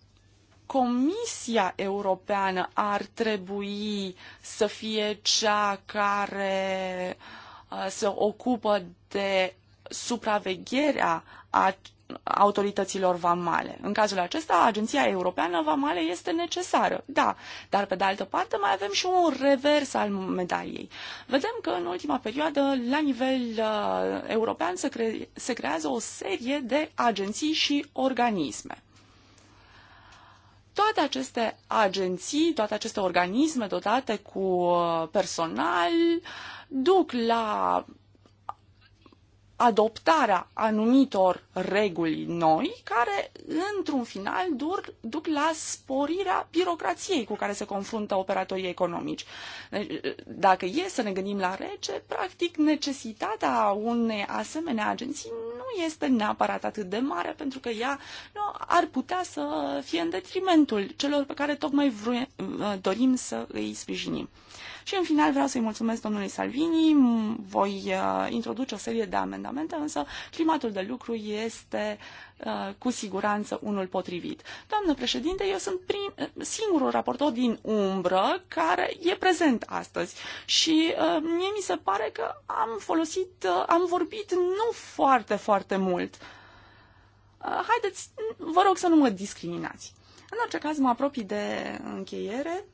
Comisia Europeană ar trebui să fie cea care uh, se ocupă de supravegherea a autorităților vamale. În cazul acesta, Agenția Europeană Vamale este necesară, da, dar pe de altă parte mai avem și un revers al medaliei. Vedem că în ultima perioadă, la nivel uh, european, se, cre- se creează o serie de agenții și organisme. Toate aceste agenții, toate aceste organisme dotate cu uh, personal duc la adoptarea anumitor reguli noi care, într-un final, dur, duc la sporirea birocrației cu care se confruntă operatorii economici. Deci, dacă e să ne gândim la rece, practic necesitatea unei asemenea agenții nu este neapărat atât de mare, pentru că ea nu, ar putea să fie în detrimentul celor pe care tocmai vre, dorim să îi sprijinim. Și în final vreau să-i mulțumesc domnului Salvini, voi uh, introduce o serie de amendamente, însă climatul de lucru este uh, cu siguranță unul potrivit. Doamnă președinte, eu sunt prim, uh, singurul raportor din umbră care e prezent astăzi și uh, mie mi se pare că am folosit, uh, am vorbit nu foarte, foarte mult. Uh, haideți, vă rog să nu mă discriminați. În orice caz, mă apropii de încheiere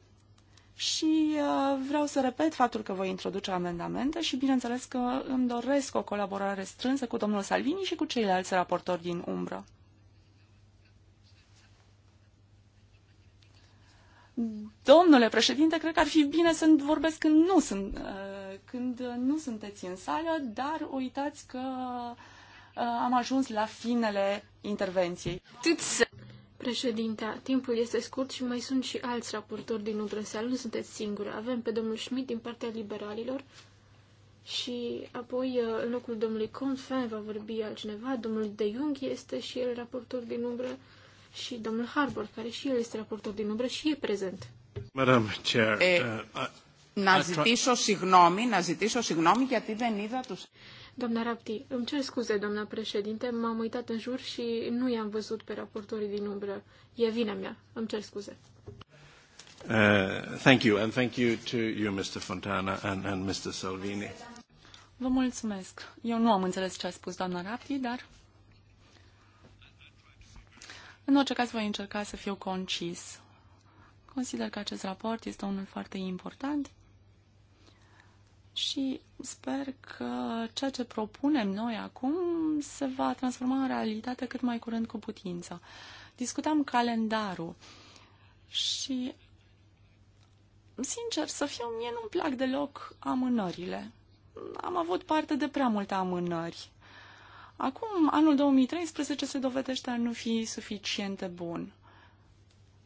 și uh, vreau să repet faptul că voi introduce amendamente și bineînțeles că îmi doresc o colaborare strânsă cu domnul Salvini și cu ceilalți raportori din umbră. Domnule președinte, cred că ar fi bine să vorbesc când nu, sunt, uh, când nu sunteți în sală, dar uitați că uh, am ajuns la finele intervenției. Președinte, timpul este scurt și mai sunt și alți raportori din umbră nu sunteți singuri. Avem pe domnul Schmidt din partea liberalilor și apoi uh, în locul domnului Confin va vorbi altcineva, domnul De Jung este și el raportor din umbră și domnul Harbour, care și el este raportor din umbră și e prezent. Madam Chair, eh, uh, I... I, ζητήσω συγγνώμη, να ζητήσω συγγνώμη Doamna Rapti, îmi cer scuze, doamna președinte, m-am uitat în jur și nu i-am văzut pe raportorii din umbră. E vina mea, îmi cer scuze. Uh, thank you, and thank you to you, Mr. Fontana and, and Mr. Salvini. Vă mulțumesc. Eu nu am înțeles ce a spus doamna Rapti, dar... În orice caz voi încerca să fiu concis. Consider că acest raport este unul foarte important și sper că ceea ce propunem noi acum se va transforma în realitate cât mai curând cu putință. Discutam calendarul și, sincer să fiu, mie nu-mi plac deloc amânările. Am avut parte de prea multe amânări. Acum, anul 2013 se dovedește a nu fi suficient de bun.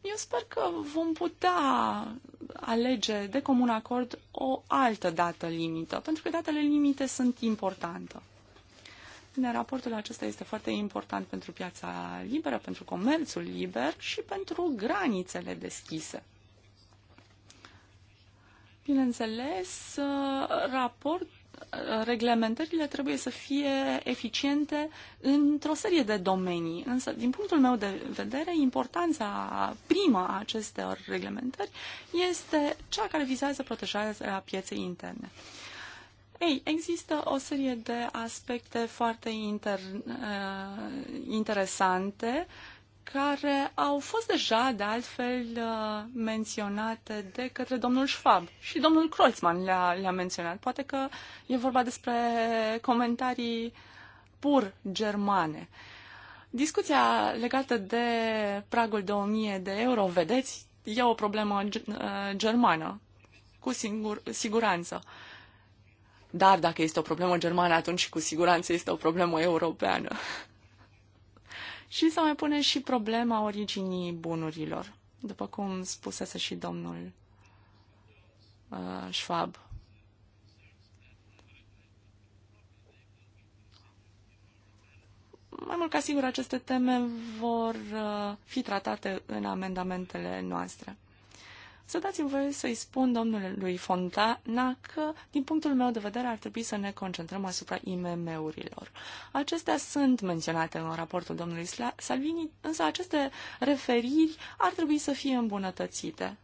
Eu sper că vom putea alege de comun acord o altă dată limită, pentru că datele limite sunt importante. Bine, raportul acesta este foarte important pentru piața liberă, pentru comerțul liber și pentru granițele deschise. Bineînțeles, raport, reglementările trebuie să fie eficiente într-o serie de domenii. Însă, din punctul meu de vedere, importanța primă a acestor reglementări este cea care vizează protejarea pieței interne. Ei, există o serie de aspecte foarte inter, uh, interesante uh, care au fost deja, de altfel, uh, menționate de către domnul Schwab și domnul Kreuzmann le-a, le, -a, menționat. Poate că e vorba despre comentarii pur germane. Discuția legată de pragul de 1000 de euro, vedeți, e o problemă uh, germană, cu singur, siguranță. Dar dacă este o problemă germană, atunci cu siguranță este o problemă europeană. Și să mai punem și problema originii bunurilor, după cum spusese și domnul uh, Schwab. Mai mult ca sigur, aceste teme vor uh, fi tratate în amendamentele noastre. Să dați-mi voie să-i spun domnului Fontana că, din punctul meu de vedere, ar trebui să ne concentrăm asupra IMM-urilor. Acestea sunt menționate în raportul domnului Salvini, însă aceste referiri ar trebui să fie îmbunătățite.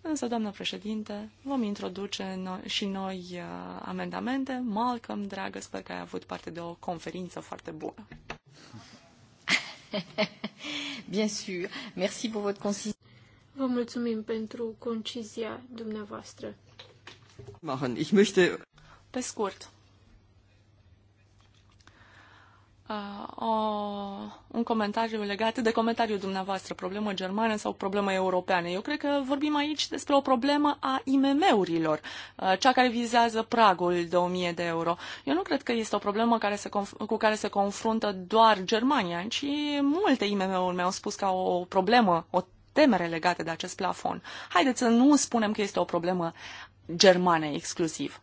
Însă, doamnă președinte, vom introduce no- și noi uh, amendamente. Malcolm, dragă, sper că ai avut parte de o conferință foarte bună. Bien sûr. Merci pour votre consistență. Vă mulțumim pentru concizia dumneavoastră. Machen. Ich möchte... Pe scurt, o, un comentariu legat de comentariul dumneavoastră, problemă germană sau problemă europeană. Eu cred că vorbim aici despre o problemă a IMM-urilor, cea care vizează pragul de 1000 de euro. Eu nu cred că este o problemă care se cu care se confruntă doar Germania, ci multe IMM-uri mi-au spus ca o problemă, o temere legate de acest plafon. Haideți să nu spunem că este o problemă germană exclusiv.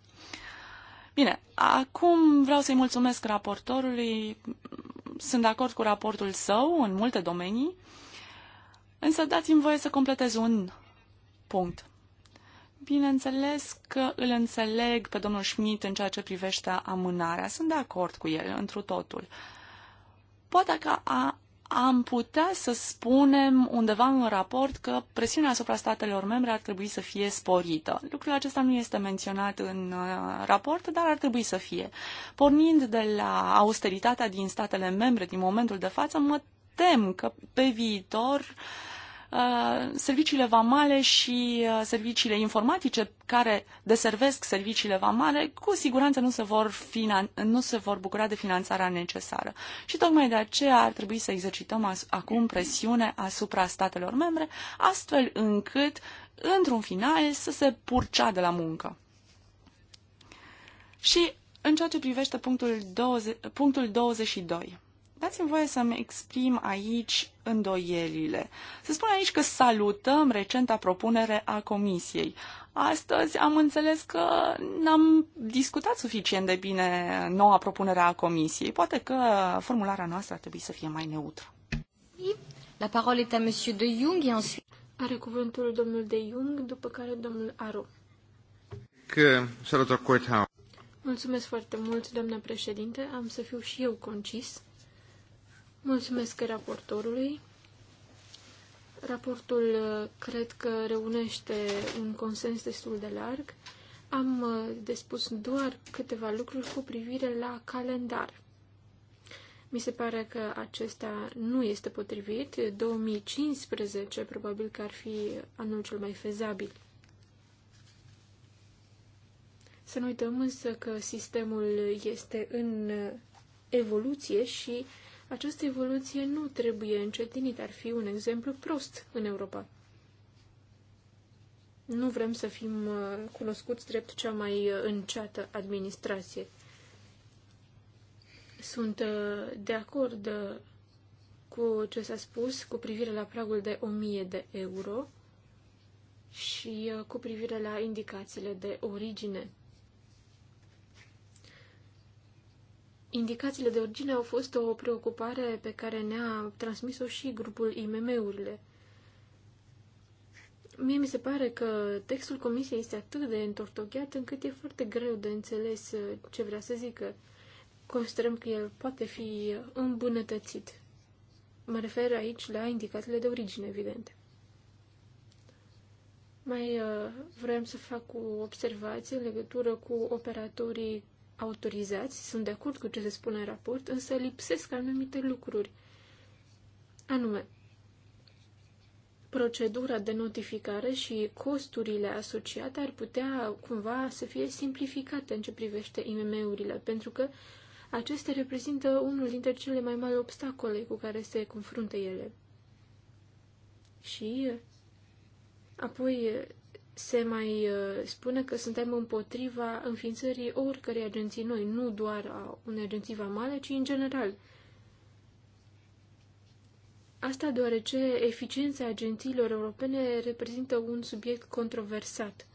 Bine, acum vreau să-i mulțumesc raportorului. Sunt de acord cu raportul său în multe domenii, însă dați-mi voie să completez un punct. Bineînțeles că îl înțeleg pe domnul Schmidt în ceea ce privește amânarea. Sunt de acord cu el întru totul. Poate că a, am putea să spunem undeva în raport că presiunea asupra statelor membre ar trebui să fie sporită. Lucrul acesta nu este menționat în uh, raport, dar ar trebui să fie. Pornind de la austeritatea din statele membre din momentul de față, mă tem că pe viitor uh, Uh, serviciile vamale și uh, serviciile informatice care deservesc serviciile vamale cu siguranță nu se vor, nu se vor bucura de finanțarea necesară. Și tocmai de aceea ar trebui să exercităm acum presiune asupra statelor membre, astfel încât, într-un final, să se purcea de la muncă. Și în ceea ce privește punctul, 20, punctul 22. Dați-mi voie să-mi exprim aici îndoielile. Se spune aici că salutăm recenta propunere a Comisiei. Astăzi am înțeles că n-am discutat suficient de bine noua propunere a Comisiei. Poate că formularea noastră ar trebui să fie mai neutră. La parole este a monsieur de Jung et ensuite... Are cuvântul domnul de Jung, după care domnul Aru. Că salută Mulțumesc foarte mult, doamnă președinte. Am să fiu și eu concis. Mulțumesc raportorului. Raportul uh, cred că reunește un consens destul de larg. Am uh, de spus doar câteva lucruri cu privire la calendar. Mi se pare că acesta nu este potrivit. 2015 probabil că ar fi anul cel mai fezabil. Să nu uităm însă că sistemul este în uh, evoluție și uh, această evoluție nu trebuie încetinită, ar fi un exemplu prost în Europa. Nu vrem să fim uh, cunoscuți drept cea mai uh, înceată administrație. Sunt uh, de acord cu ce s-a spus cu privire la pragul de 1000 de euro și cu privire la indicațiile de origine. Indicațiile de origine au fost o preocupare pe care ne-a transmis-o și grupul IMM-urile. Mie mi se pare că textul comisiei este atât de întortocheat încât e foarte greu de înțeles uh, ce vrea să zică. Considerăm că el poate fi îmbunătățit. Mă refer aici la indicațiile de origine, evident. Mai uh, vrem să fac o observație în legătură cu operatorii autorizați, sunt de acord cu ce se spune în raport, însă lipsesc anumite lucruri. Anume, procedura de notificare și costurile asociate ar putea cumva să fie simplificate în ce privește IMM-urile, pentru că acestea reprezintă unul dintre cele mai mari obstacole cu care se confruntă ele. Și apoi se mai uh, spune că suntem împotriva înființării oricărei agenții noi, nu doar a unei agenții vamale, ci în general. Asta deoarece eficiența agențiilor europene reprezintă un subiect controversat.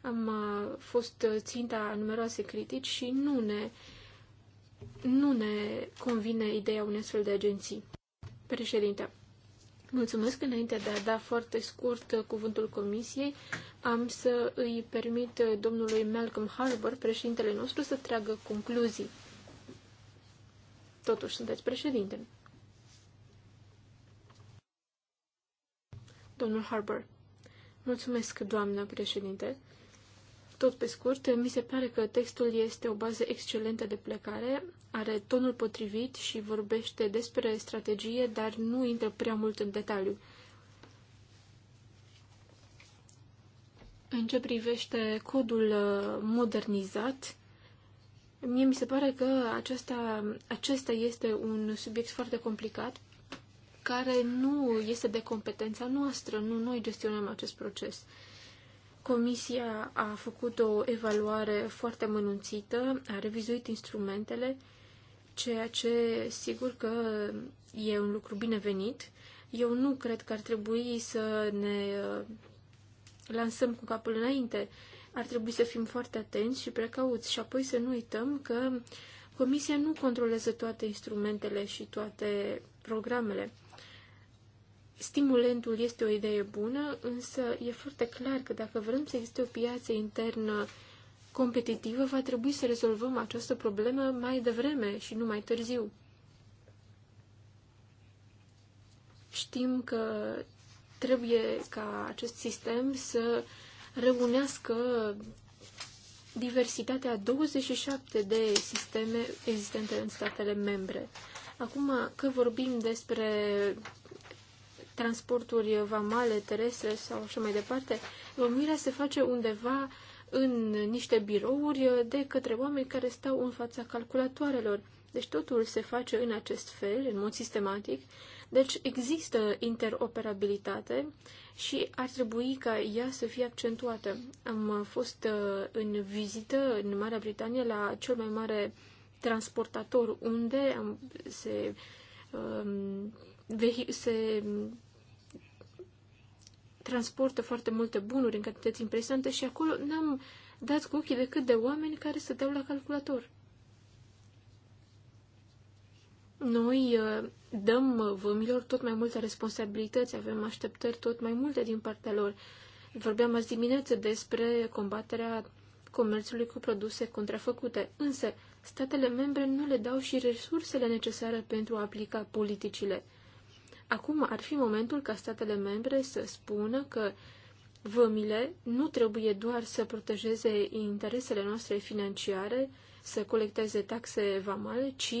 Am uh, fost uh, ținta numeroase critici și nu ne, nu ne convine ideea unei astfel de agenții. Președinte, mulțumesc înainte de a da foarte scurt cuvântul Comisiei am să îi permit domnului Malcolm Harbour, președintele nostru, să tragă concluzii. Totuși sunteți președinte. Domnul Harbour. Mulțumesc, doamnă președinte. Tot pe scurt, mi se pare că textul este o bază excelentă de plecare, are tonul potrivit și vorbește despre strategie, dar nu intră prea mult în detaliu. În ce privește codul uh, modernizat, mie mi se pare că acesta, acesta este un subiect foarte complicat care nu este de competența noastră, nu noi gestionăm acest proces. Comisia a făcut o evaluare foarte mănunțită, a revizuit instrumentele, ceea ce sigur că e un lucru binevenit. Eu nu cred că ar trebui să ne uh, lansăm cu capul înainte. Ar trebui să fim foarte atenți și precauți și apoi să nu uităm că Comisia nu controlează toate instrumentele și toate programele. Stimulentul este o idee bună, însă e foarte clar că dacă vrem să existe o piață internă competitivă, va trebui să rezolvăm această problemă mai devreme și nu mai târziu. Știm că Trebuie ca acest sistem să reunească diversitatea 27 de sisteme existente în statele membre. Acum că vorbim despre transporturi vamale, terestre sau așa mai departe, vămuirea se face undeva în niște birouri de către oameni care stau în fața calculatoarelor. Deci totul se face în acest fel, în mod sistematic, deci există interoperabilitate și ar trebui ca ea să fie accentuată. Am fost uh, în vizită în Marea Britanie la cel mai mare transportator unde am, se, um, se transportă foarte multe bunuri în cantități impresionante și acolo n-am dat cu ochii decât de oameni care se dau la calculator noi uh, dăm vămilor tot mai multe responsabilități, avem așteptări tot mai multe din partea lor. Vorbeam azi dimineață despre combaterea comerțului cu produse contrafăcute, însă statele membre nu le dau și resursele necesare pentru a aplica politicile. Acum ar fi momentul ca statele membre să spună că vămile nu trebuie doar să protejeze interesele noastre financiare, să colecteze taxe vamale, ci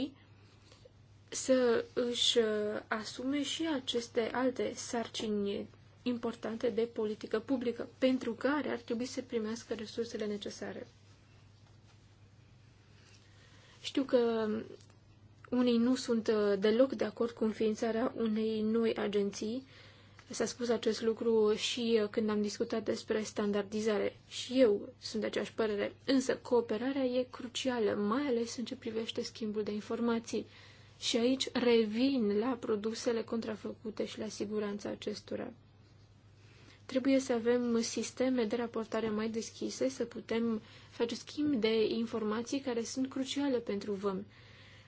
să își uh, asume și aceste alte sarcini importante de politică publică, pentru care ar trebui să primească resursele necesare. Știu că unii nu sunt uh, deloc de acord cu înființarea unei noi agenții. S-a spus acest lucru și uh, când am discutat despre standardizare. Și eu sunt de aceeași părere. Însă cooperarea e crucială, mai ales în ce privește schimbul de informații și aici revin la produsele contrafăcute și la siguranța acestora. Trebuie să avem sisteme de raportare mai deschise, să putem face schimb de informații care sunt cruciale pentru vămi.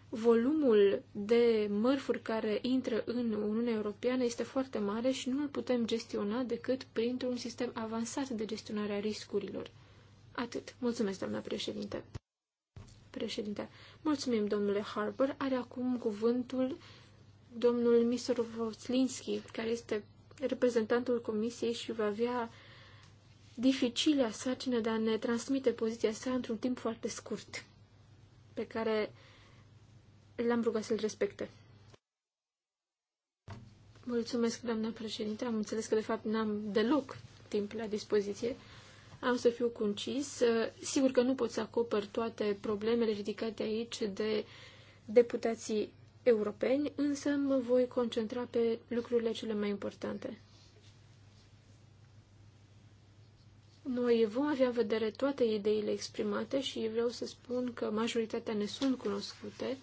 Volumul de mărfuri care intră în Uniunea Europeană este foarte mare și nu îl putem gestiona decât printr-un sistem avansat de gestionare a riscurilor. Atât. Mulțumesc, doamna președinte. Președinte, mulțumim, domnule Harper. Are acum cuvântul domnul Mr. Voslinski, care este reprezentantul Comisiei și va avea dificilea sarcină de a ne transmite poziția sa într-un timp foarte scurt, pe care l-am rugat să-l respecte. Mulțumesc, doamna președinte. Am înțeles că, de fapt, n-am deloc timp la dispoziție. Am să fiu concis. Sigur că nu pot să acopăr toate problemele ridicate aici de deputații europeni, însă mă voi concentra pe lucrurile cele mai importante. Noi vom avea în vedere toate ideile exprimate și vreau să spun că majoritatea ne sunt cunoscute,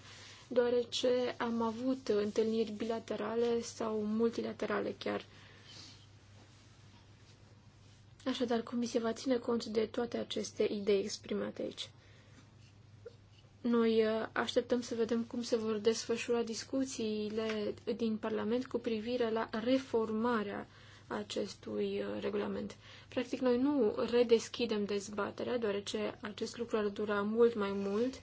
deoarece am avut întâlniri bilaterale sau multilaterale chiar Așadar, se va ține cont de toate aceste idei exprimate aici. Noi uh, așteptăm să vedem cum se vor desfășura discuțiile din Parlament cu privire la reformarea acestui uh, regulament. Practic, noi nu redeschidem dezbaterea, deoarece acest lucru ar dura mult mai mult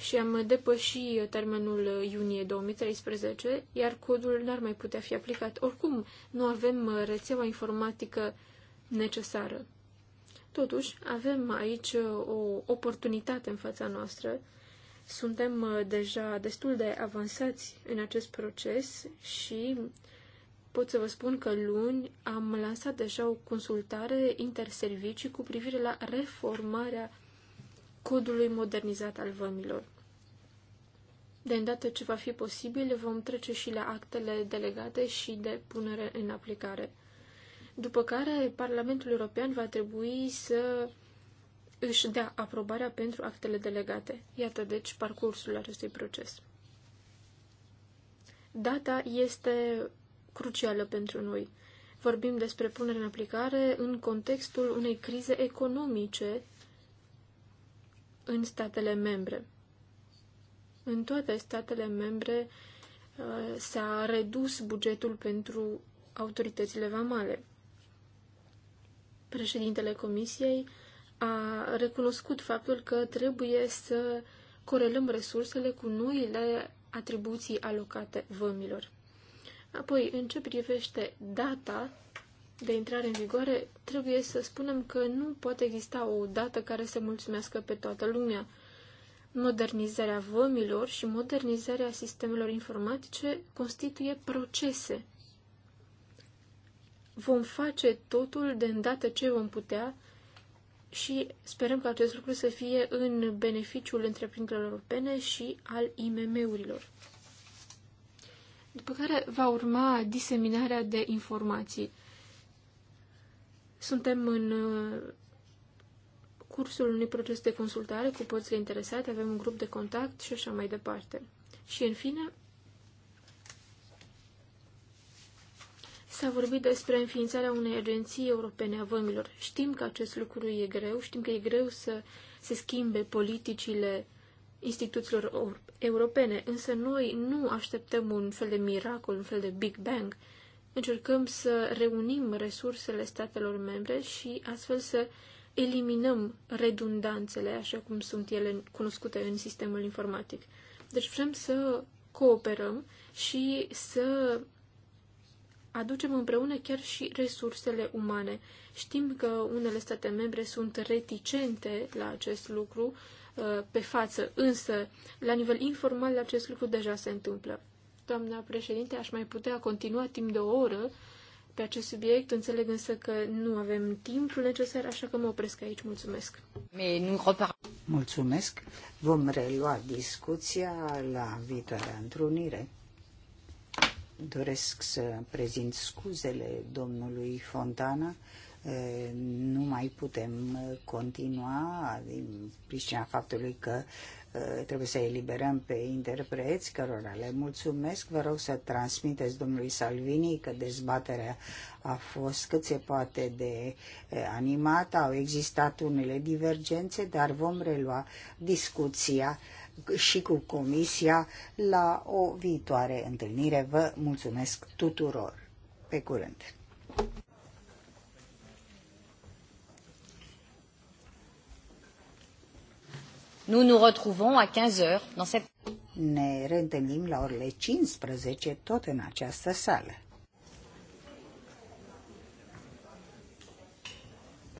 și am depăși uh, termenul iunie 2013, iar codul n-ar mai putea fi aplicat. Oricum, nu avem rețeaua informatică necesară. Totuși, avem aici uh, o oportunitate în fața noastră. Suntem uh, deja destul de avansați în acest proces și pot să vă spun că luni am lansat deja o consultare interservicii cu privire la reformarea codului modernizat al vămilor. De îndată ce va fi posibil, vom trece și la actele delegate și de punere în aplicare după care Parlamentul European va trebui să își dea aprobarea pentru actele delegate. Iată, deci, parcursul acestui proces. Data este crucială pentru noi. Vorbim despre punerea în aplicare în contextul unei crize economice în statele membre. În toate statele membre uh, s-a redus bugetul pentru autoritățile vamale. Președintele Comisiei a recunoscut faptul că trebuie să corelăm resursele cu noile atribuții alocate vămilor. Apoi, în ce privește data de intrare în vigoare, trebuie să spunem că nu poate exista o dată care să mulțumească pe toată lumea. Modernizarea vămilor și modernizarea sistemelor informatice constituie procese vom face totul de îndată ce vom putea și sperăm că acest lucru să fie în beneficiul întreprinderilor europene și al IMM-urilor. După care va urma diseminarea de informații. Suntem în uh, cursul unui proces de consultare cu părțile interesate, avem un grup de contact și așa mai departe. Și, în fine, S-a vorbit despre înființarea unei agenții europene a vămilor. Știm că acest lucru e greu, știm că e greu să se schimbe politicile instituțiilor europene, însă noi nu așteptăm un fel de miracol, un fel de Big Bang. Încercăm să reunim resursele statelor membre și astfel să eliminăm redundanțele, așa cum sunt ele cunoscute în sistemul informatic. Deci vrem să cooperăm și să aducem împreună chiar și resursele umane. Știm că unele state membre sunt reticente la acest lucru uh, pe față, însă la nivel informal acest lucru deja se întâmplă. Doamna președinte, aș mai putea continua timp de o oră pe acest subiect, înțeleg însă că nu avem timpul necesar, așa că mă opresc aici. Mulțumesc! Mulțumesc! Vom relua discuția la viitoarea întrunire. Doresc să prezint scuzele domnului Fontana. Nu mai putem continua din pricina faptului că trebuie să eliberăm pe interpreți, cărora le mulțumesc. Vă rog să transmiteți domnului Salvini că dezbaterea a fost cât se poate de animată, au existat unele divergențe, dar vom relua discuția și cu Comisia la o viitoare întâlnire. Vă mulțumesc tuturor. Pe curând! Nous nous retrouvons à 15 heures dans cette... Ne reîntâlnim la orele 15 tot în această sală.